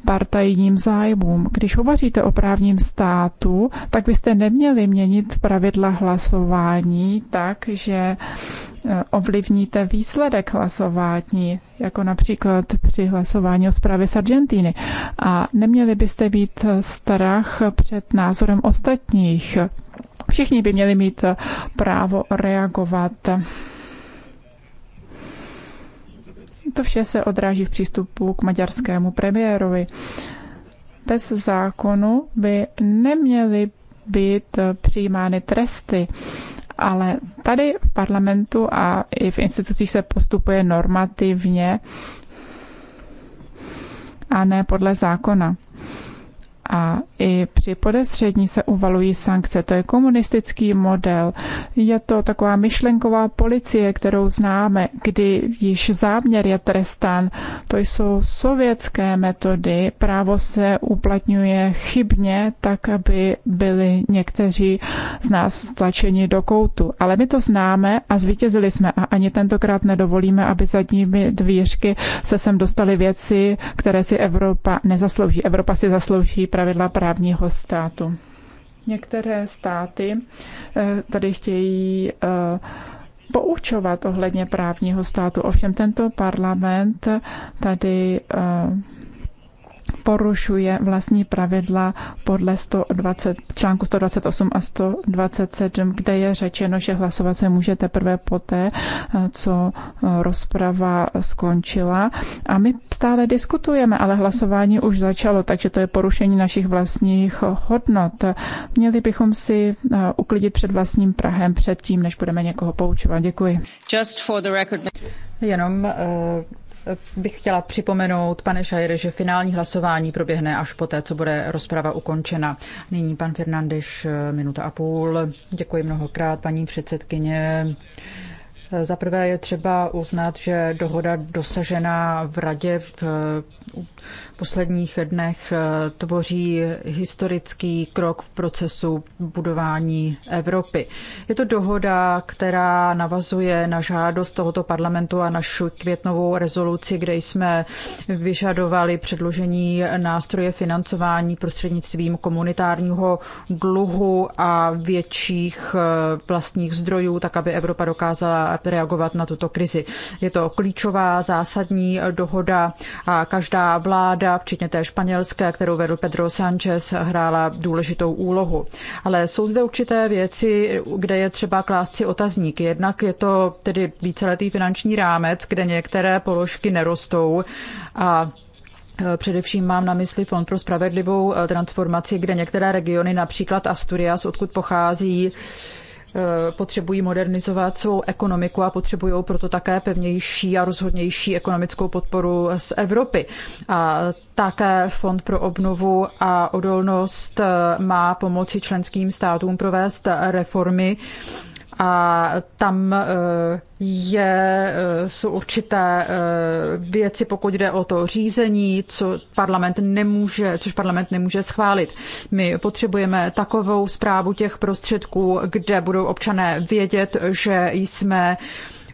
Speaker 4: partajním zájmům. Když hovoříte o právním státu, tak byste neměli měnit pravidla hlasování tak, že e, ovlivníte výsledek hlasování, jako například při hlasování o zprávě z Argentíny. A neměli byste být strach před názorem ostatních, Všichni by měli mít eh, právo reagovat. To vše se odráží v přístupu k maďarskému premiérovi. Bez zákonu by neměly být eh, přijímány tresty, ale tady v parlamentu a i v institucích se postupuje normativně a ne podle zákona. A i při podezření se uvalují sankce. To je komunistický model. Je to taková myšlenková policie, kterou známe, kdy již záměr je trestán. To jsou sovětské metody. Právo se uplatňuje chybně, tak aby byli někteří z nás stlačeni do koutu. Ale my to známe a zvítězili jsme a ani tentokrát nedovolíme, aby zadními dvířky se sem dostaly věci, které si Evropa nezaslouží. Evropa si zaslouží právě pravidla právního státu. Některé státy eh, tady chtějí eh, poučovat ohledně právního státu. Ovšem tento parlament tady eh, porušuje vlastní pravidla podle 120, článku 128 a 127, kde je řečeno, že hlasovat se může teprve poté, co rozprava skončila. A my stále diskutujeme, ale hlasování už začalo, takže to je porušení našich vlastních hodnot. Měli bychom si eh, uklidit před vlastním Prahem předtím, než budeme někoho poučovat. Děkuji.
Speaker 2: Just for the record... Jenom eh, bych chtěla připomenout, pane Šajere, že finální hlasování proběhne až poté, co bude rozprava ukončena. Nyní pan Fernandeš, minuta a půl. Děkuji mnohokrát, paní předsedkyně. Za prvé je třeba uznat, že dohoda dosažená v radě v eh, posledních dnech eh, tvoří historický krok v procesu budování Evropy. Je to dohoda, která navazuje na žádost tohoto parlamentu a naši květnovou rezoluci, kde jsme vyžadovali předložení nástroje financování prostřednictvím komunitárního dluhu a větších eh, vlastních zdrojů, tak aby Evropa dokázala reagovat na tuto krizi. Je to klíčová zásadní dohoda a každá vláda, včetně té španělské, kterou vedl Pedro Sánchez, hrála důležitou úlohu. Ale jsou zde určité věci, kde je třeba klást si otazníky. Jednak je to tedy víceletý finanční rámec, kde některé položky nerostou a e, Především mám na mysli Fond pro spravedlivou e, transformaci, kde některé regiony, například Asturias, odkud pochází, Eh, potřebují modernizovat svou ekonomiku a potřebují proto také pevnější a rozhodnější ekonomickou podporu z Evropy. A také Fond pro obnovu a odolnost eh, má pomoci členským státům provést reformy a tam eh, je, eh, jsou určité eh, věci, pokud jde o to řízení, co parlament nemůže, což parlament nemůže schválit. My potřebujeme takovou zprávu těch prostředků, kde budou občané vědět, že jsme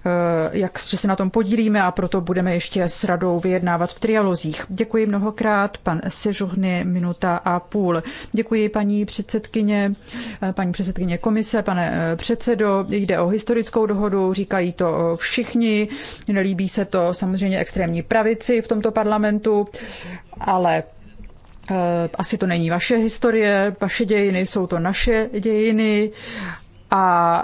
Speaker 2: Eh, jak že se na tom podílíme a proto budeme ještě s radou vyjednávat v trialozích. Děkuji mnohokrát, pan Sežuhny, minuta a půl. Děkuji paní předsedkyně, eh, paní předsedkyně komise, pane eh, předsedo. Jde o historickou dohodu, říkají to všichni. Nelíbí se to samozřejmě extrémní pravici v tomto parlamentu, ale asi to není vaše historie, vaše dějiny, jsou to naše dějiny a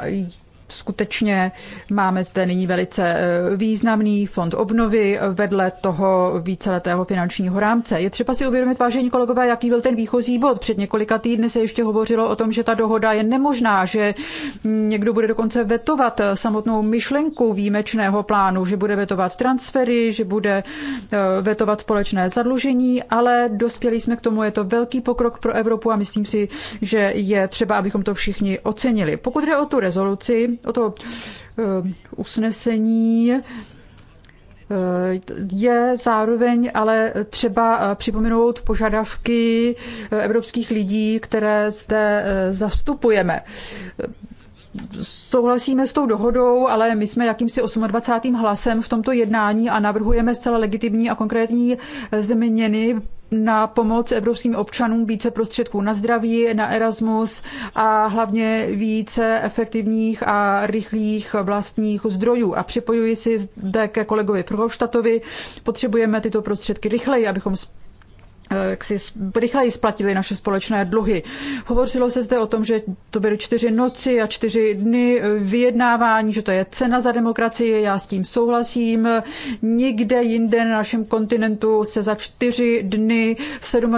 Speaker 2: skutečně máme zde nyní velice e, významný fond obnovy e, vedle toho víceletého finančního rámce. Je třeba si uvědomit, vážení kolegové, jaký byl ten výchozí bod. Před několika týdny se ještě hovořilo o tom, že ta dohoda je nemožná, že někdo bude dokonce vetovat e, samotnou myšlenku výjimečného plánu, že bude vetovat transfery, že bude vetovat společné zadlužení, ale dospěli jsme k tomu, je to velký pokrok pro Evropu a myslím si, že je třeba, abychom to všichni ocenili. Pokud jde o tu rezoluci, o to eh, usnesení eh, je zároveň ale třeba eh, připomenout požadavky evropských lidí, které zde zastupujeme souhlasíme s tou dohodou, ale my jsme jakýmsi 28. hlasem v tomto jednání a navrhujeme zcela legitimní a konkrétní změny na pomoc evropským občanům více prostředků na zdraví, na Erasmus a hlavně více efektivních a rychlých vlastních zdrojů. A připojuji si zde ke kolegovi Prohoštatovi, potřebujeme tyto prostředky rychleji, abychom Eh, jak si rychleji splatili naše společné dluhy. Hovořilo se zde o tom, že to byly čtyři noci a čtyři dny eh, vyjednávání, že to je cena za demokracii, já s tím souhlasím. Nikde jinde na našem kontinentu se za čtyři dny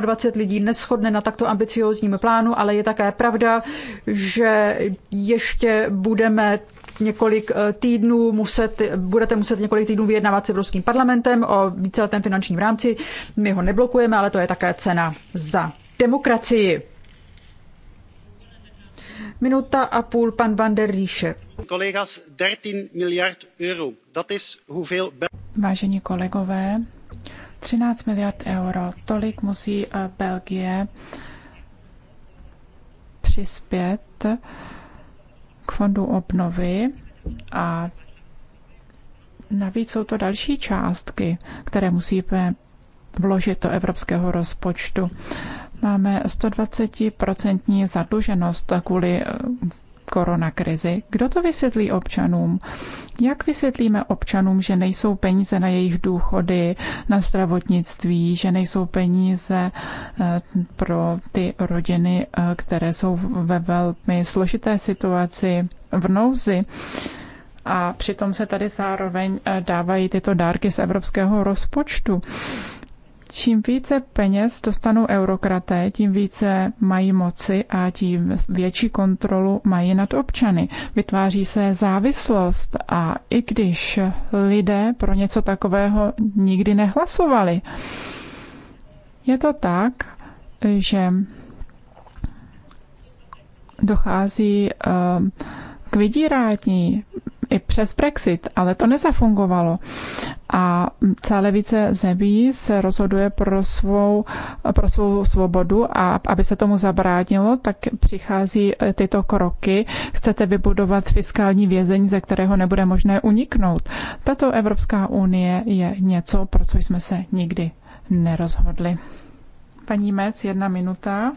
Speaker 2: 27 lidí neschodne na takto ambiciózním plánu, ale je také pravda, že ještě budeme několik eh, týdnů muset, budete muset několik týdnů vyjednávat s Evropským parlamentem o víceletém finančním rámci. My ho neblokujeme, ale to je také cena za demokracii. Minuta a půl, pan Van der Ríše.
Speaker 3: Kolegas, 13 miliard euro. Dat is hoeveel...
Speaker 4: Vážení kolegové, 13 miliard euro. Tolik musí eh, Belgie přispět k fondu obnovy a navíc jsou to další částky, které musíme vložit do evropského rozpočtu. Máme 120% zadluženost kvůli eh, koronakrizi. Kdo to vysvětlí občanům? Jak vysvětlíme občanům, že nejsou peníze na jejich důchody, na zdravotnictví, že nejsou peníze eh, pro ty rodiny, eh, které jsou ve velmi složité situaci, v nouzi? A přitom se tady zároveň eh, dávají tyto dárky z evropského rozpočtu. Čím více peněz dostanou eurokraté, tím více mají moci a tím větší kontrolu mají nad občany. Vytváří se závislost a i když lidé pro něco takového nikdy nehlasovali, je to tak, že dochází eh, k vydírání i přes Brexit, ale to nezafungovalo. A celé více zemí se rozhoduje pro svou, pro svou svobodu a aby se tomu zabránilo, tak přichází eh, tyto kroky. Chcete vybudovat fiskální vězení, ze kterého nebude možné uniknout. Tato Evropská unie je něco, pro co jsme se nikdy nerozhodli. Paní Mec, jedna minuta.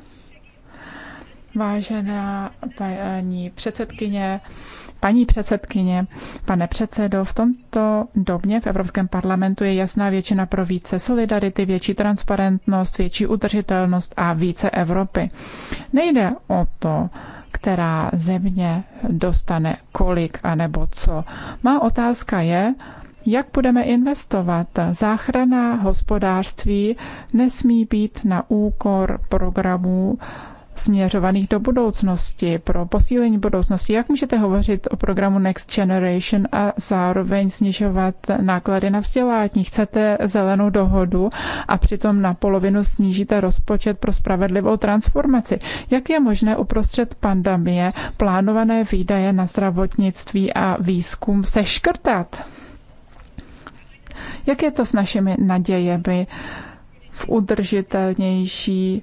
Speaker 4: Vážená paní předsedkyně, Paní předsedkyně, pane předsedo, v tomto domě v Evropském parlamentu je jasná většina pro více solidarity, větší transparentnost, větší udržitelnost a více Evropy. Nejde o to, která země dostane kolik a nebo co. Má otázka je, jak budeme investovat. Záchrana hospodářství nesmí být na úkor programů směřovaných do budoucnosti, pro posílení budoucnosti. Jak můžete hovořit o programu Next Generation a zároveň snižovat náklady na vzdělání? Chcete zelenou dohodu a přitom na polovinu snížíte rozpočet pro spravedlivou transformaci. Jak je možné uprostřed pandemie plánované výdaje na zdravotnictví a výzkum seškrtat? Jak je to s našimi nadějemi v udržitelnější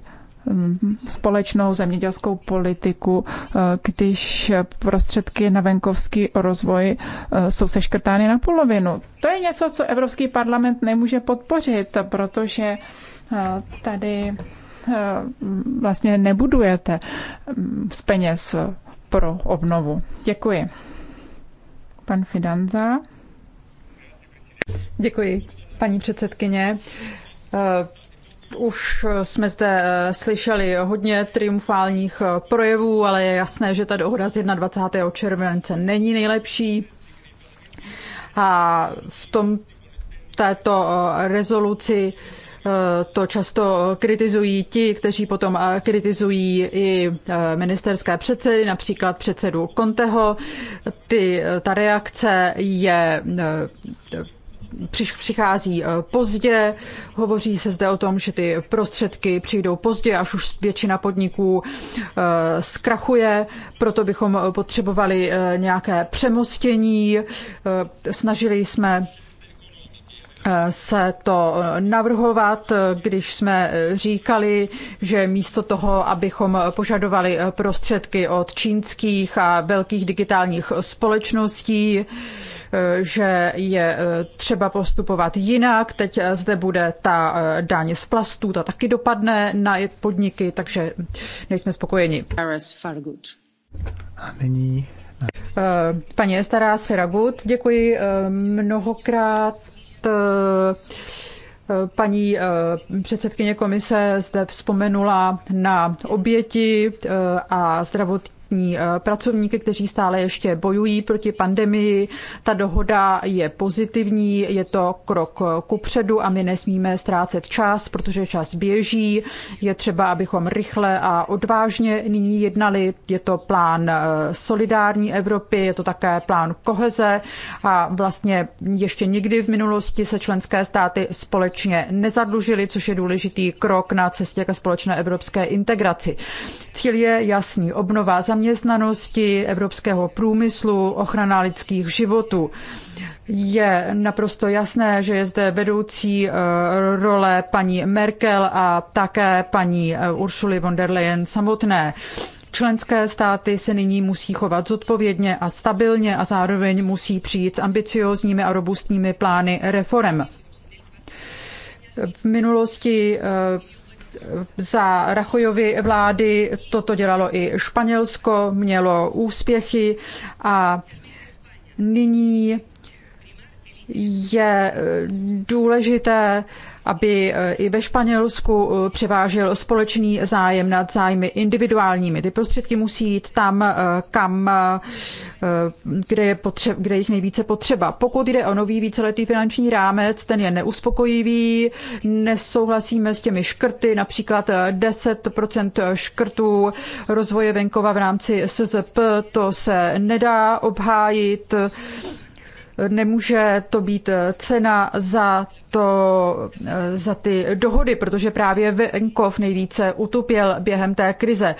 Speaker 4: Mm, společnou zemědělskou politiku, eh, když prostředky na venkovský rozvoj eh, jsou seškrtány na polovinu. To je něco, co Evropský parlament nemůže podpořit, protože eh, tady vlastně nebudujete mm, z peněz pro obnovu. Děkuji. Pan Fidanza. Děkuji, paní
Speaker 2: předsedkyně. Už eh, jsme zde eh, slyšeli hodně triumfálních eh, projevů, ale je jasné, že ta dohoda z 21. července není nejlepší. A v tom této rezoluci to často kritizují ti, kteří potom kritizují i ministerské předsedy, například předsedu Conteho. Ty, ta reakce je přichází eh, pozdě. Hovoří se zde o tom, že ty prostředky přijdou pozdě, až už většina podniků eh, zkrachuje, proto bychom eh, potřebovali nějaké přemostění. Snažili jsme se to navrhovat, když jsme říkali, že místo toho, abychom požadovali prostředky od čínských a velkých digitálních společností, že je eh, třeba postupovat jinak. Teď eh, zde bude ta eh, daň z plastů, ta taky dopadne na podniky, takže nejsme spokojeni.
Speaker 5: A nyní...
Speaker 2: Paní Estará Sferagut, děkuji mnohokrát paní předsedkyně komise zde vzpomenula na oběti a zdravot, zdravotní eh, pracovníky, kteří stále ještě bojují proti pandemii. Ta dohoda je pozitivní, je to krok eh, kupředu a my nesmíme ztrácet čas, protože čas běží. Je třeba, abychom rychle a odvážně nyní jednali. Je to plán eh, solidární Evropy, je to také plán koheze a vlastně ještě nikdy v minulosti se členské státy společně nezadlužily, což je důležitý krok na cestě ke společné evropské integraci. Cíl je jasný, obnova za zaměstnanosti, evropského průmyslu, ochrana lidských životů. Je naprosto jasné, že je zde vedoucí eh, role paní Merkel a také paní eh, Ursuly von der Leyen samotné. Členské státy se nyní musí chovat zodpovědně a stabilně a zároveň musí přijít s ambiciózními a robustními plány reforem. V minulosti eh, za Rachojovy vlády toto dělalo i Španělsko, mělo úspěchy a nyní je důležité aby e, i ve Španělsku e, převážil společný zájem nad zájmy individuálními. Ty prostředky musí jít tam, e, kam, kde, je potřeba, kde jich nejvíce potřeba. Pokud jde o nový víceletý finanční rámec, ten je neuspokojivý, nesouhlasíme s těmi škrty, například 10% škrtů rozvoje venkova v rámci SZP, to se nedá obhájit. Nemůže to být cena za to, eh, za ty dohody, protože právě venkov nejvíce utupěl během té krize.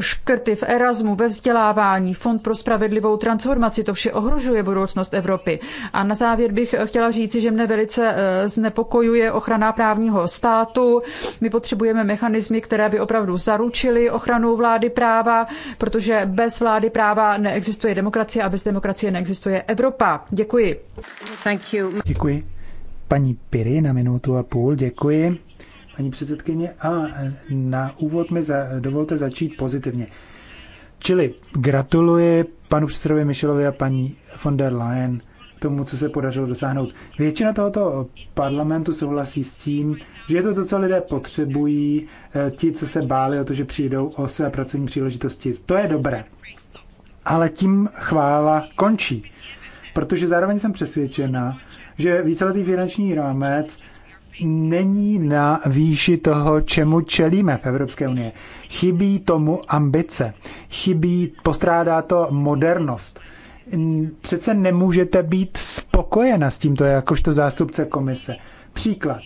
Speaker 2: Škrty v Erasmu, ve vzdělávání, Fond pro spravedlivou transformaci, to vše ohrožuje budoucnost Evropy. A na závěr bych chtěla říci, že mne velice eh, znepokojuje ochrana právního státu. My potřebujeme mechanismy, které by opravdu zaručily ochranu vlády práva, protože bez vlády práva neexistuje demokracie a bez demokracie
Speaker 5: neexistuje Evropa. Děkuji. Děkuji paní Piry na minutu a půl. Děkuji, paní předsedkyně. A na úvod mi za, dovolte začít pozitivně. Čili gratuluji panu předsedovi Michelovi a paní von der Leyen tomu, co se podařilo dosáhnout. Většina tohoto parlamentu souhlasí s tím, že je to to, co lidé potřebují, eh, ti, co se báli o to, že přijdou o své pracovní příležitosti. To je dobré. Ale tím chvála končí. Protože zároveň jsem přesvědčena, že víceletý finanční rámec není na výši toho, čemu čelíme v Evropské unii. Chybí tomu ambice, chybí, postrádá to modernost. Přece nemůžete být spokojena s tímto jakožto zástupce komise. Příklad.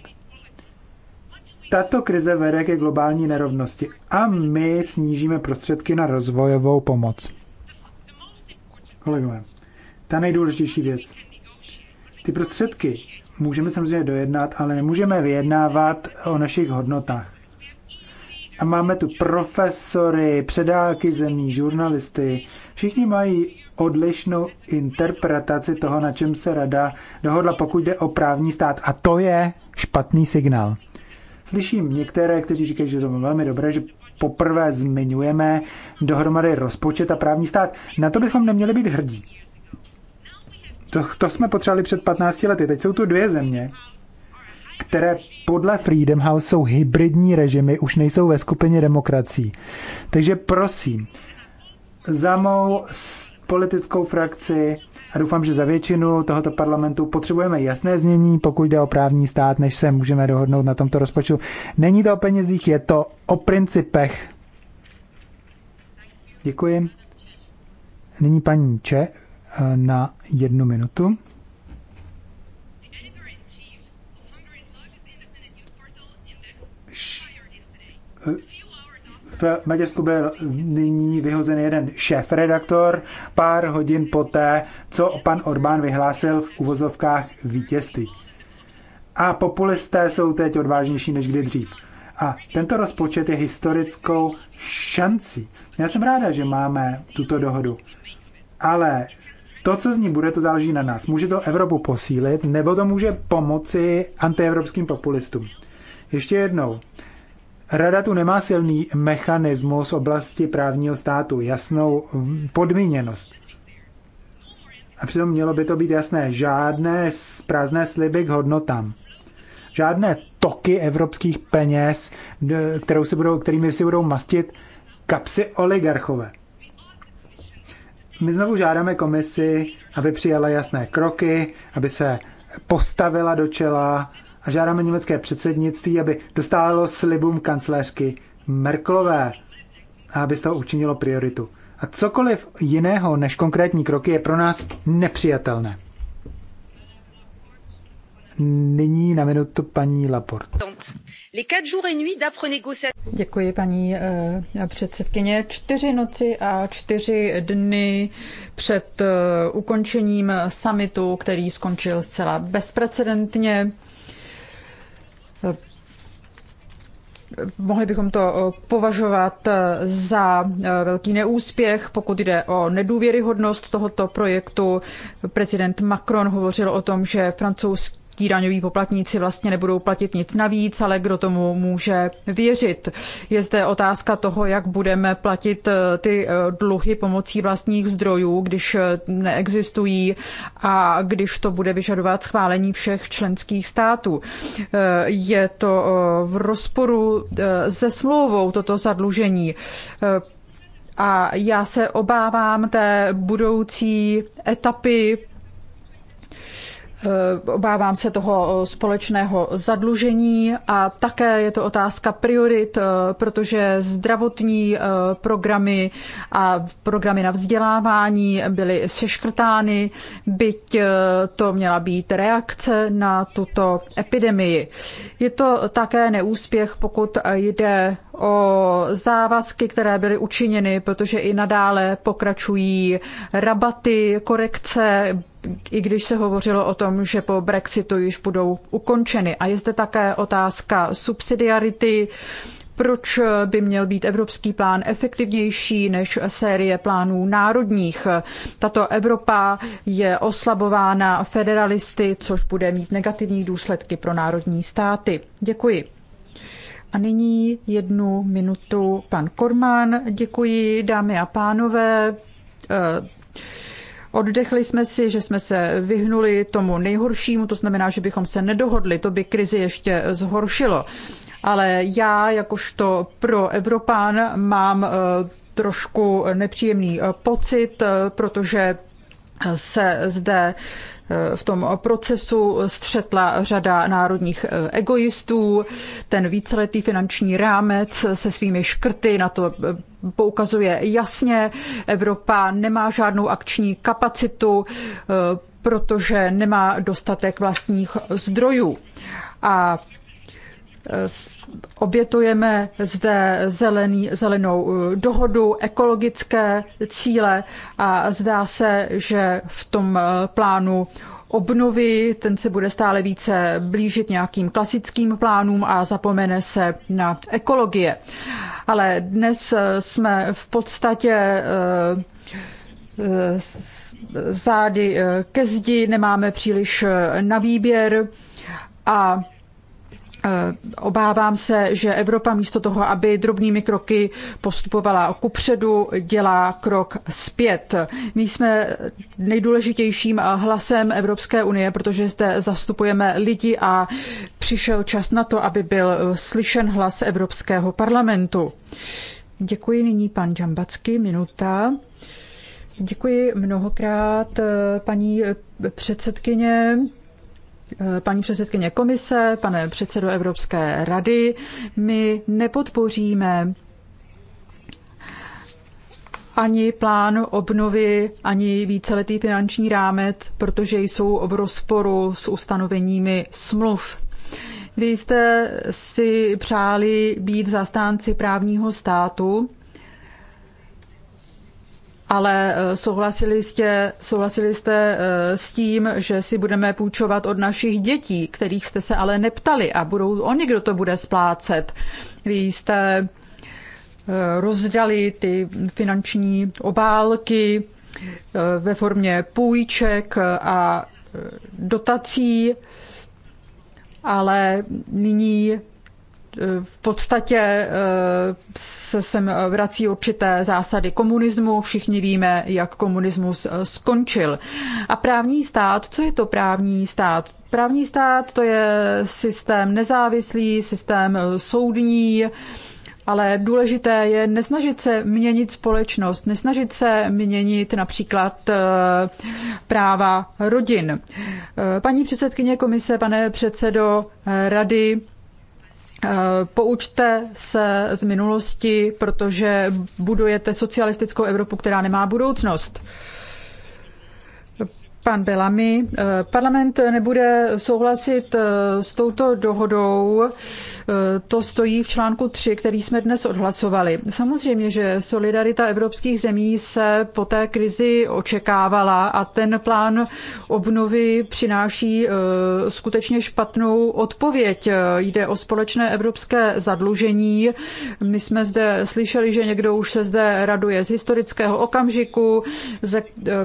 Speaker 5: Tato krize vede ke globální nerovnosti a my snížíme prostředky na rozvojovou pomoc. Kolegové, ta nejdůležitější věc ty prostředky můžeme samozřejmě dojednat, ale nemůžeme vyjednávat o našich hodnotách. A máme tu profesory, předáky zemí, žurnalisty. Všichni mají odlišnou interpretaci toho, na čem se rada dohodla, pokud jde o právní stát. A to je špatný signál. Slyším některé, kteří říkají, že to je velmi dobré, že poprvé zmiňujeme dohromady rozpočet a právní stát. Na to bychom neměli být hrdí. To, to jsme potřebovali před 15 lety. Teď jsou tu dvě země, které podle Freedom House jsou hybridní režimy, už nejsou ve skupině demokrací. Takže prosím, za mou politickou frakci a doufám, že za většinu tohoto parlamentu potřebujeme jasné znění, pokud jde o právní stát, než se můžeme dohodnout na tomto rozpočtu. Není to o penězích, je to o principech. Děkuji. Nyní paní Če, na jednu minutu. v Maďarsku byl nyní vyhozen jeden šéf-redaktor pár hodin poté, co pan Orbán vyhlásil v uvozovkách vítězství. A populisté jsou teď odvážnější než kdy dřív. A tento rozpočet je historickou šancí. Já jsem ráda, že máme tuto dohodu. Ale to, co z ní bude, to záleží na nás. Může to Evropu posílit, nebo to může pomoci antievropským populistům. Ještě jednou. Rada tu nemá silný mechanismus oblasti právního státu, jasnou podmíněnost. A přitom mělo by to být jasné, žádné prázdné sliby k hodnotám. Žádné toky evropských peněz, kterou si budou, kterými si budou mastit kapsy oligarchové. My znovu žádáme komisi, aby přijala jasné kroky, aby se postavila do čela a žádáme německé předsednictví, aby dostávalo slibům kancléřky Merklové a aby z toho učinilo prioritu. A cokoliv jiného než konkrétní kroky je pro nás nepřijatelné. Nyní na minutu paní Laporte.
Speaker 2: Děkuji, paní eh, předsedkyně. Čtyři noci a čtyři dny před eh, ukončením summitu, který skončil zcela bezprecedentně, eh, Mohli bychom to považovat za velký neúspěch, pokud jde o nedůvěryhodnost tohoto projektu. Prezident Macron hovořil o tom, že francouzský ti daňoví poplatníci vlastně nebudou platit nic navíc, ale kdo tomu může věřit. Je zde otázka toho, jak budeme platit eh, ty eh, dluhy pomocí vlastních zdrojů, když eh, neexistují a když to bude vyžadovat schválení všech členských států. Je to v rozporu se smlouvou toto zadlužení. A já se obávám té budoucí etapy Eh, obávám se toho eh, společného zadlužení a také je to otázka priorit, eh, protože zdravotní programy a programy na vzdělávání byly seškrtány, byť to měla být reakce na tuto epidemii. Je to také neúspěch, pokud jde o závazky, které byly učiněny, protože i nadále pokračují rabaty, korekce, i když se hovořilo o tom, že po Brexitu již budou ukončeny. A je zde také otázka subsidiarity, proč by měl být evropský plán efektivnější než série plánů národních. Tato Evropa je oslabována federalisty, což bude mít negativní důsledky pro národní státy. Děkuji. A nyní jednu minutu pan Korman. Děkuji, dámy a pánové eh, Oddechli jsme si, že jsme se vyhnuli tomu nejhoršímu, to znamená, že bychom se nedohodli, to by krizi ještě zhoršilo. Ale já, jakožto pro Evropán, mám eh, trošku nepříjemný eh, pocit, eh, protože se zde v tom procesu střetla řada národních egoistů. Ten víceletý finanční rámec se svými škrty na to poukazuje jasně, Evropa nemá žádnou akční kapacitu, eh, protože nemá dostatek vlastních zdrojů. A eh, obětujeme zde zelený, zelenou eh, dohodu, ekologické cíle a zdá se, že v tom plánu obnovy, ten se bude stále více blížit nějakým klasickým plánům a zapomene se na ekologie. Ale dnes eh, jsme v podstatě eh, eh, zády ke zdi, nemáme příliš na výběr a Eh, obávám se, že Evropa místo toho, aby drobnými kroky postupovala kupředu, dělá krok zpět. My jsme nejdůležitějším hlasem Evropské unie, protože zde zastupujeme lidi a přišel čas na to, aby byl slyšen hlas Evropského parlamentu. Děkuji nyní pan Džambacky, minuta. Děkuji mnohokrát, eh, paní eh, předsedkyně. Eh, paní předsedkyně komise, pane předsedo Evropské rady, my nepodpoříme ani plán obnovy, ani víceletý finanční rámec, protože jsou v rozporu s ustanoveními smluv. Vy jste si přáli být zastánci právního státu, ale eh, souhlasili jste, souhlasili jste eh, s tím, že si budeme půjčovat od našich dětí, kterých jste se ale neptali a budou oni, kdo to bude splácet. Vy jste eh, rozdali ty finanční obálky ve formě půjček a dotací, ale nyní v podstatě eh, se sem vrací určité zásady komunismu. Všichni víme, jak komunismus eh, skončil. A právní stát, co je to právní stát? Právní stát to je systém nezávislý, systém eh, soudní, ale důležité je nesnažit se měnit společnost, nesnažit se měnit například práva rodin. Paní předsedkyně komise, pane předsedo rady, Eh, poučte se z minulosti, protože budujete socialistickou Evropu, která nemá budoucnost pan Bellamy. Eh, parlament nebude souhlasit eh, s touto dohodou, eh, to stojí v článku 3, který jsme dnes odhlasovali. Samozřejmě, že solidarita evropských zemí se po té krizi očekávala a ten plán obnovy přináší skutečně špatnou odpověď. Jde o společné evropské zadlužení. My jsme zde slyšeli, že někdo už se zde raduje z historického okamžiku,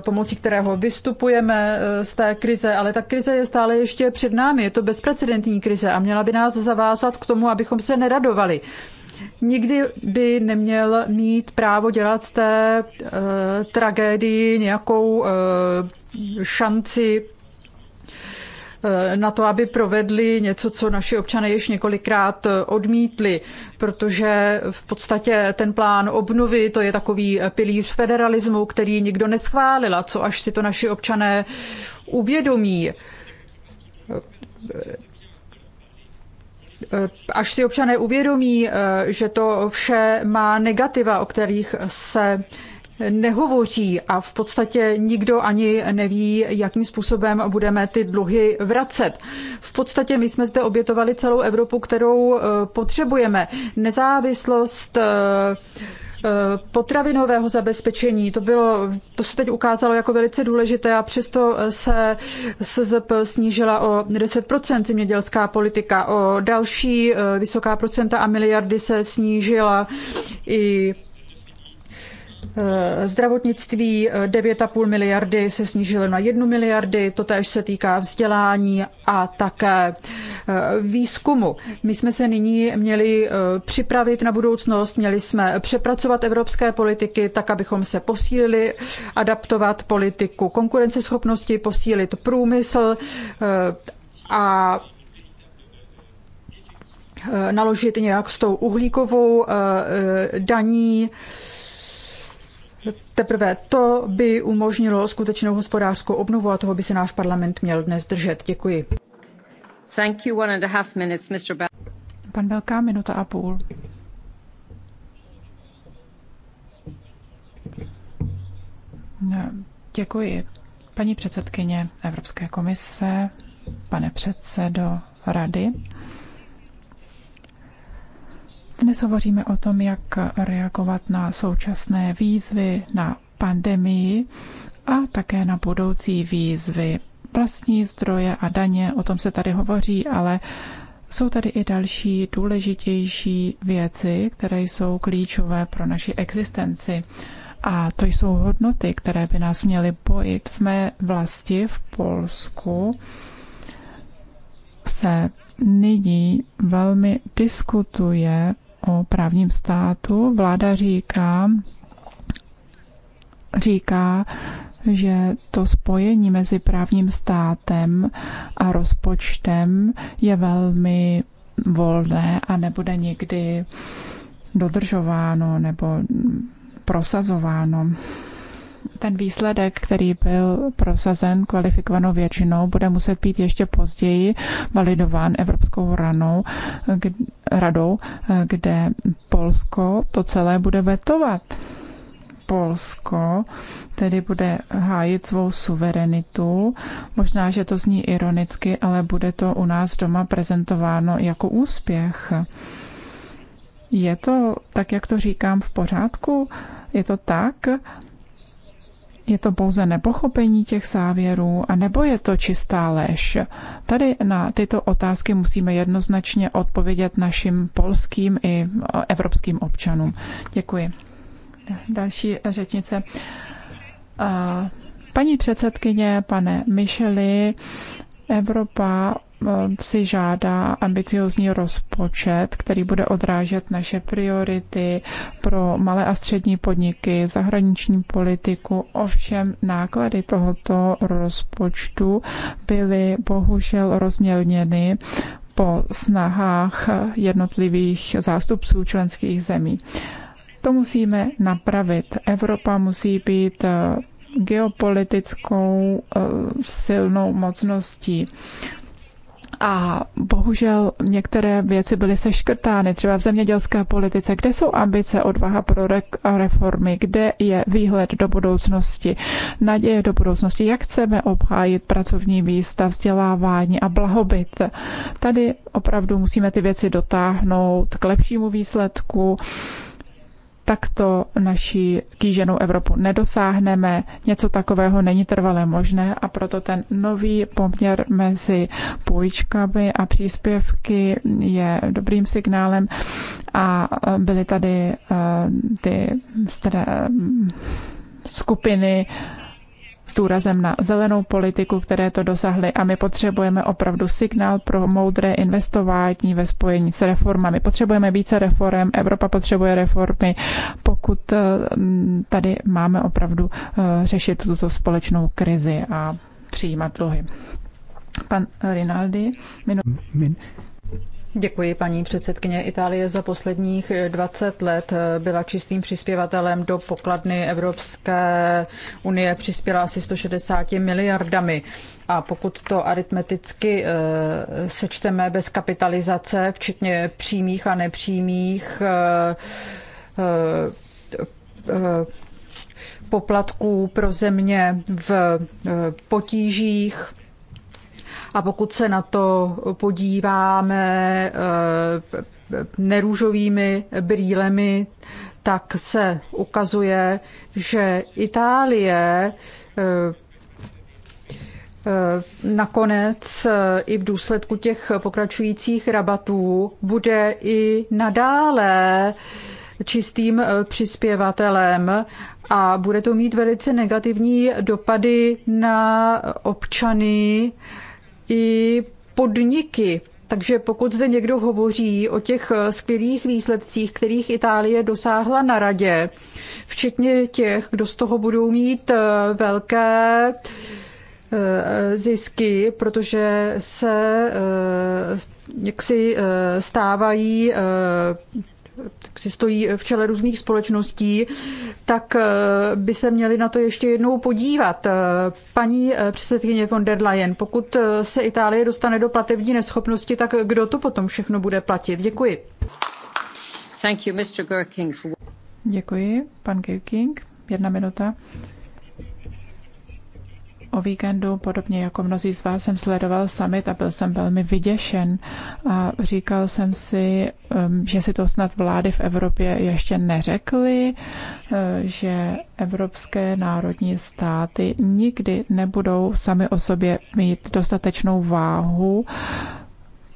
Speaker 2: pomocí kterého vystupujeme vyjdeme eh, z té krize, ale ta krize je stále ještě před námi. Je to bezprecedentní krize a měla by nás zavázat k tomu, abychom se neradovali. Nikdy by neměl mít právo dělat z té e, tragédii nějakou e, šanci Eh, na to, aby provedli něco, co naši občané již několikrát eh, odmítli, protože v podstatě ten plán obnovy, to je takový eh, pilíř federalismu, který nikdo neschválil a co až si to naši občané uvědomí až si občané uvědomí, že to vše má negativa, o kterých se nehovoří a v podstatě nikdo ani neví, jakým způsobem budeme ty dluhy vracet. V podstatě my jsme zde obětovali celou Evropu, kterou eh, potřebujeme. Nezávislost eh, eh, potravinového zabezpečení. To, bylo, to se teď ukázalo jako velice důležité a přesto se SZP snížila o 10% zemědělská politika, o další vysoká procenta a miliardy se snížila i Eh, zdravotnictví 9,5 eh, miliardy se snížily na 1 miliardy, to též se týká vzdělání a také eh, výzkumu. My jsme se nyní měli připravit na budoucnost, měli jsme přepracovat evropské politiky tak, abychom se posílili, adaptovat politiku konkurenceschopnosti, posílit průmysl a naložit nějak s tou uhlíkovou daní. Teprve to by umožnilo skutečnou hospodářskou obnovu a toho by se náš parlament měl dnes držet. Děkuji. Thank you, one and a half minutes, Mr.
Speaker 4: Bell. Pan Velká, minuta a půl. Děkuji. Paní předsedkyně Evropské komise, pane předsedo rady, dnes hovoříme o tom, jak reagovat na současné výzvy, na pandemii a také na budoucí výzvy. Vlastní zdroje a daně, o tom se tady hovoří, ale jsou tady i další důležitější věci, které jsou klíčové pro naši existenci. A to jsou hodnoty, které by nás měly bojit. V mé vlasti v Polsku se nyní velmi diskutuje o právním státu. Vláda říká, říká, že to spojení mezi právním státem a rozpočtem je velmi volné a nebude nikdy dodržováno nebo prosazováno ten výsledek, který byl prosazen kvalifikovanou většinou, bude muset být ještě později validován Evropskou ranou, k, radou, kde Polsko to celé bude vetovat. Polsko tedy bude hájit svou suverenitu. Možná, že to zní ironicky, ale bude to u nás doma prezentováno jako úspěch. Je to tak, jak to říkám, v pořádku? Je to tak? Je to pouze nepochopení těch závěrů, a nebo je to čistá lež? Tady na tyto otázky musíme jednoznačně odpovědět našim polským i e, evropským občanům. Děkuji. Další řečnice. Paní předsedkyně, pane Micheli, Evropa Eh, si žádá ambiciozní rozpočet, který bude odrážet naše priority pro malé a střední podniky, zahraniční politiku. Ovšem náklady tohoto rozpočtu byly bohužel rozmělněny po snahách jednotlivých zástupců členských zemí. To musíme napravit. Evropa musí být eh, geopolitickou eh, silnou mocností. A bohužel některé věci byly seškrtány, třeba v zemědělské politice. Kde jsou ambice, odvaha pro reformy? Kde je výhled do budoucnosti, naděje do budoucnosti? Jak chceme obhájit pracovní výstav, vzdělávání a blahobyt? Tady opravdu musíme ty věci dotáhnout k lepšímu výsledku takto naší kýženou Evropu nedosáhneme. Něco takového není trvalé možné a proto ten nový poměr mezi půjčkami a příspěvky je dobrým signálem a eh, byly tady eh, ty eh, skupiny s důrazem na zelenou politiku, které to dosahly a my potřebujeme opravdu signál pro moudré investování ve spojení s reformami. Potřebujeme více reform, Evropa potřebuje reformy, pokud eh, tady máme opravdu eh, řešit tuto společnou krizi a přijímat dluhy. Pan Rinaldi, minu...
Speaker 5: Min,
Speaker 2: Děkuji, paní předsedkyně. Itálie za posledních 20 let byla čistým přispěvatelem do pokladny Evropské unie, přispěla asi 160 miliardami. A pokud to aritmeticky eh, sečteme bez kapitalizace, včetně přímých a nepřímých eh, eh, poplatků pro země v potížích, a pokud se na to podíváme eh, nerůžovými brýlemi, tak se ukazuje, že Itálie eh, eh, nakonec i v důsledku těch pokračujících rabatů bude i nadále čistým přispěvatelem a bude to mít velice negativní dopady na občany i podniky. Takže pokud zde někdo hovoří o těch skvělých výsledcích, kterých Itálie dosáhla na radě, včetně těch, kdo z toho budou mít eh, velké eh, zisky, protože se eh, jaksi stávají si stojí v čele různých společností, tak eh, by se měli na to ještě jednou podívat. Eh, paní eh, předsedkyně von der Leyen, pokud se Itálie dostane do platební neschopnosti, tak kdo to potom všechno bude platit? Děkuji.
Speaker 3: Thank you, Mr.
Speaker 4: Děkuji, pan Gerking. Jedna minuta o víkendu, podobně jako mnozí z vás, jsem sledoval summit a byl jsem velmi vyděšen a říkal jsem si, um, že si to snad vlády v Evropě ještě neřekly, uh, že evropské národní státy nikdy nebudou sami o sobě mít dostatečnou váhu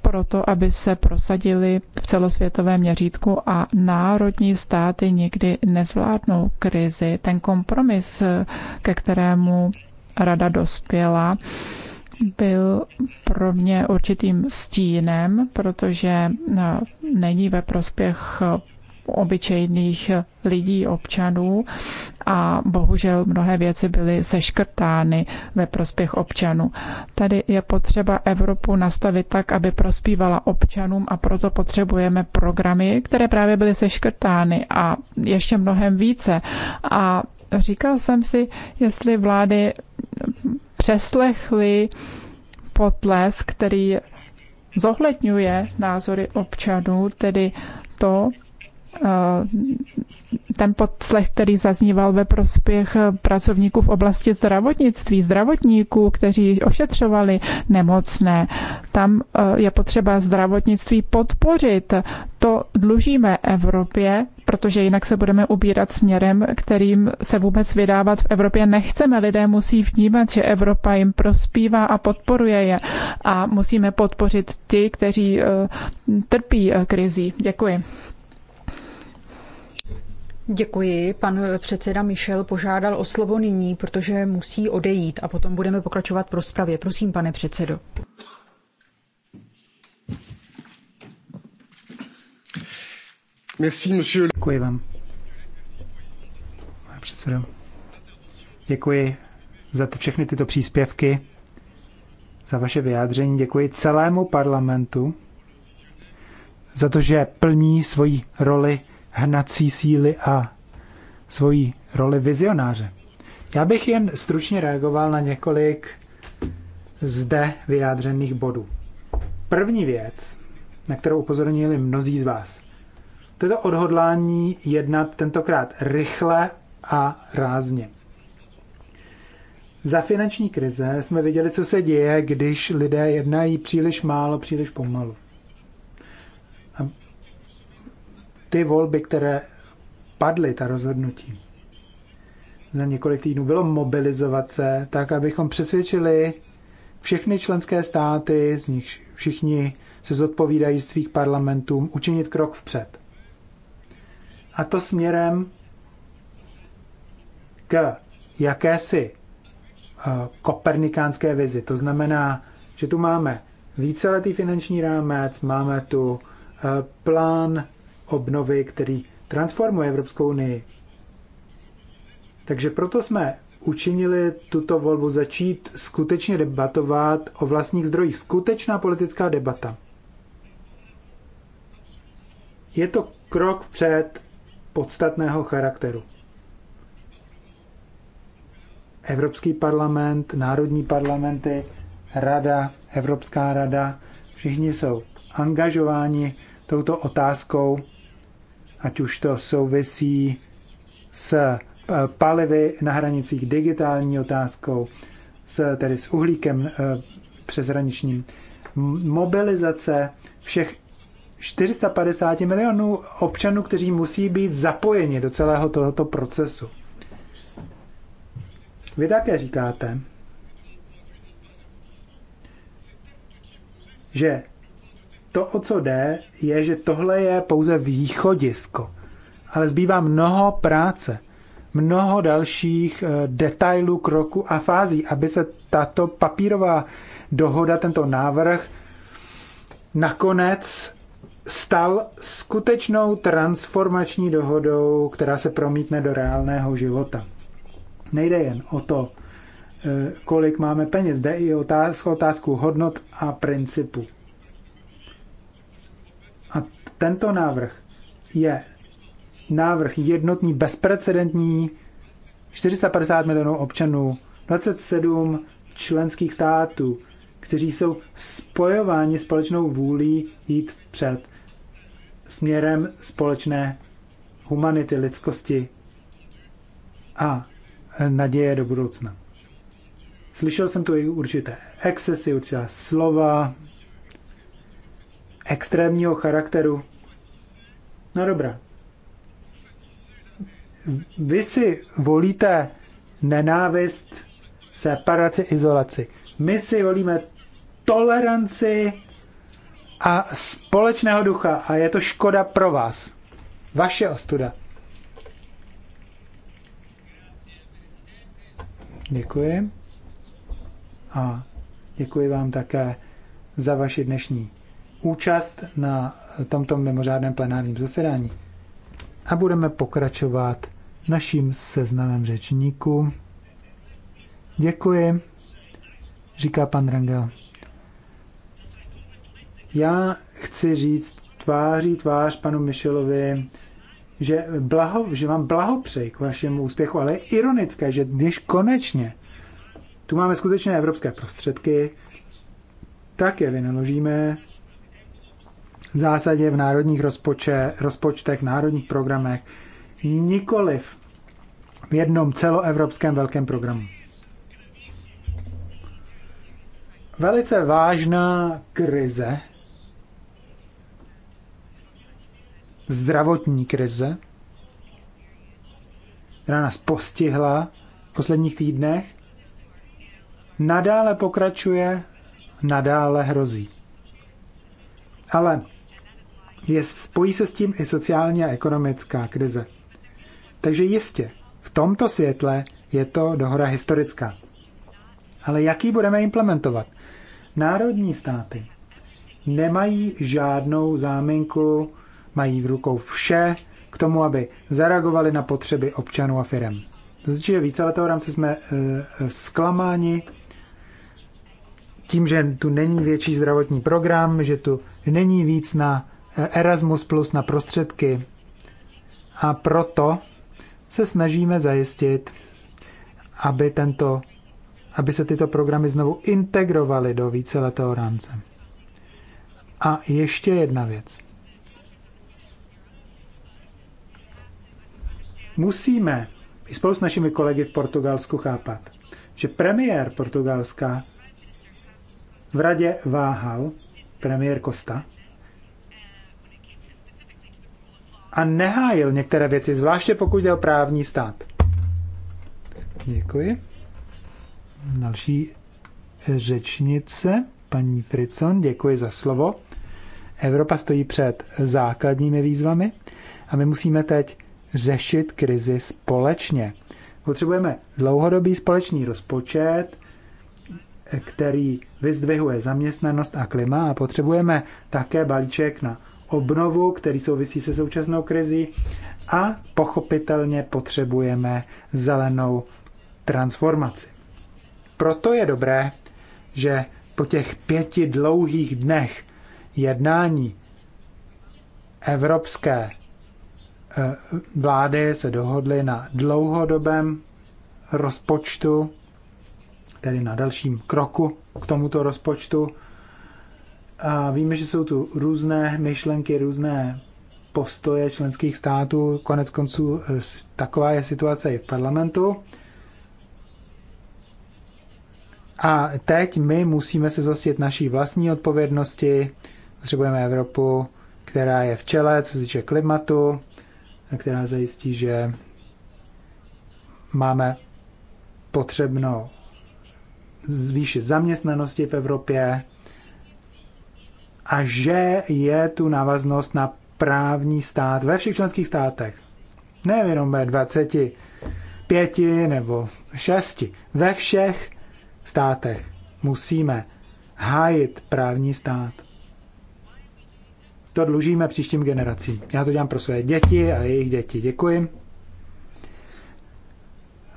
Speaker 4: proto, aby se prosadili v celosvětovém měřítku a národní státy nikdy nezvládnou krizi. Ten kompromis, ke kterému rada dospěla, byl pro mě určitým stínem, protože eh, není ve prospěch obyčejných lidí, občanů a bohužel mnohé věci byly seškrtány ve prospěch občanů. Tady je potřeba Evropu nastavit tak, aby prospívala občanům a proto potřebujeme programy, které právě byly seškrtány a ještě mnohem více. A říkal jsem si, jestli vlády přeslechly potles, který zohledňuje názory občanů, tedy to, eh, ten podslech, který zazníval ve prospěch pracovníků v oblasti zdravotnictví, zdravotníků, kteří ošetřovali nemocné. Tam eh, je potřeba zdravotnictví podpořit. To dlužíme Evropě protože jinak se budeme ubírat směrem, kterým se vůbec vydávat v Evropě nechceme. Lidé musí vnímat, že Evropa jim prospívá a podporuje je a musíme podpořit ty, kteří eh, trpí eh, krizí. Děkuji. Děkuji. Pan
Speaker 2: eh, předseda Michel požádal o slovo nyní, protože musí odejít a potom budeme pokračovat v rozpravě. Prosím, pane předsedo.
Speaker 5: Merci, monsieur. Děkuji vám. Pane předsedo. Děkuji za ty, všechny tyto příspěvky, za vaše vyjádření. Děkuji celému parlamentu za to, že plní svoji roli hnací síly a svoji roli vizionáře. Já bych jen stručně reagoval na několik zde vyjádřených bodů. První věc, na kterou upozornili mnozí z vás, Toto odhodlání jednat tentokrát rychle a rázně. Za finanční krize jsme viděli, co se děje, když lidé jednají příliš málo, příliš pomalu. A ty volby, které padly, ta rozhodnutí za několik týdnů, bylo mobilizovat se tak, abychom přesvědčili všechny členské státy, z nich všichni se zodpovídají svých parlamentům, učinit krok vpřed. A to směrem k jakési eh, kopernikánské vizi. To znamená, že tu máme víceletý finanční rámec, máme tu eh, plán obnovy, který transformuje Evropskou unii. Takže proto jsme učinili tuto volbu začít skutečně debatovat o vlastních zdrojích. Skutečná politická debata. Je to krok vpřed podstatného charakteru. Evropský parlament, národní parlamenty, rada, Evropská rada, všichni jsou angažováni touto otázkou, ať už to souvisí s eh, palivy na hranicích digitální otázkou, s, tedy s uhlíkem eh, přeshraničním, mobilizace všech 450 milionů občanů, kteří musí být zapojeni do celého tohoto procesu. Vy také říkáte, že to, o co jde, je, že tohle je pouze východisko, ale zbývá mnoho práce, mnoho dalších eh, detailů, kroků a fází, aby se tato papírová dohoda, tento návrh nakonec stal skutečnou transformační dohodou, která se promítne do reálného života. Nejde jen o to, eh, kolik máme peněz, jde i o otázku, otázku hodnot a principu. A tento návrh je návrh jednotný, bezprecedentní, 450 milionů občanů, 27 členských států, kteří jsou spojováni společnou vůlí jít před směrem společné humanity, lidskosti a naděje do budoucna. Slyšel jsem tu i určité excesy, určitá slova extrémního charakteru. No dobrá. Vy si volíte nenávist, separaci, izolaci. My si volíme toleranci, a společného ducha a je to škoda pro vás. Vaše ostuda. Děkuji. A děkuji vám také za vaši dnešní účast na tomto mimořádném plenárním zasedání. A budeme pokračovat naším seznamem řečníků. Děkuji, říká pan Rangel. Já chci říct tváří tvář panu Michelovi, že, blaho, že vám blahopřeji k vašemu úspěchu, ale je ironické, že když konečně tu máme skutečně evropské prostředky, tak je vynaložíme v zásadě v národních rozpoče, rozpočtech, v národních programech, nikoliv v jednom celoevropském velkém programu. Velice vážná krize, zdravotní krize, která nás postihla v posledních týdnech, nadále pokračuje, nadále hrozí. Ale je, spojí se s tím i sociální a ekonomická krize. Takže jistě, v tomto světle je to dohoda historická. Ale jaký budeme implementovat? Národní státy nemají žádnou záminku mají v rukou vše k tomu, aby zareagovali na potřeby občanů a firem. To znamená, více letého rámce jsme e, zklamáni tím, že tu není větší zdravotní program, že tu není víc na eh, Erasmus plus na prostředky a proto se snažíme zajistit, aby, tento, aby se tyto programy znovu integrovaly do víceletého rámce. A ještě jedna věc. musíme i spolu s našimi kolegy v Portugalsku chápat, že premiér Portugalska v radě váhal, premiér Costa, a nehájil některé věci, zvláště pokud jde o právní stát. Děkuji. Další řečnice, paní Fricon, děkuji za slovo. Evropa stojí před základními výzvami a my musíme teď řešit krizi společně. Potřebujeme dlouhodobý společný rozpočet, který vyzdvihuje zaměstnanost a klima a potřebujeme také balíček na obnovu, který souvisí se současnou krizí a pochopitelně potřebujeme zelenou transformaci. Proto je dobré, že po těch pěti dlouhých dnech jednání Evropské Eh, vlády se dohodly na dlouhodobém rozpočtu, tedy na dalším kroku k tomuto rozpočtu. A víme, že jsou tu různé myšlenky, různé postoje členských států. Konec konců eh, taková je situace i v parlamentu. A teď my musíme se zostit naší vlastní odpovědnosti. Potřebujeme Evropu, která je v čele, co se týče klimatu, která zajistí, že máme potřebnou zvýšit zaměstnanosti v Evropě a že je tu návaznost na právní stát ve všech členských státech. Ne jenom ve 25 nebo 6. Ve všech státech musíme hájit právní stát to dlužíme příštím generacím. Já to dělám pro své děti a jejich děti. Děkuji.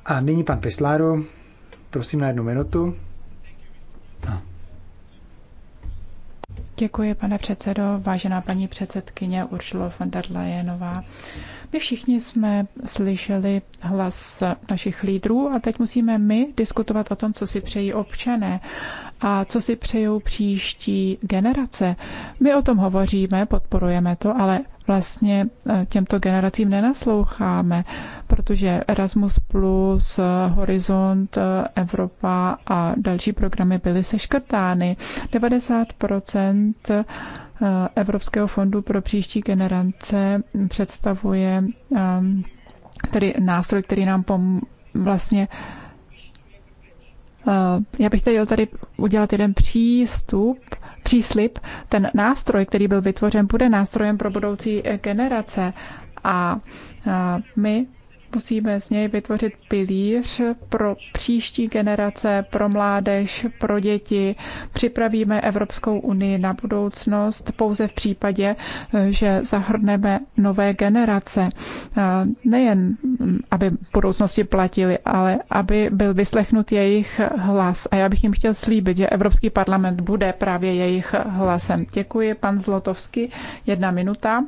Speaker 5: A nyní pan Pisláru, prosím na jednu minutu.
Speaker 4: Děkuji, pane předsedo, vážená paní předsedkyně Uršulo von der Leyenová. My všichni jsme slyšeli hlas našich lídrů a teď musíme my diskutovat o tom, co si přejí občané a co si přejou příští generace. My o tom hovoříme, podporujeme to, ale vlastně eh, těmto generacím nenasloucháme, protože Erasmus+, Plus, eh, Horizont, eh, Evropa a další programy byly seškrtány. 90% Evropského fondu pro příští generace představuje ehm, tedy nástroj, který nám pom- vlastně uh, Eh, já bych chtěl tady udělat jeden přístup, příslip. Ten nástroj, který byl vytvořen, bude nástrojem pro budoucí eh, generace a eh, my Musíme z něj vytvořit pilíř pro příští generace, pro mládež, pro děti. Připravíme Evropskou unii na budoucnost pouze v případě, že zahrneme nové generace. Nejen, aby v budoucnosti platili, ale aby byl vyslechnut jejich hlas. A já bych jim chtěl slíbit, že Evropský parlament bude právě jejich hlasem. Děkuji, pan Zlotovský. Jedna minuta.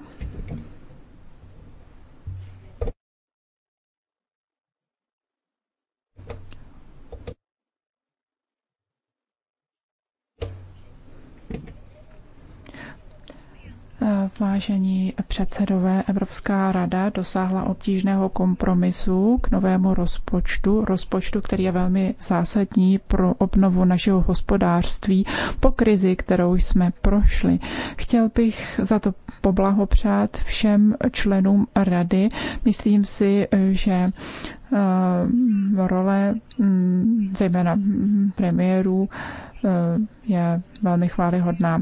Speaker 4: Vážení předsedové, Evropská rada dosáhla obtížného kompromisu k novému rozpočtu, rozpočtu, který je velmi zásadní pro obnovu našeho hospodářství po krizi, kterou jsme prošli. Chtěl bych za to poblahopřát všem členům rady. Myslím si, že eh, role mm, zejména premiérů eh, je velmi chválihodná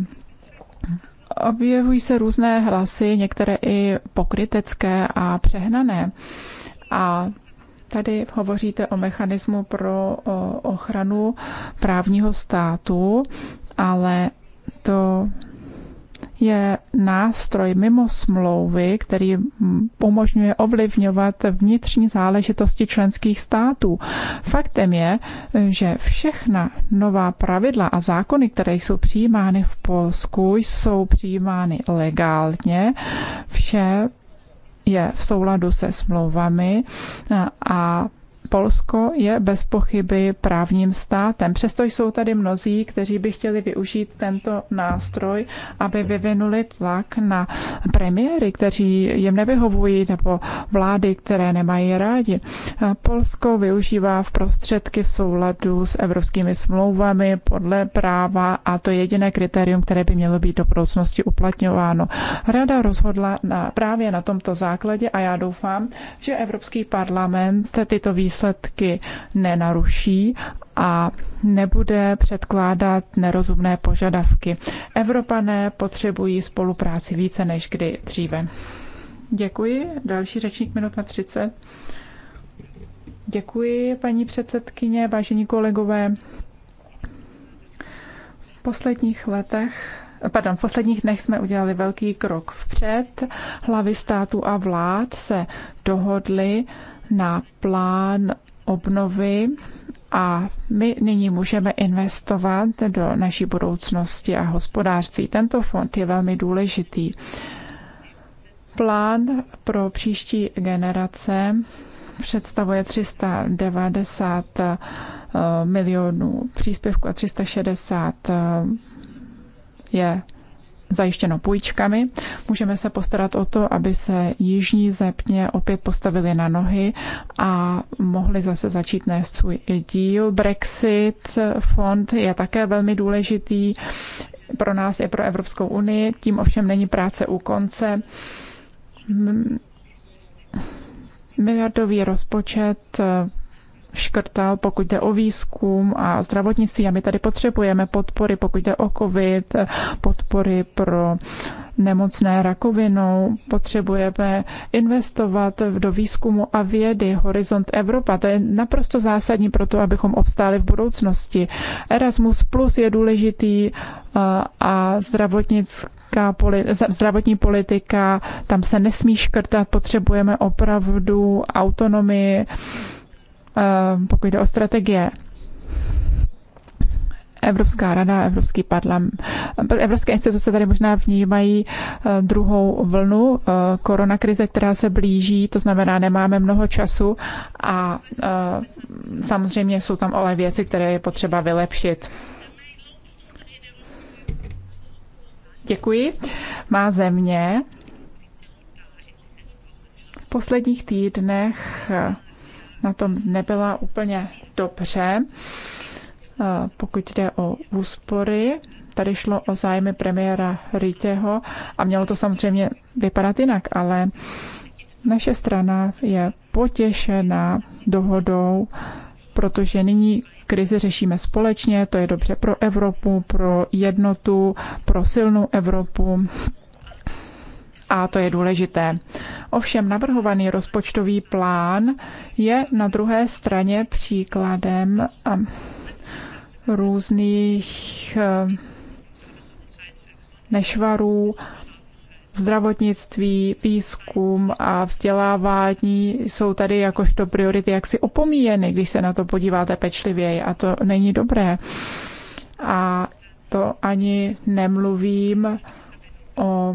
Speaker 4: objevují se různé hlasy, některé i pokrytecké a přehnané. A tady hovoříte o mechanismu pro ochranu právního státu, ale to je nástroj mimo smlouvy, který umožňuje ovlivňovat vnitřní záležitosti členských států. Faktem je, že všechna nová pravidla a zákony, které jsou přijímány v Polsku, jsou přijímány legálně. Vše je v souladu se smlouvami a Polsko je bez pochyby právním státem. Přesto jsou tady mnozí, kteří by chtěli využít tento nástroj, aby vyvinuli tlak na premiéry, kteří jim nevyhovují, nebo vlády, které nemají rádi. Polsko využívá v prostředky v souladu s evropskými smlouvami podle práva a to je jediné kritérium, které by mělo být do budoucnosti uplatňováno. Rada rozhodla na, právě na tomto základě a já doufám, že Evropský parlament tyto výsledky výsledky nenaruší a nebude předkládat nerozumné požadavky. Evropané potřebují spolupráci více než kdy dříve. Děkuji. Další řečník minuta 30. Děkuji, paní předsedkyně, vážení kolegové. V posledních letech Pardon, v posledních dnech jsme udělali velký krok vpřed. Hlavy států a vlád se dohodly na plán obnovy a my nyní můžeme investovat do naší budoucnosti a hospodářství. Tento fond je velmi důležitý. Plán pro příští generace představuje 390 eh, milionů příspěvků a 360 eh, je zajištěno půjčkami. Můžeme se postarat o to, aby se jižní země opět postavili na nohy a mohli zase začít nést svůj díl. Brexit fond je také velmi důležitý pro nás i pro Evropskou unii. Tím ovšem není práce u konce. Miliardový rozpočet škrtal, pokud jde o výzkum a zdravotnictví. A my tady potřebujeme podpory, pokud jde o COVID, podpory pro nemocné rakovinou. Potřebujeme investovat do výzkumu a vědy. Horizont Evropa, to je naprosto zásadní pro to, abychom obstáli v budoucnosti. Erasmus Plus je důležitý eh, a zdravotnictví zdravotní politika, tam se nesmí škrtat, potřebujeme opravdu autonomii Ehm, pokud jde o strategie Evropská rada, Evropský parlament, Evropské instituce tady možná vnímají eh, druhou vlnu eh, koronakrize, která se blíží, to znamená, nemáme mnoho času a eh, samozřejmě jsou tam ale věci, které je potřeba vylepšit. Děkuji. Má země v posledních týdnech na tom nebyla úplně dobře, eh, pokud jde o úspory. Tady šlo o zájmy premiéra Ríteho a mělo to samozřejmě vypadat jinak, ale naše strana je potěšena dohodou, protože nyní krizi řešíme společně, to je dobře pro Evropu, pro jednotu, pro silnou Evropu a to je důležité. Ovšem navrhovaný rozpočtový plán je na druhé straně příkladem um, různých um, nešvarů, zdravotnictví, výzkum a vzdělávání jsou tady jakožto priority jaksi opomíjeny, když se na to podíváte pečlivěji a to není dobré. A to ani nemluvím o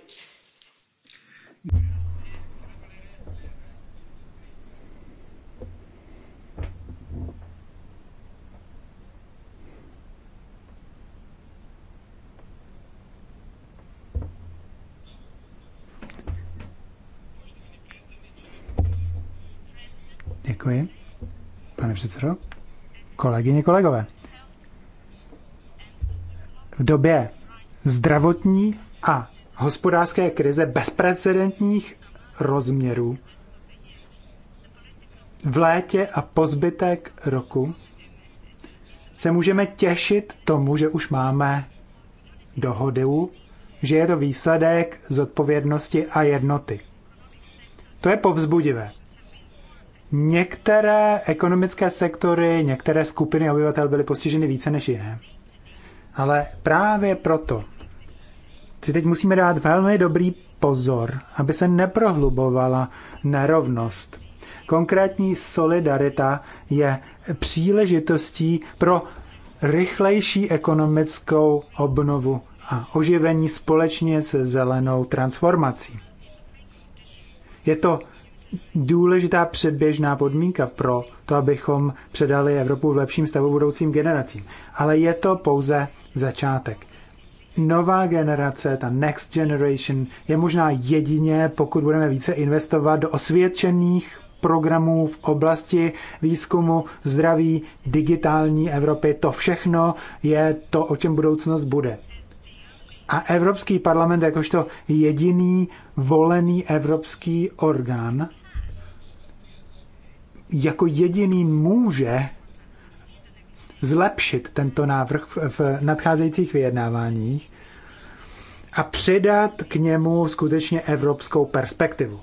Speaker 5: Děkuji. Pane předsedo, kolegyně, kolegové. V době zdravotní a hospodářské krize bezprecedentních rozměrů v létě a pozbytek roku se můžeme těšit tomu, že už máme dohodu, že je to výsledek zodpovědnosti a jednoty. To je povzbudivé. Některé ekonomické sektory, některé skupiny obyvatel byly postiženy více než jiné. Ale právě proto si teď musíme dát velmi dobrý pozor, aby se neprohlubovala nerovnost. Konkrétní solidarita je příležitostí pro rychlejší ekonomickou obnovu a oživení společně se zelenou transformací. Je to důležitá předběžná podmínka pro to, abychom předali Evropu v lepším stavu budoucím generacím. Ale je to pouze začátek. Nová generace, ta next generation, je možná jedině, pokud budeme více investovat do osvědčených programů v oblasti výzkumu, zdraví, digitální Evropy. To všechno je to, o čem budoucnost bude. A Evropský parlament jakožto jediný volený evropský orgán jako jediný může zlepšit tento návrh v nadcházejících vyjednáváních a přidat k němu skutečně evropskou perspektivu.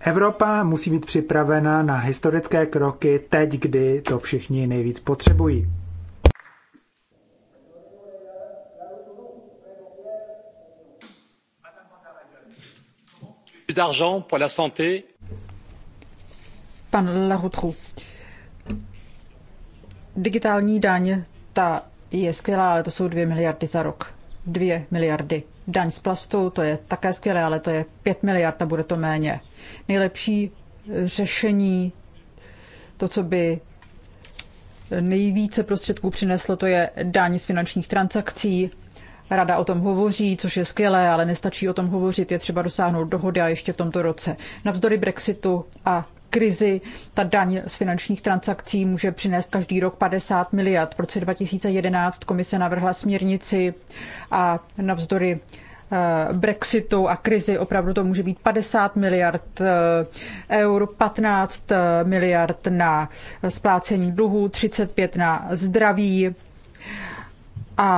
Speaker 5: Evropa musí být připravena na historické kroky teď, kdy to všichni nejvíc potřebují.
Speaker 3: plus d'argent pour la santé.
Speaker 2: Pan Lahutchu. Digitální daň, ta je skvělá, ale to jsou dvě miliardy za rok. Dvě miliardy. Daň z plastu, to je také skvělé, ale to je pět miliard a bude to méně. Nejlepší řešení, to, co by nejvíce prostředků přineslo, to je daň z finančních transakcí. Rada o tom hovoří, což je skvělé, ale nestačí o tom hovořit, je třeba dosáhnout dohody a ještě v tomto roce. Navzdory Brexitu a krizi ta daň z finančních transakcí může přinést každý rok 50 miliard. V roce 2011 komise navrhla směrnici a navzdory eh, Brexitu a krizi opravdu to může být 50 miliard eh, eur, 15 eh, miliard na splácení dluhů, 35 na zdraví a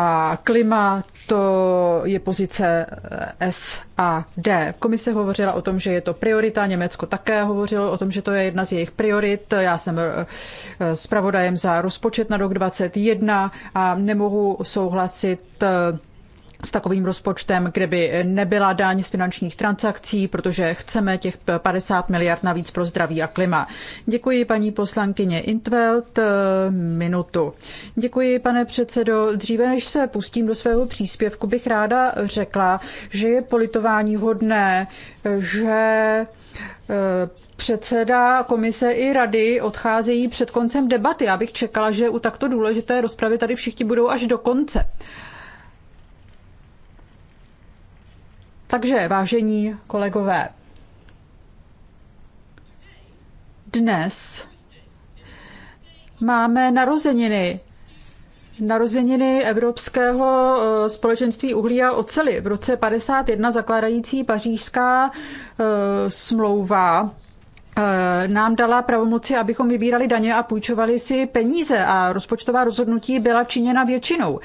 Speaker 2: klima, to je pozice eh, S a D. Komise hovořila o tom, že je to priorita, Německo také hovořilo o tom, že to je jedna z jejich priorit. Já jsem eh, eh, zpravodajem za rozpočet na rok 2021 a nemohu souhlasit s takovým rozpočtem, kde by nebyla daň z finančních transakcí, protože chceme těch 50 miliard navíc pro zdraví a klima. Děkuji paní poslankyně Intveld. Minutu. Děkuji, pane předsedo. Dříve než se pustím do svého příspěvku, bych ráda řekla, že je politování hodné, že eh, předseda komise i rady odcházejí před koncem debaty. Já bych čekala, že u takto důležité rozpravy tady všichni budou až do konce. Takže, vážení kolegové, dnes máme narozeniny. Narozeniny Evropského eh, společenství uhlí a oceli. V roce 51 zakládající pařížská eh, smlouva Eh, nám dala pravomoci, abychom vybírali daně a půjčovali si peníze a rozpočtová rozhodnutí byla činěna většinou.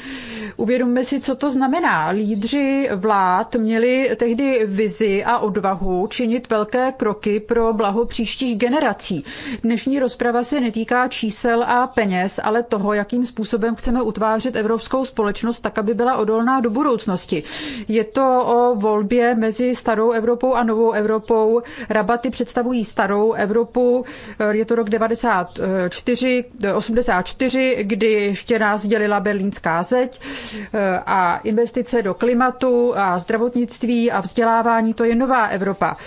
Speaker 2: Uvědomme si, co to znamená. Lídři vlád měli tehdy vizi a odvahu činit velké kroky pro blaho příštích generací. Dnešní rozprava se netýká čísel a peněz, ale toho, jakým způsobem chceme utvářet evropskou společnost tak, aby byla odolná do budoucnosti. Je to o volbě mezi starou Evropou a novou Evropou. Rabaty představují starou starou Evropu. Je to rok 94, 84, kdy ještě nás dělila berlínská zeď a investice do klimatu a zdravotnictví a vzdělávání, to je nová Evropa.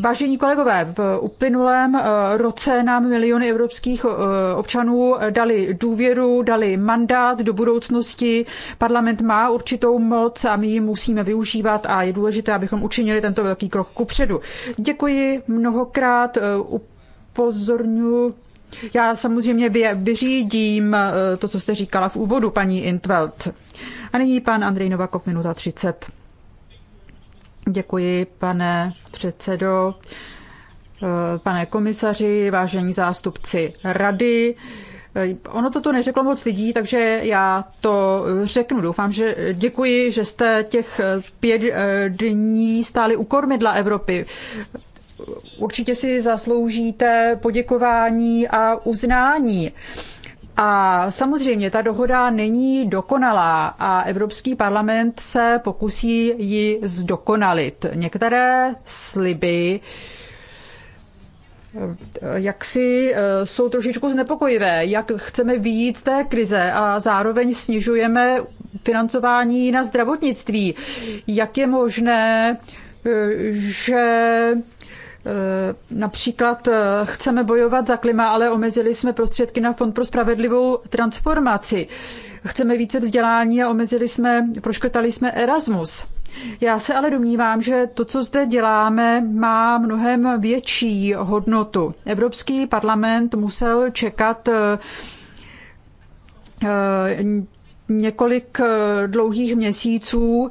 Speaker 2: Vážení kolegové, v uplynulém eh, roce nám miliony evropských eh, občanů eh, dali důvěru, dali mandát do budoucnosti. Parlament má určitou moc a my ji musíme využívat a je důležité, abychom učinili tento velký krok kupředu. Děkuji mnohokrát, upozorňuji. Já samozřejmě vyřídím to, co jste říkala v úvodu, paní Intveld. A nyní pan Andrej Novakov, minuta 30. Děkuji, pane předsedo, eh, pane komisaři, vážení zástupci rady. Eh, ono to tu neřeklo moc lidí, takže já to řeknu. Doufám, že děkuji, že jste těch eh, pět dní stáli u kormidla Evropy. Určitě si zasloužíte poděkování a uznání. A samozřejmě ta dohoda není dokonalá a Evropský parlament se pokusí ji zdokonalit. Některé sliby jaksi eh, jsou trošičku znepokojivé, jak chceme vyjít z té krize a zároveň snižujeme financování na zdravotnictví. Jak je možné, eh, že Eh, například eh, chceme bojovat za klima, ale omezili jsme prostředky na Fond pro spravedlivou transformaci. Chceme více vzdělání a omezili jsme, proškotali jsme Erasmus. Já se ale domnívám, že to, co zde děláme, má mnohem větší hodnotu. Evropský parlament musel čekat eh, několik dlouhých měsíců,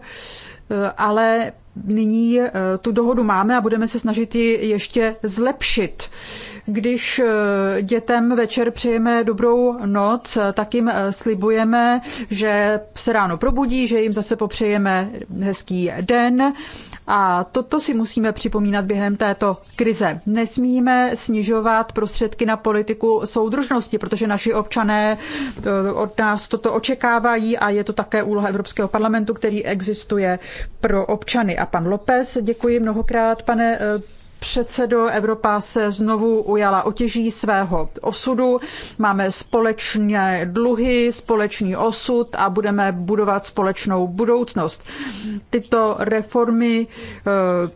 Speaker 2: ale nyní eh, tu dohodu máme a budeme se snažit ji ještě zlepšit. Když eh, dětem večer přejeme dobrou noc, eh, tak jim slibujeme, že se ráno probudí, že jim zase popřejeme hezký den a toto si musíme připomínat během této krize. Nesmíme snižovat prostředky na politiku soudržnosti, protože naši občané eh, od nás toto očekávají a je to také úloha Evropského parlamentu, který existuje pro občany. A pan López, děkuji mnohokrát, pane eh, předsedo, Evropa se znovu ujala otěží svého osudu. Máme společné dluhy, společný osud a budeme budovat společnou budoucnost. Tyto reformy eh,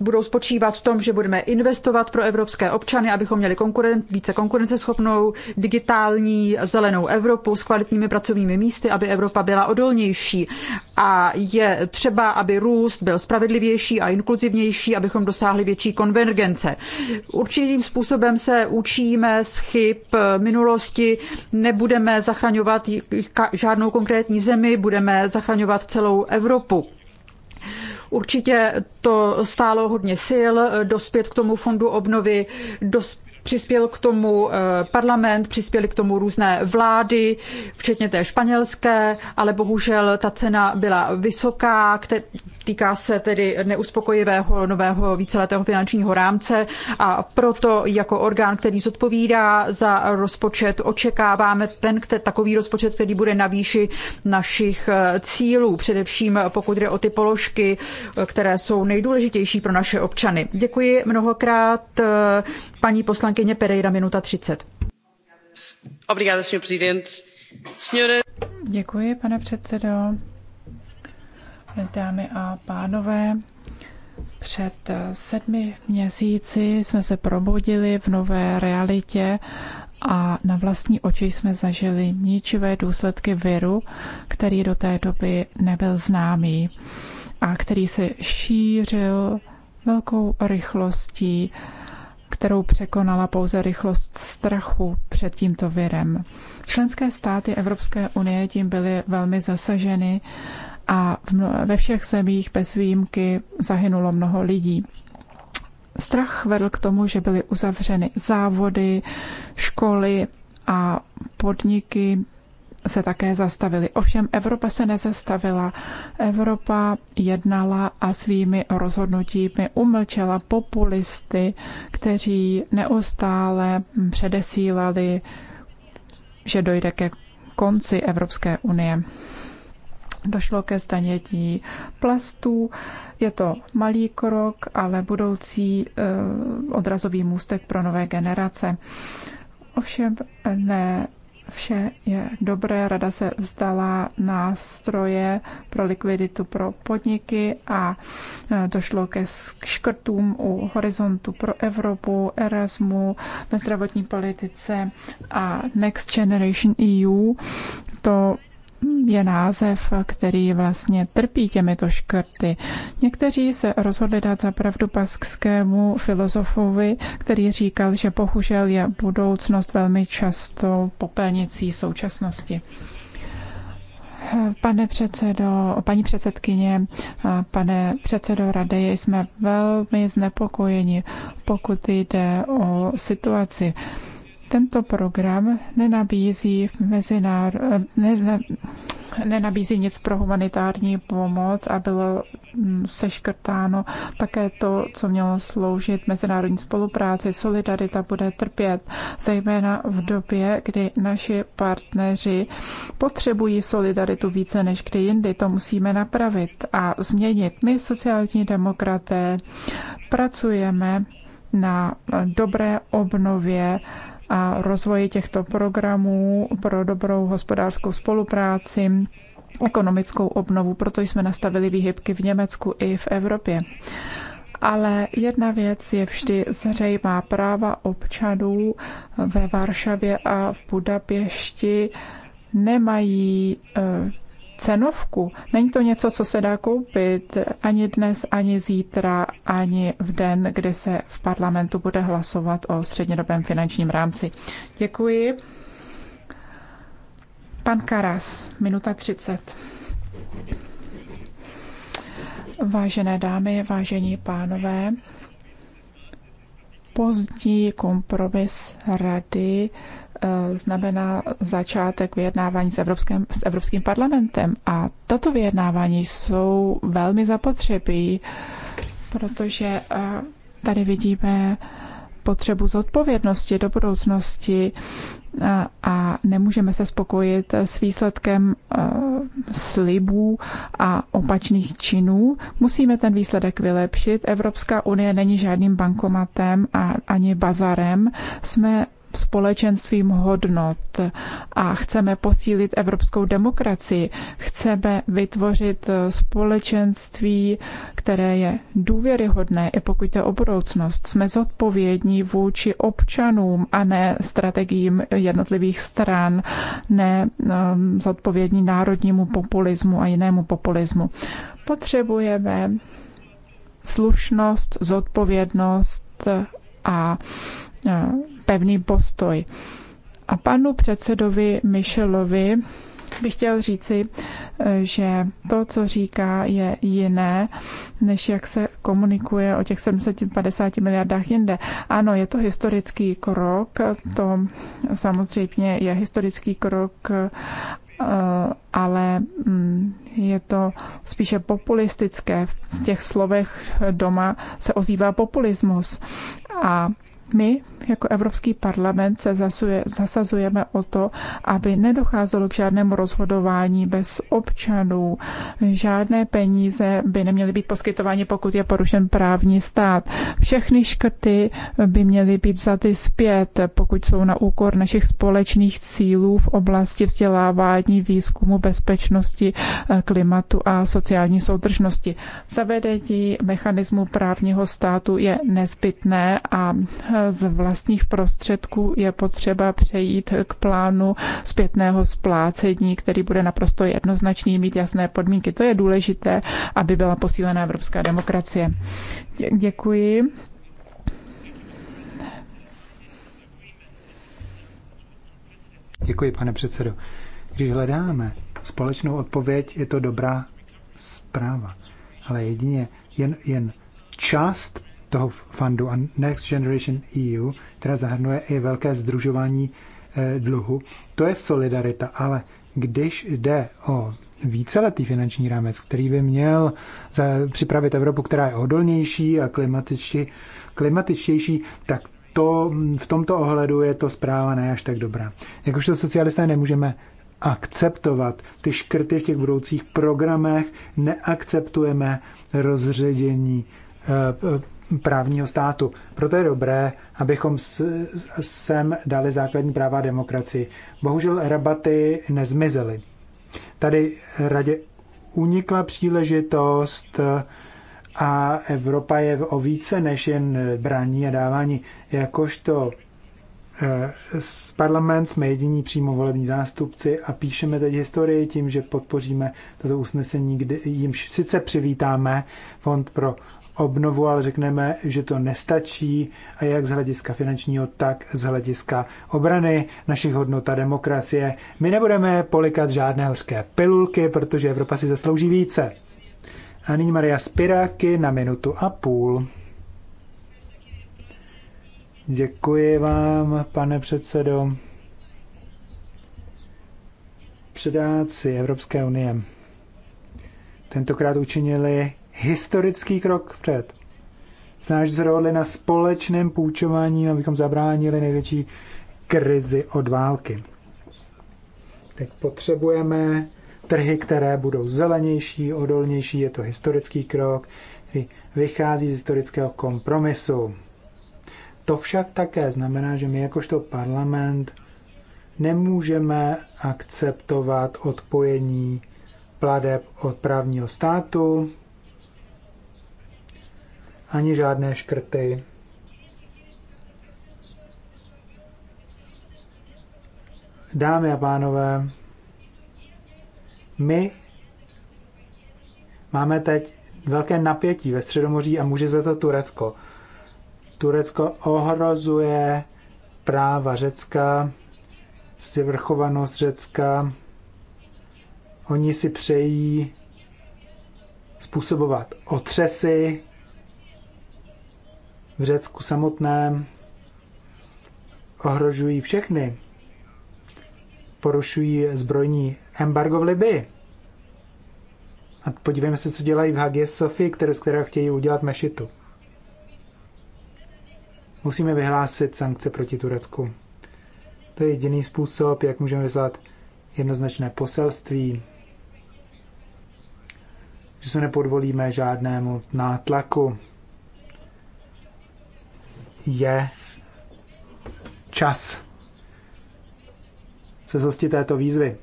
Speaker 2: budou spočívat v tom, že budeme investovat pro evropské občany, abychom měli konkuren, více konkurenceschopnou, digitální, zelenou Evropu s kvalitními pracovními místy, aby Evropa byla odolnější. A je třeba, aby růst byl spravedlivější a inkluzivnější, abychom dosáhli větší konvergence. Určitým způsobem se učíme z chyb minulosti, nebudeme zachraňovat žádnou konkrétní zemi, budeme zachraňovat celou Evropu. Určitě to stálo hodně sil dospět k tomu fondu obnovy, dospět Přispěl k tomu eh, parlament, přispěly k tomu různé vlády, včetně té španělské, ale bohužel ta cena byla vysoká, týká se tedy neuspokojivého nového víceletého finančního rámce a proto jako orgán, který zodpovídá za rozpočet, očekáváme ten, takový rozpočet, který bude na výši našich eh, cílů, především pokud jde o ty položky, eh, které jsou nejdůležitější pro naše občany. Děkuji mnohokrát paní poslankyni
Speaker 4: Poslankyně Pereira, minuta 30. Děkuji, pane předsedo. Dámy a pánové, před sedmi měsíci jsme se probudili v nové realitě a na vlastní oči jsme zažili ničivé důsledky viru, který do té doby nebyl známý a který se šířil velkou rychlostí kterou překonala pouze rychlost strachu před tímto virem. Členské státy Evropské unie tím byly velmi zasaženy a ve všech zemích bez výjimky zahynulo mnoho lidí. Strach vedl k tomu, že byly uzavřeny závody, školy a podniky se také zastavili. Ovšem Evropa se nezastavila. Evropa jednala a svými rozhodnutími umlčela populisty, kteří neustále předesílali, že dojde ke konci Evropské unie. Došlo ke zdanění plastů. Je to malý krok, ale budoucí eh, odrazový můstek pro nové generace. Ovšem ne vše je dobré. Rada se vzdala nástroje pro likviditu pro podniky a e, došlo ke škrtům u Horizontu pro Evropu, Erasmu, ve zdravotní politice a Next Generation EU. To je název, který vlastně trpí těmito škrty. Někteří se rozhodli dát za pravdu paskskému filozofovi, který říkal, že bohužel je budoucnost velmi často popelnicí současnosti. Pane předsedo, paní předsedkyně, pane předsedo rady, jsme velmi znepokojeni, pokud jde o situaci. Tento program nenabízí, mezinár, ne, ne, nenabízí nic pro humanitární pomoc a bylo mm, seškrtáno také to, co mělo sloužit mezinárodní spolupráci. Solidarita bude trpět, zejména v době, kdy naši partneři potřebují solidaritu více než kdy jindy. To musíme napravit a změnit. My, sociální demokraté, pracujeme na dobré obnově a rozvoji těchto programů pro dobrou hospodářskou spolupráci, ekonomickou obnovu. Proto jsme nastavili výhybky v Německu i v Evropě. Ale jedna věc je vždy zřejmá práva občanů ve Varšavě a v Budapešti nemají eh, cenovku. Není to něco, co se dá koupit ani dnes, ani zítra, ani v den, kdy se v parlamentu bude hlasovat o střednědobém finančním rámci. Děkuji. Pan Karas, minuta 30. Vážené dámy, vážení pánové, pozdní kompromis rady Eh, znamená začátek vyjednávání s Evropským, s Evropským parlamentem. A tato vyjednávání jsou velmi zapotřebí, protože eh, tady vidíme potřebu zodpovědnosti do budoucnosti a, eh, a nemůžeme se spokojit s výsledkem slibů a opačných činů. Musíme ten výsledek vylepšit. Evropská unie není žádným bankomatem a ani bazarem. Jsme společenstvím hodnot a chceme posílit evropskou demokracii. Chceme vytvořit společenství, které je důvěryhodné, i pokud je o budoucnost. Jsme zodpovědní vůči občanům a ne strategiím jednotlivých stran, ne um, zodpovědní národnímu populismu a jinému populismu. Potřebujeme slušnost, zodpovědnost a Eh, pevný postoj. A panu předsedovi Michelovi bych chtěl říci, eh, že to, co říká, je jiné, než jak se komunikuje o těch 750 miliardách jinde. Ano, je to historický krok, to samozřejmě je historický krok, eh, ale mm, je to spíše populistické. V těch slovech doma se ozývá populismus. A my jako Evropský parlament se zasuje, zasazujeme o to, aby nedocházelo k žádnému rozhodování bez občanů. Žádné peníze by neměly být poskytovány, pokud je porušen právní stát. Všechny škrty by měly být vzaty zpět, pokud jsou na úkor našich společných cílů v oblasti vzdělávání, výzkumu, bezpečnosti, klimatu a sociální soudržnosti. Zavedení mechanismu právního státu je nezbytné a z vlastních prostředků je potřeba přejít k plánu zpětného splácení, který bude naprosto jednoznačný, mít jasné podmínky. To je důležité, aby byla posílená evropská demokracie. Děkuji. Děkuji, pane předsedo. Když
Speaker 5: hledáme společnou odpověď, je to dobrá zpráva. Ale jedině jen, jen část toho fundu a Next Generation EU, která zahrnuje i velké združování eh, dluhu. To je solidarita, ale když jde o víceletý finanční rámec, který by měl eh, připravit Evropu, která je odolnější a klimatičtě, klimatičtější, tak to mm, v tomto ohledu je to zpráva ne až tak dobrá. Jakožto socialisté nemůžeme akceptovat ty škrty v těch budoucích programech, neakceptujeme rozředění eh, právního státu. Proto je dobré, abychom sem dali základní práva demokracii. Bohužel rabaty nezmizely. Tady radě unikla příležitost eh, a Evropa je o více než jen brání a dávání. Jakožto z eh, parlament jsme jediní přímo volební zástupci a píšeme teď historii tím, že podpoříme toto usnesení, kdy jimž sice přivítáme Fond pro obnovu, ale řekneme, že to nestačí a jak z hlediska finančního, tak z hlediska obrany našich hodnot a demokracie. My nebudeme polikat žádné hořké pilulky, protože Evropa si zaslouží více. A nyní Maria Spiráky na minutu a půl. Děkuji vám, pane předsedo. Předáci Evropské unie tentokrát učinili historický krok vpřed. Snaží se dohodli na společném půjčování, abychom zabránili největší krizi od války. Teď potřebujeme trhy, které budou zelenější, odolnější, je to historický krok, který vychází z historického kompromisu. To však také znamená, že my jakožto parlament nemůžeme akceptovat odpojení pladeb od právního státu, ani žádné škrty. Dámy a pánové, my máme teď velké napětí ve Středomoří a může za to Turecko. Turecko ohrozuje práva Řecka, svrchovanost Řecka. Oni si přejí způsobovat otřesy v Řecku samotném ohrožují všechny. Porušují zbrojní embargo v Libii. A podívejme se, co dělají v Hagie Sofii, které, z kterého chtějí udělat mešitu. Musíme vyhlásit sankce proti Turecku. To je jediný způsob, jak můžeme vyslat jednoznačné poselství, že se nepodvolíme žádnému nátlaku je čas se zhostit této výzvy.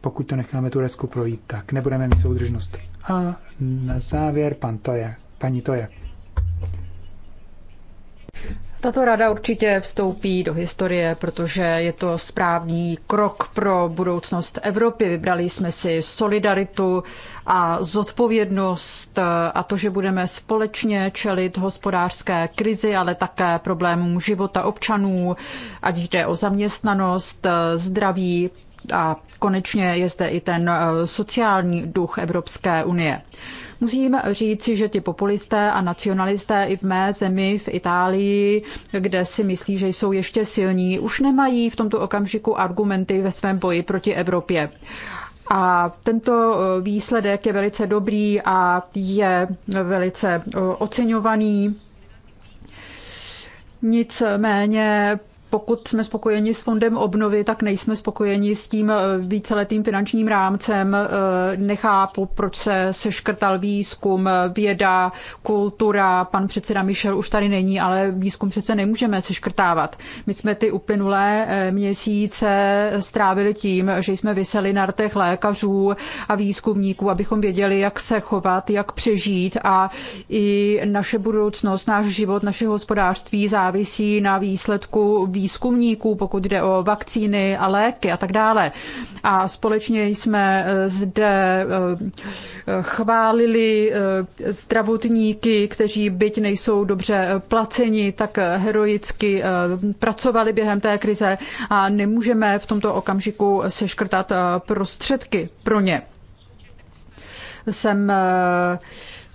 Speaker 5: Pokud to necháme Turecku projít, tak nebudeme mít soudržnost. A na závěr pan je, paní je.
Speaker 2: Tato rada určitě vstoupí do historie, protože je to správný krok pro budoucnost Evropy. Vybrali jsme si solidaritu a zodpovědnost a to, že budeme společně čelit hospodářské krizi, ale také problémům života občanů, ať jde o zaměstnanost, zdraví a konečně je zde i ten eh, sociální duch Evropské unie. Musím říci, že ti populisté a nacionalisté i v mé zemi, v Itálii, kde si myslí, že jsou ještě silní, už nemají v tomto okamžiku argumenty ve svém boji proti Evropě. A tento eh, výsledek je velice dobrý a je velice eh, oceňovaný. Nicméně pokud jsme spokojeni s fondem obnovy, tak nejsme spokojeni s tím eh, víceletým finančním rámcem. Eh, nechápu, proč se seškrtal výzkum, věda, kultura. Pan předseda Michel už tady není, ale výzkum přece nemůžeme seškrtávat. My jsme ty uplynulé eh, měsíce strávili tím, že jsme vyseli na rtech lékařů a výzkumníků, abychom věděli, jak se chovat, jak přežít a i naše budoucnost, náš život, naše hospodářství závisí na výsledku výzkumníků, pokud jde o vakcíny a léky a tak dále. A společně jsme eh, zde eh, chválili eh, zdravotníky, kteří byť nejsou dobře placeni, tak heroicky pracovali během té krize a nemůžeme v tomto okamžiku seškrtat prostředky pro ně. Jsem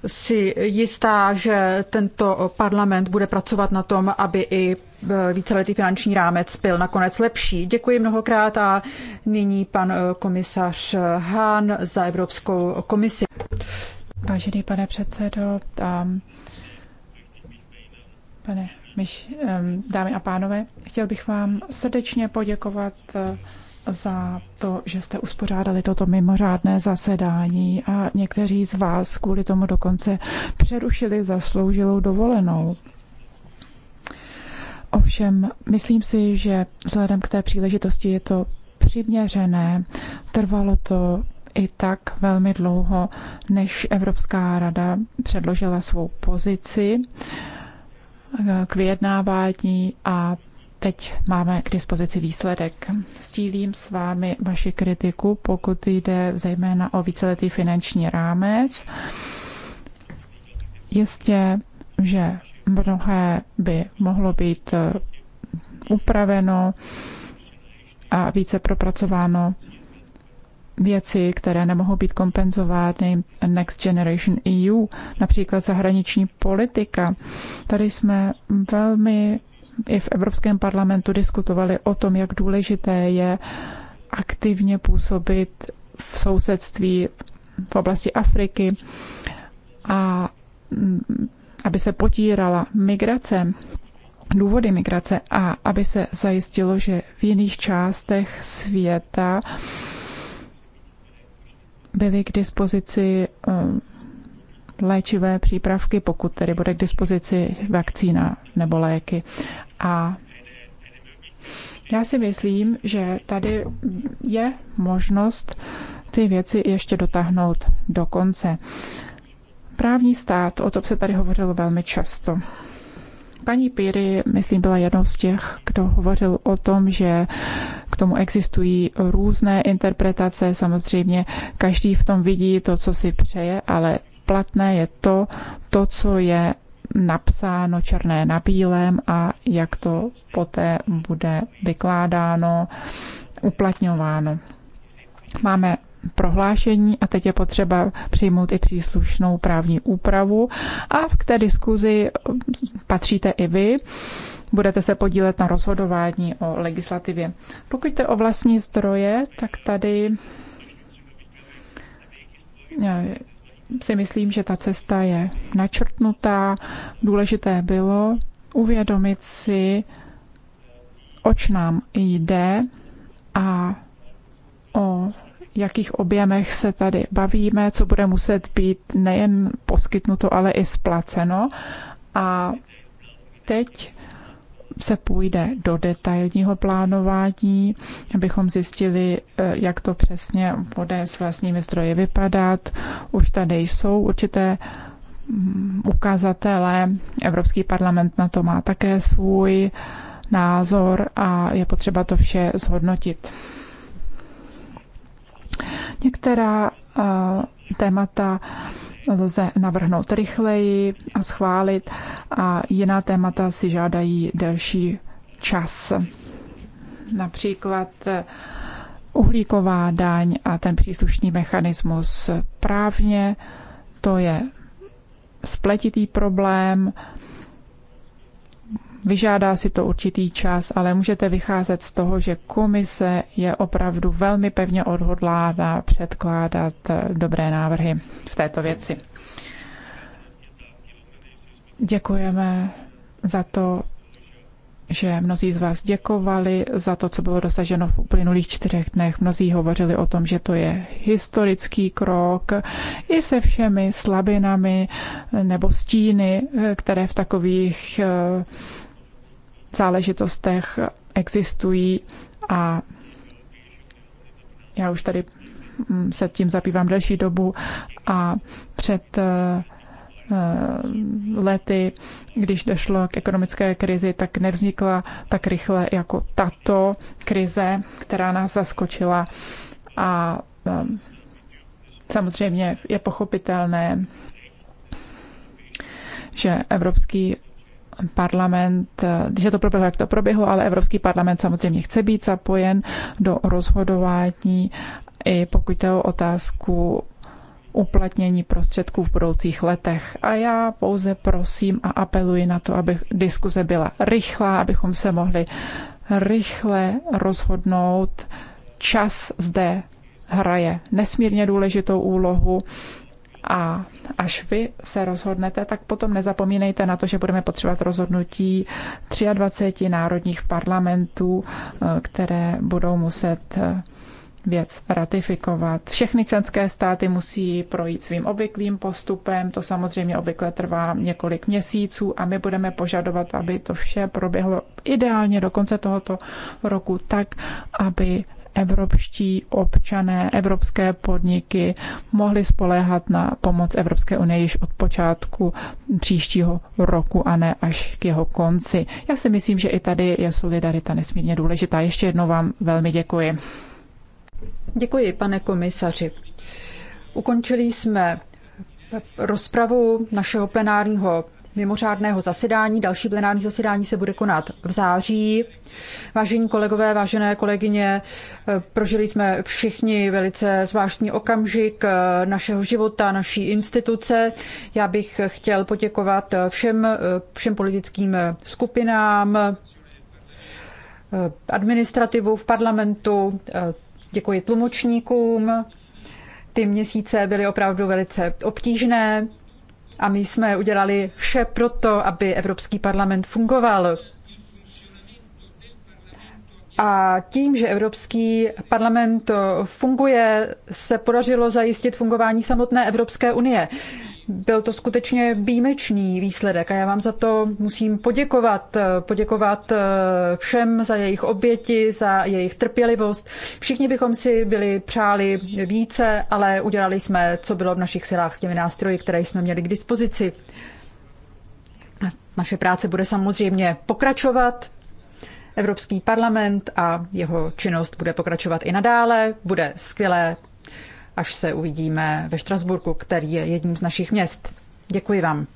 Speaker 2: si jistá, že tento parlament bude pracovat na tom, aby i e, víceletý finanční rámec byl nakonec lepší. Děkuji mnohokrát a nyní pan e, komisař
Speaker 4: Hahn za Evropskou komisi. Vážený pane předsedo, um, pane Myš, dámy a pánové, chtěl bych vám srdečně poděkovat e, za to, že jste uspořádali toto mimořádné zasedání a někteří z vás kvůli tomu dokonce přerušili zasloužilou dovolenou. Ovšem, myslím si, že vzhledem k té příležitosti je to přiměřené. Trvalo to i tak velmi dlouho, než Evropská rada předložila svou pozici k vyjednávání a Teď máme k dispozici výsledek. Stílím s vámi vaši kritiku, pokud jde zejména o víceletý finanční rámec. Jistě, že mnohé by mohlo být eh, upraveno a více propracováno věci, které nemohou být kompenzovány Next Generation EU, například zahraniční politika. Tady jsme velmi i v Evropském parlamentu diskutovali o tom, jak důležité je aktivně působit v sousedství v oblasti Afriky a mm, aby se potírala migrace, důvody migrace a aby se zajistilo, že v jiných částech světa byly k dispozici mm, léčivé přípravky, pokud tedy bude k dispozici vakcína nebo léky. A já si myslím, že tady je možnost ty věci ještě dotáhnout do konce. Právní stát, o tom se tady hovořilo velmi často. Paní Píry, myslím, byla jednou z těch, kdo hovořil o tom, že k tomu existují různé interpretace. Samozřejmě každý v tom vidí to, co si přeje, ale platné, je to, to, co je napsáno černé na bílém a jak to poté bude vykládáno, uplatňováno. Máme prohlášení a teď je potřeba přijmout i příslušnou právní úpravu a v té diskuzi patříte i vy. Budete se podílet na rozhodování o legislativě. Pokud jde o vlastní zdroje, tak tady si myslím, že ta cesta je načrtnutá. Důležité bylo uvědomit si, oč nám jde a o jakých objemech se tady bavíme, co bude muset být nejen poskytnuto, ale i splaceno. A teď se půjde do detailního plánování, abychom zjistili, eh, jak to přesně bude s vlastními zdroji vypadat. Už tady jsou určité mm, ukazatele. Evropský parlament na to má také svůj názor a je potřeba to vše zhodnotit. Některá eh, témata lze navrhnout rychleji a schválit a jiná témata si žádají delší čas. Například eh, uhlíková daň a ten příslušný mechanismus právně, to je spletitý problém, Vyžádá si to určitý čas, ale můžete vycházet z toho, že komise je opravdu velmi pevně odhodlána předkládat eh, dobré návrhy v této věci. Děkujeme za to, že mnozí z vás děkovali za to, co bylo dosaženo v uplynulých čtyřech dnech. Mnozí hovořili o tom, že to je historický krok i se všemi slabinami nebo stíny, eh, které v takových eh, záležitostech existují a já už tady mm, se tím zabývám delší dobu a před eh, eh, lety, když došlo k ekonomické krizi, tak nevznikla tak rychle jako tato krize, která nás zaskočila a eh, samozřejmě je pochopitelné, že Evropský parlament, že to proběhlo, jak to proběhlo, ale Evropský parlament samozřejmě chce být zapojen do rozhodování, i pokud je o otázku uplatnění prostředků v budoucích letech. A já pouze prosím a apeluji na to, aby diskuze byla rychlá, abychom se mohli rychle rozhodnout. Čas zde hraje nesmírně důležitou úlohu a až vy se rozhodnete, tak potom nezapomínejte na to, že budeme potřebovat rozhodnutí 23 národních parlamentů, eh, které budou muset eh, věc ratifikovat. Všechny členské státy musí projít svým obvyklým postupem, to samozřejmě obvykle trvá několik měsíců a my budeme požadovat, aby to vše proběhlo ideálně do konce tohoto roku tak, aby evropští občané, evropské podniky mohli spoléhat na pomoc Evropské unie již od počátku příštího roku a ne až k jeho konci. Já si myslím, že i tady je solidarita nesmírně důležitá. Ještě jednou vám velmi děkuji. Děkuji, pane
Speaker 2: komisaři. Ukončili jsme rozpravu našeho plenárního mimořádného zasedání. Další plenární zasedání se bude konat v září. Vážení kolegové, vážené kolegyně, eh, prožili jsme všichni velice zvláštní okamžik eh, našeho života, naší instituce. Já bych chtěl poděkovat eh, všem, všem politickým skupinám, administrativu v parlamentu, děkuji tlumočníkům. Ty měsíce byly opravdu velice obtížné. A my jsme udělali vše pro to, aby Evropský parlament fungoval. A tím, že Evropský parlament funguje, se podařilo zajistit fungování samotné Evropské unie. Byl to skutečně výjimečný výsledek a já vám za to musím poděkovat. Poděkovat eh, všem za jejich oběti, za jejich trpělivost. Všichni bychom si byli přáli více, ale udělali jsme, co bylo v našich silách s těmi nástroji, které jsme měli k dispozici. Naše práce bude samozřejmě pokračovat. Evropský parlament a jeho činnost bude pokračovat i nadále. Bude skvělé až se uvidíme ve Štrasburku, který je jedním z našich měst. Děkuji vám.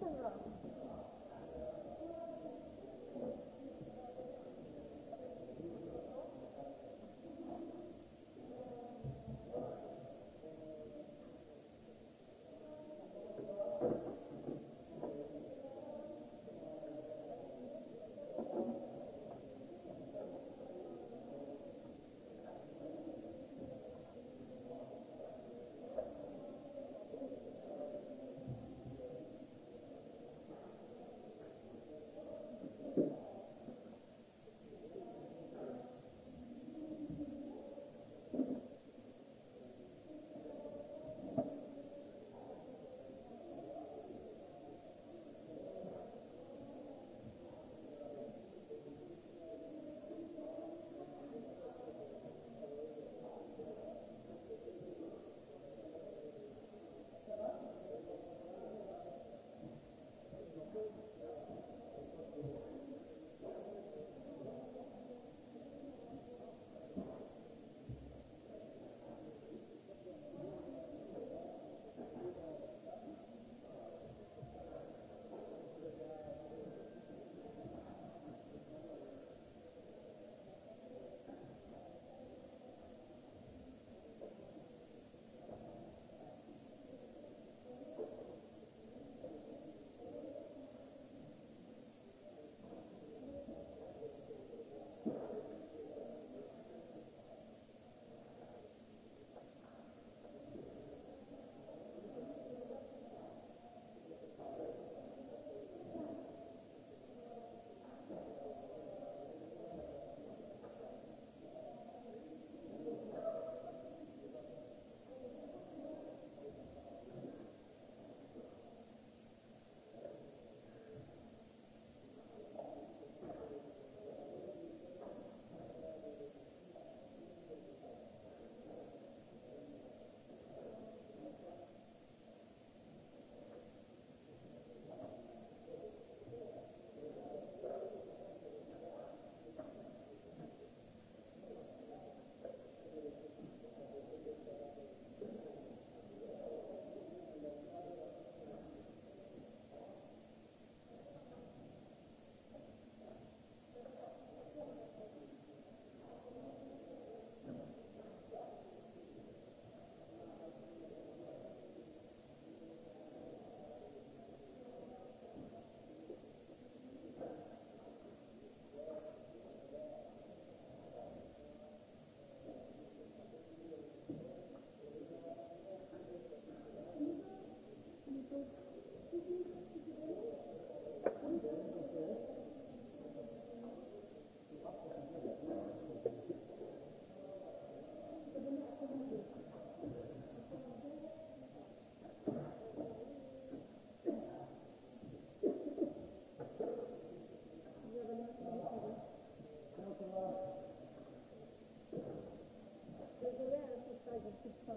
Speaker 6: ten rok.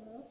Speaker 6: pomoct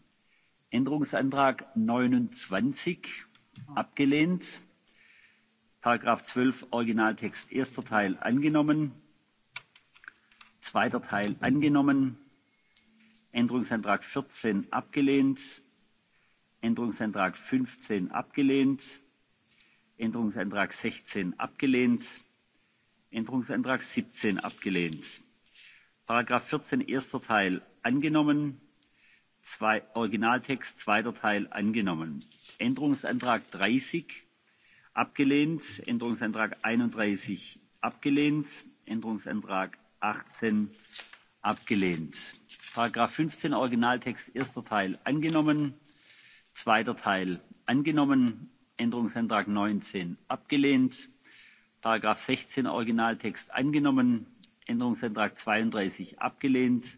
Speaker 7: änderungsantrag neunundzwanzig abgelehnt; paragraph zwölf originaltext erster teil angenommen; zweiter teil angenommen; änderungsantrag vierzehn abgelehnt; änderungsantrag fünfzehn abgelehnt; änderungsantrag sechzehn abgelehnt; änderungsantrag siebzehn abgelehnt; paragraph vierzehn erster teil angenommen; zwei, Originaltext zweiter Teil angenommen. Änderungsantrag 30 abgelehnt, Änderungsantrag 31 abgelehnt, Änderungsantrag 18 abgelehnt. Paragraf 15 Originaltext erster Teil angenommen, zweiter Teil angenommen, Änderungsantrag 19 abgelehnt, Paragraf 16 Originaltext angenommen, Änderungsantrag 32 abgelehnt,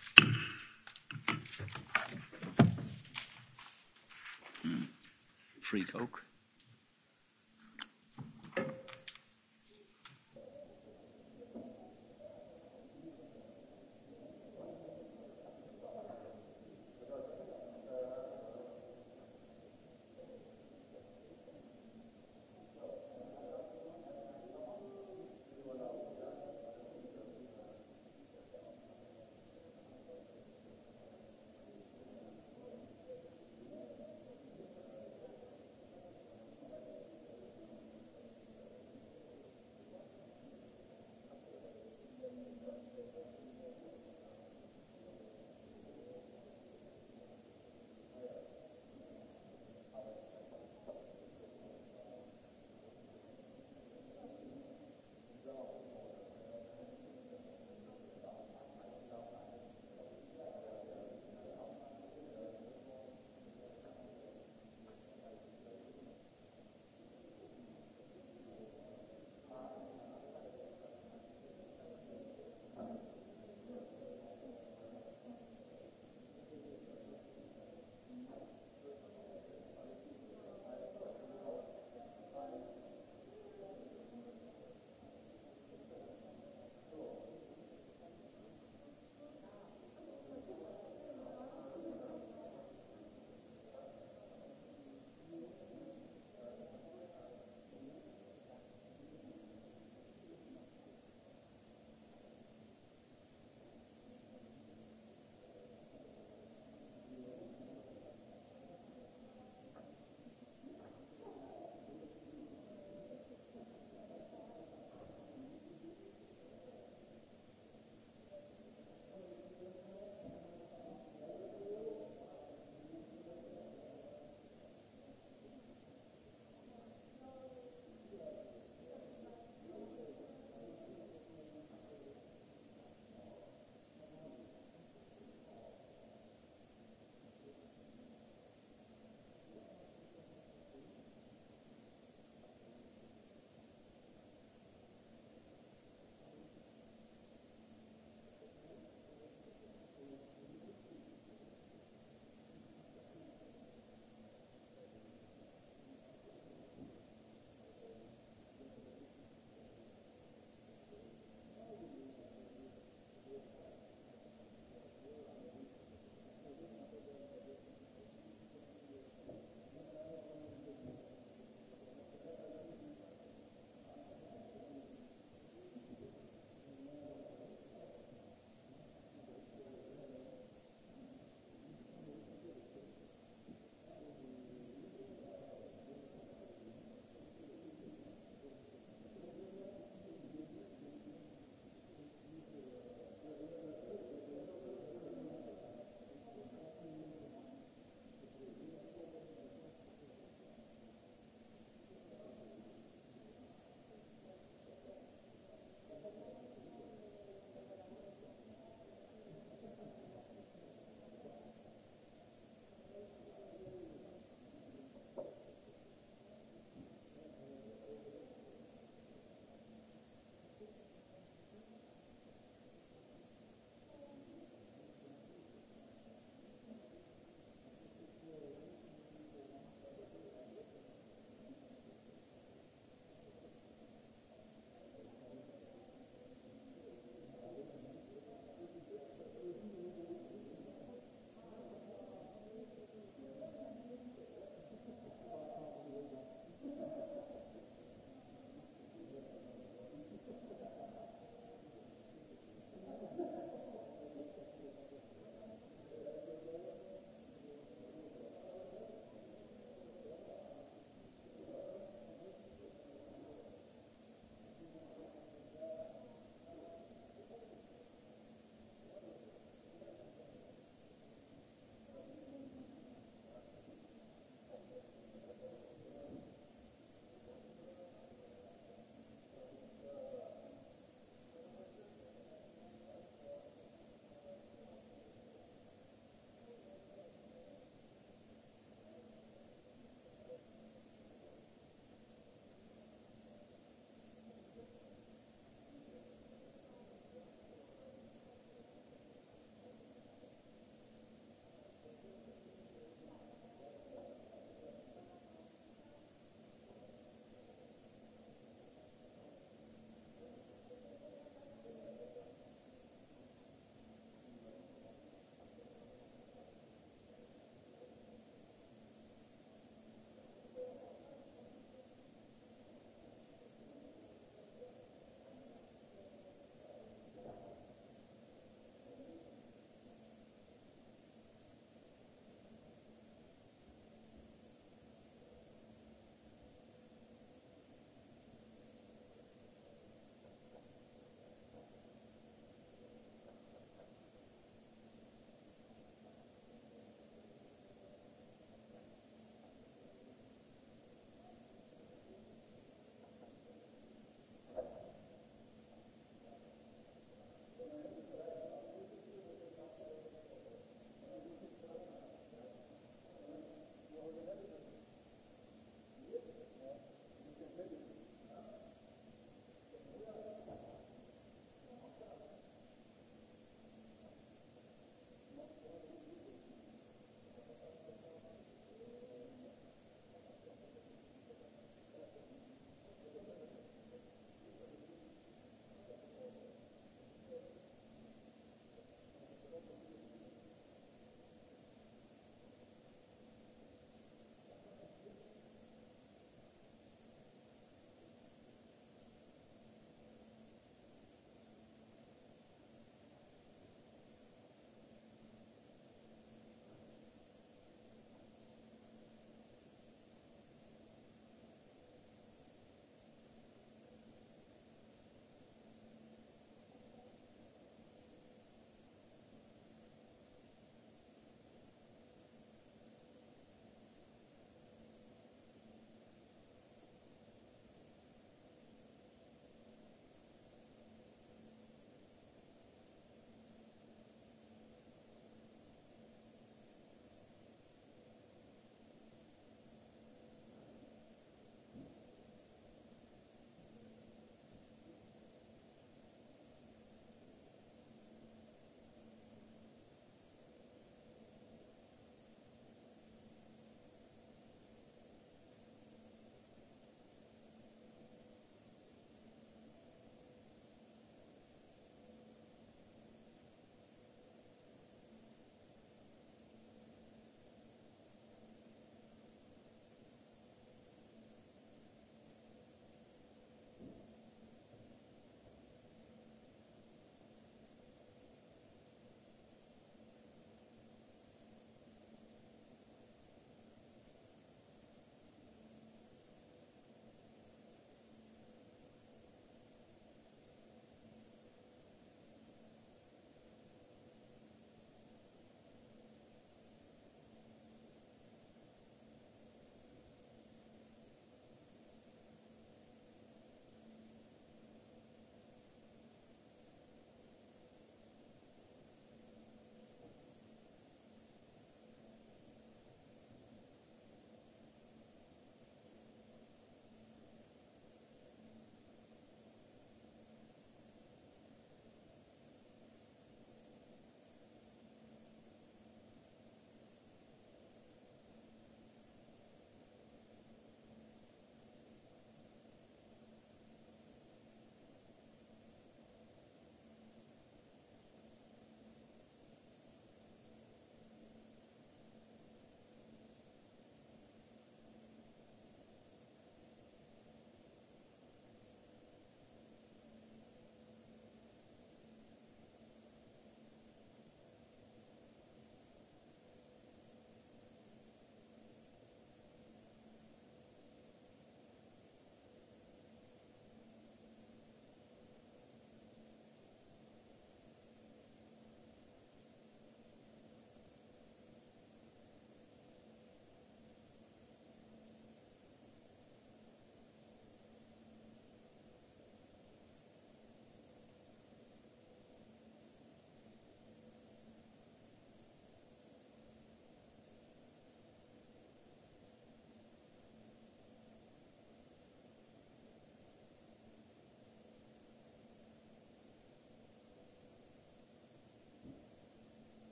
Speaker 7: freak oak.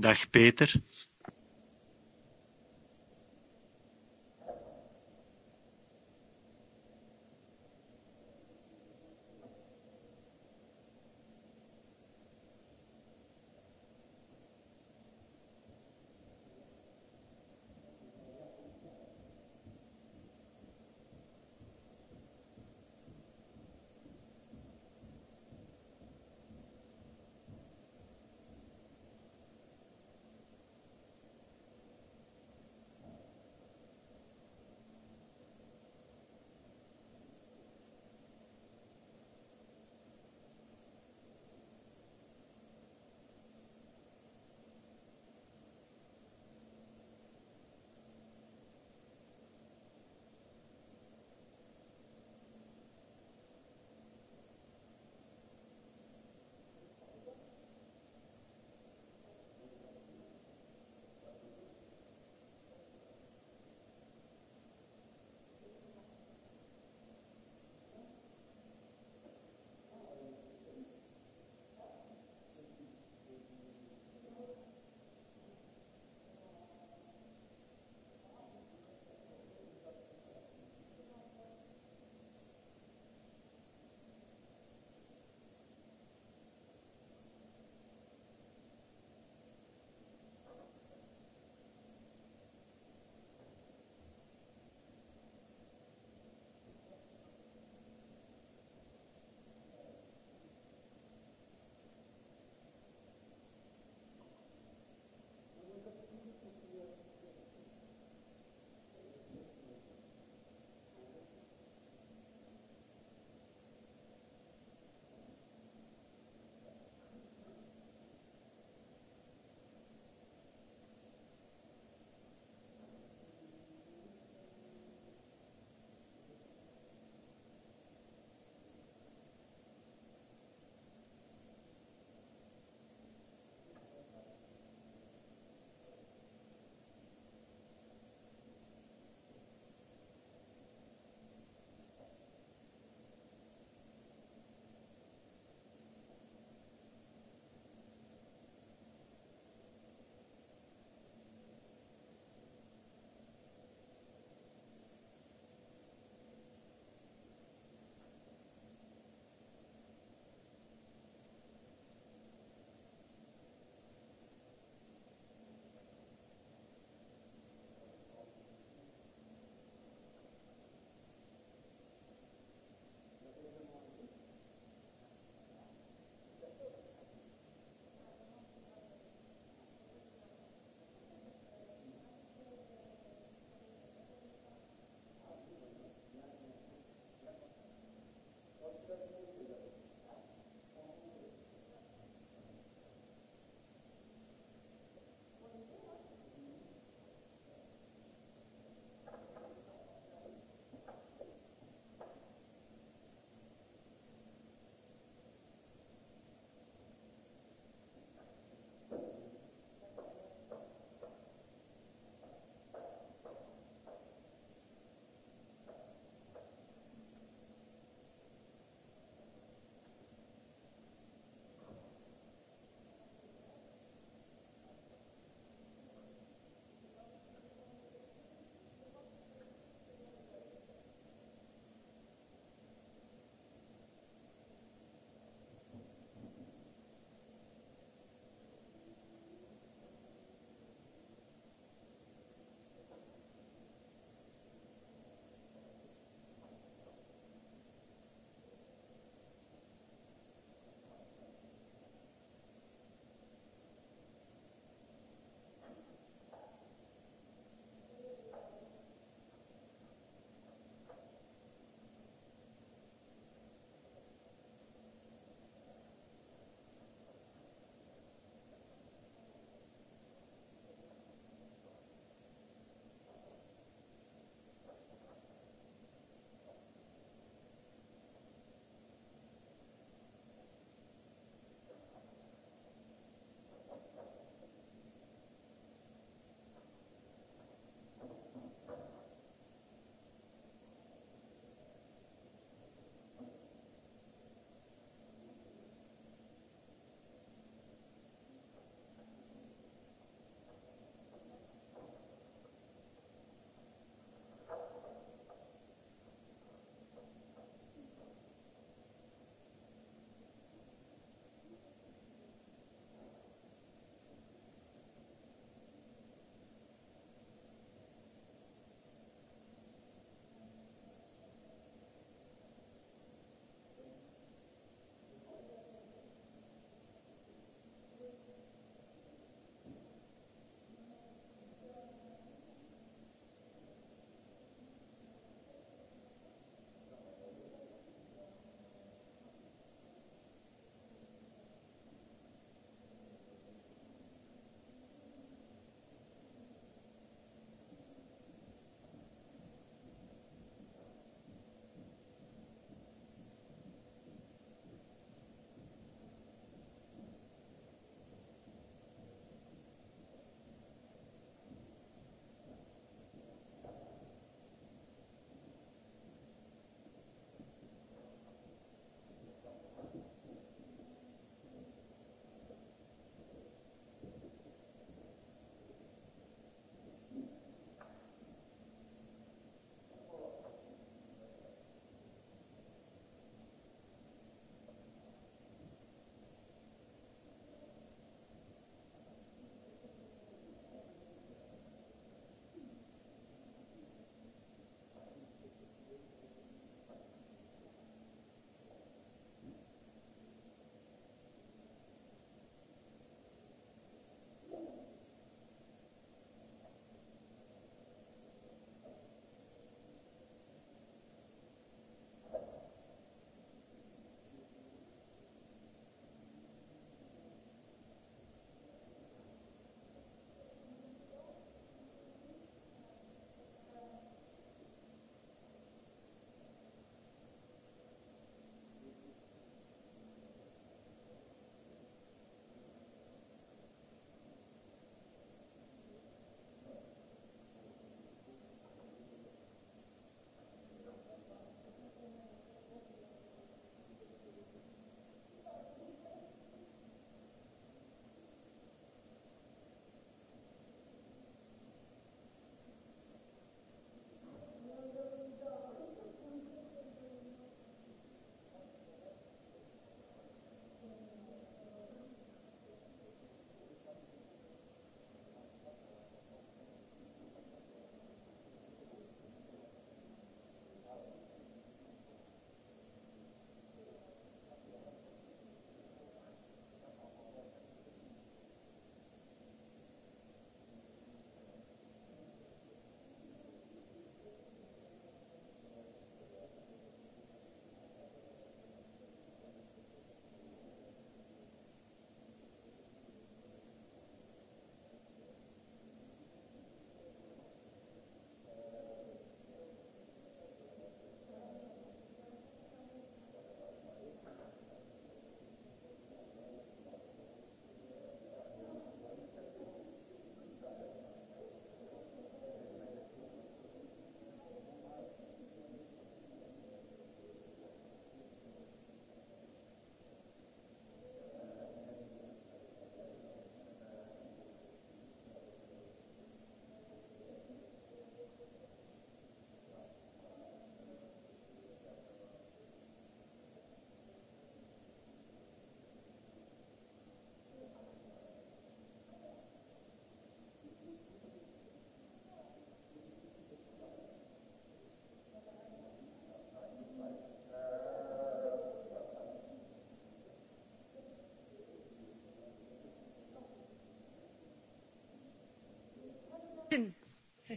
Speaker 7: dag peter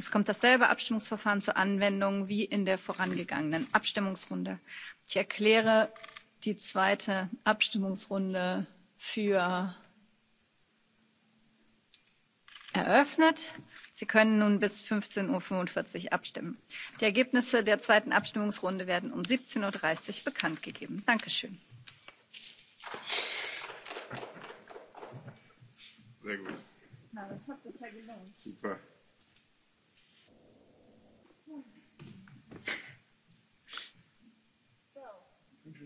Speaker 7: Es kommt dasselbe Abstimmungsverfahren zur Anwendung wie in der vorangegangenen Abstimmungsrunde. Ich erkläre die zweite Abstimmungsrunde für eröffnet. Sie können nun bis 15.45 Uhr abstimmen. Die Ergebnisse der zweiten Abstimmungsrunde werden um 17.30 Uhr bekanntgegeben. danke Dankeschön.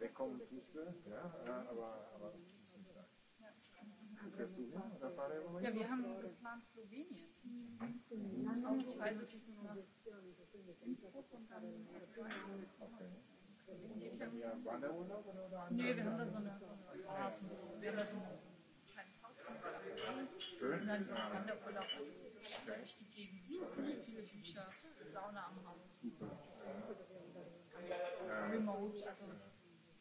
Speaker 1: wegkommen müsste, ja, aber, aber das muss nicht sein. Ja, du hin oder war Ja, wir haben
Speaker 7: geplant Slowenien. Mhm. Mhm. Auf die Reise nach Innsbruck
Speaker 4: und dann Okay. Geht ja.
Speaker 6: Wanderurlaub Nee, wir haben da so eine, ja, ein bisschen, wir haben da so
Speaker 4: ein
Speaker 7: kleines Haus Und dann ja. Wanderurlaub
Speaker 4: okay. durch die
Speaker 7: Gegend. Okay. Viele Bücher, Sauna am Haus. Super.
Speaker 2: Ja. Remote, also. Ja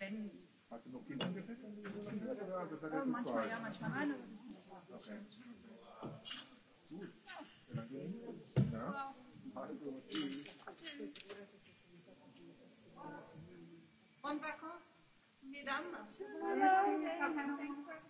Speaker 2: kennen die. Hast du noch Kinder gefüttert?
Speaker 6: manchmal ja, manchmal nein. okay. Ja. Also,
Speaker 7: tschüss. mesdames.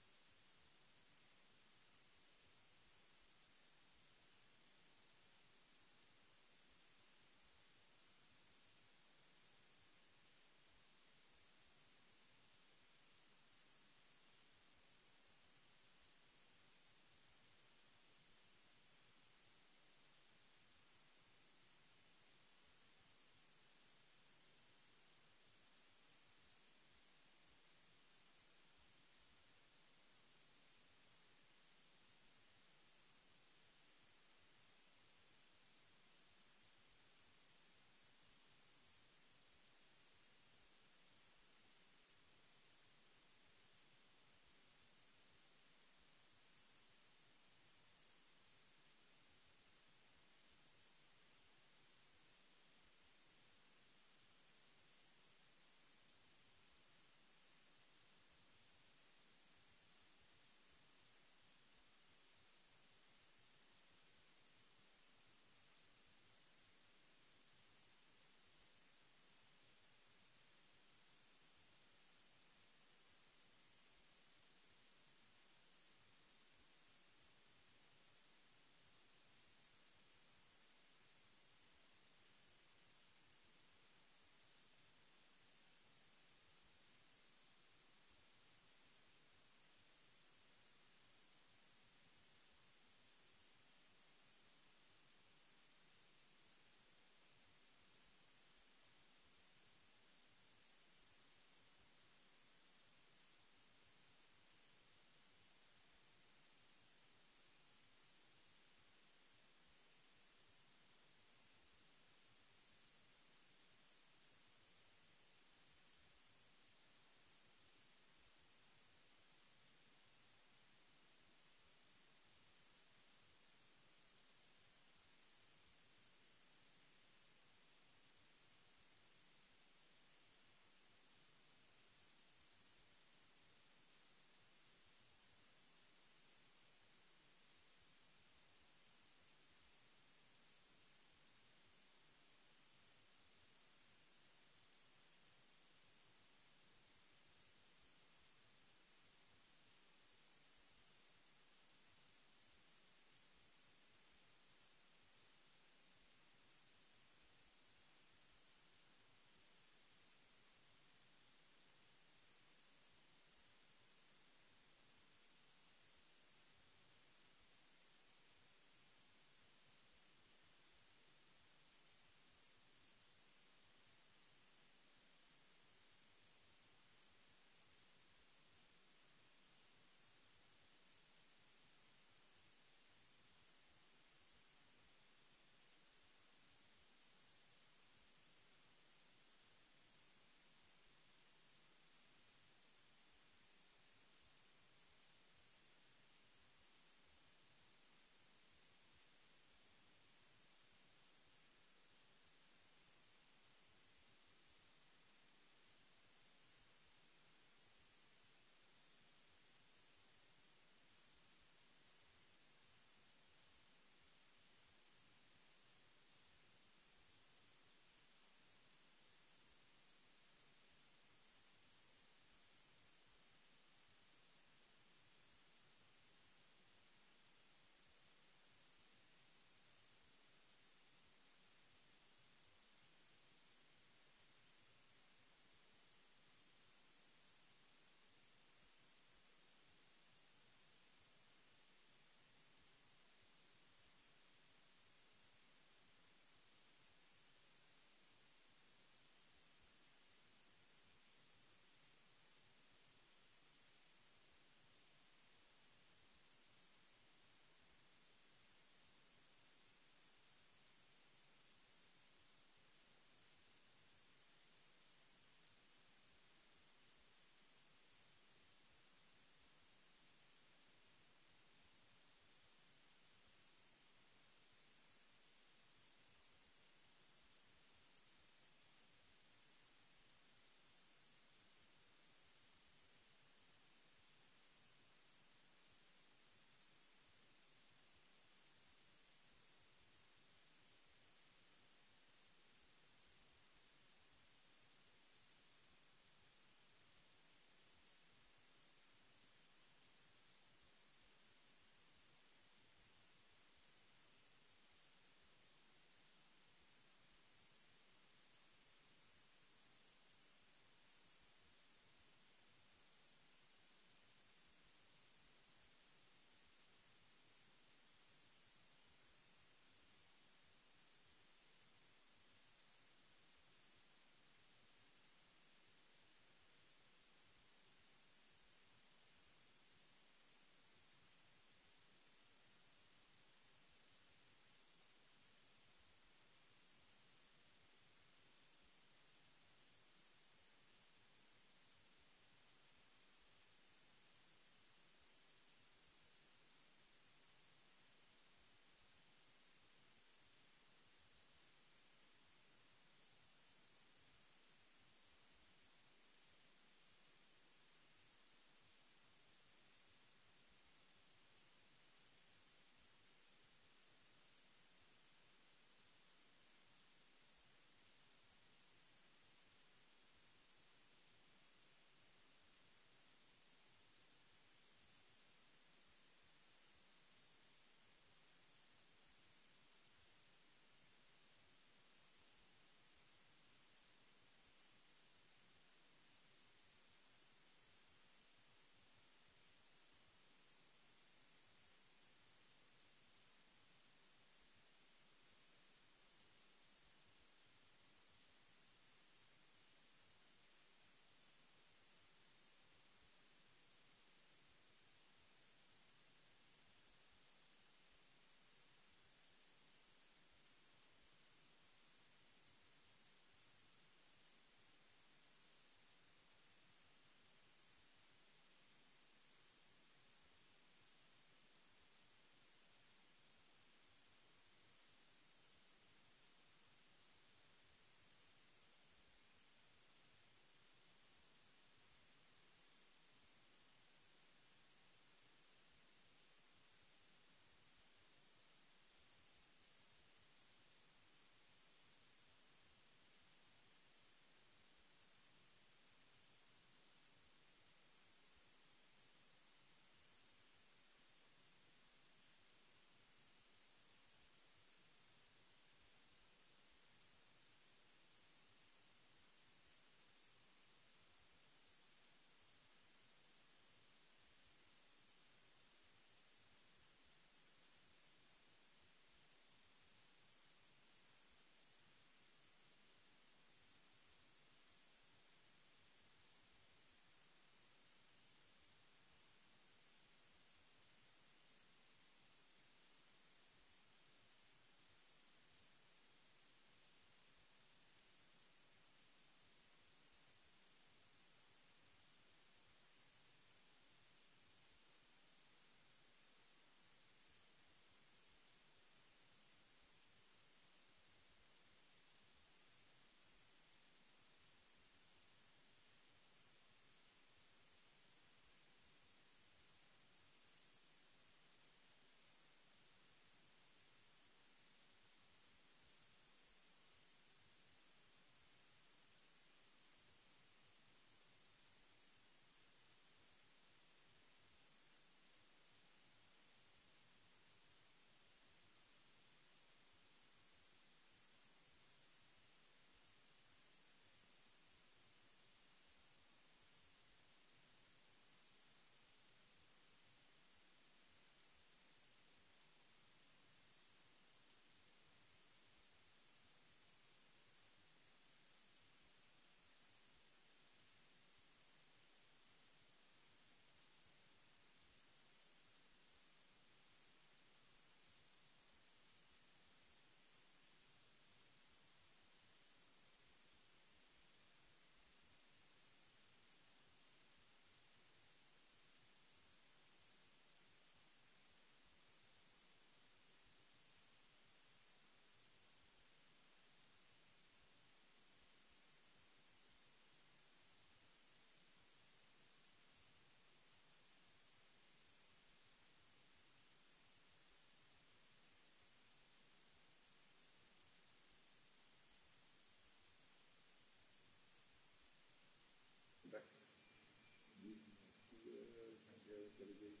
Speaker 7: intelligence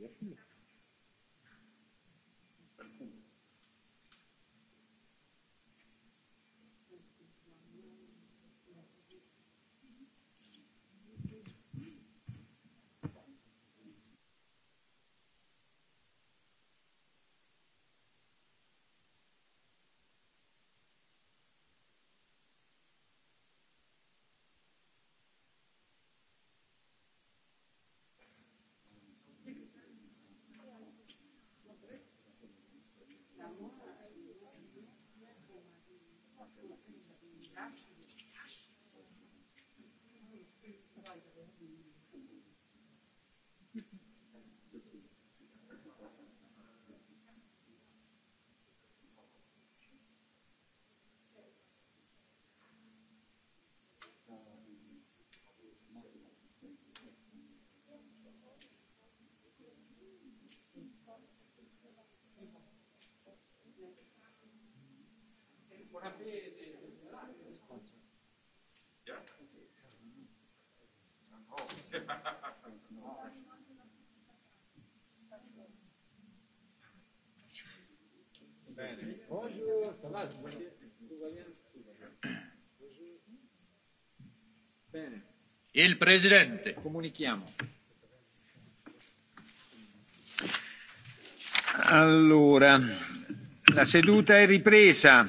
Speaker 7: jakých
Speaker 1: Bene. Il Presidente. Comunichiamo. Allora, la seduta è ripresa.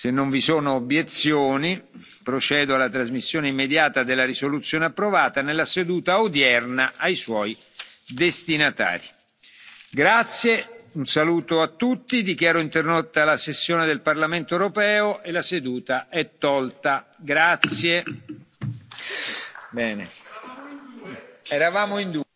Speaker 1: se non vi sono obiezioni procedo alla trasmissione immediata della risoluzione approvata nella seduta odierna ai suoi destinatari. grazie un saluto a tutti dichiaro interrotta la sessione del parlamento europeo e la seduta è tolta. grazie. Bene. eravamo in due.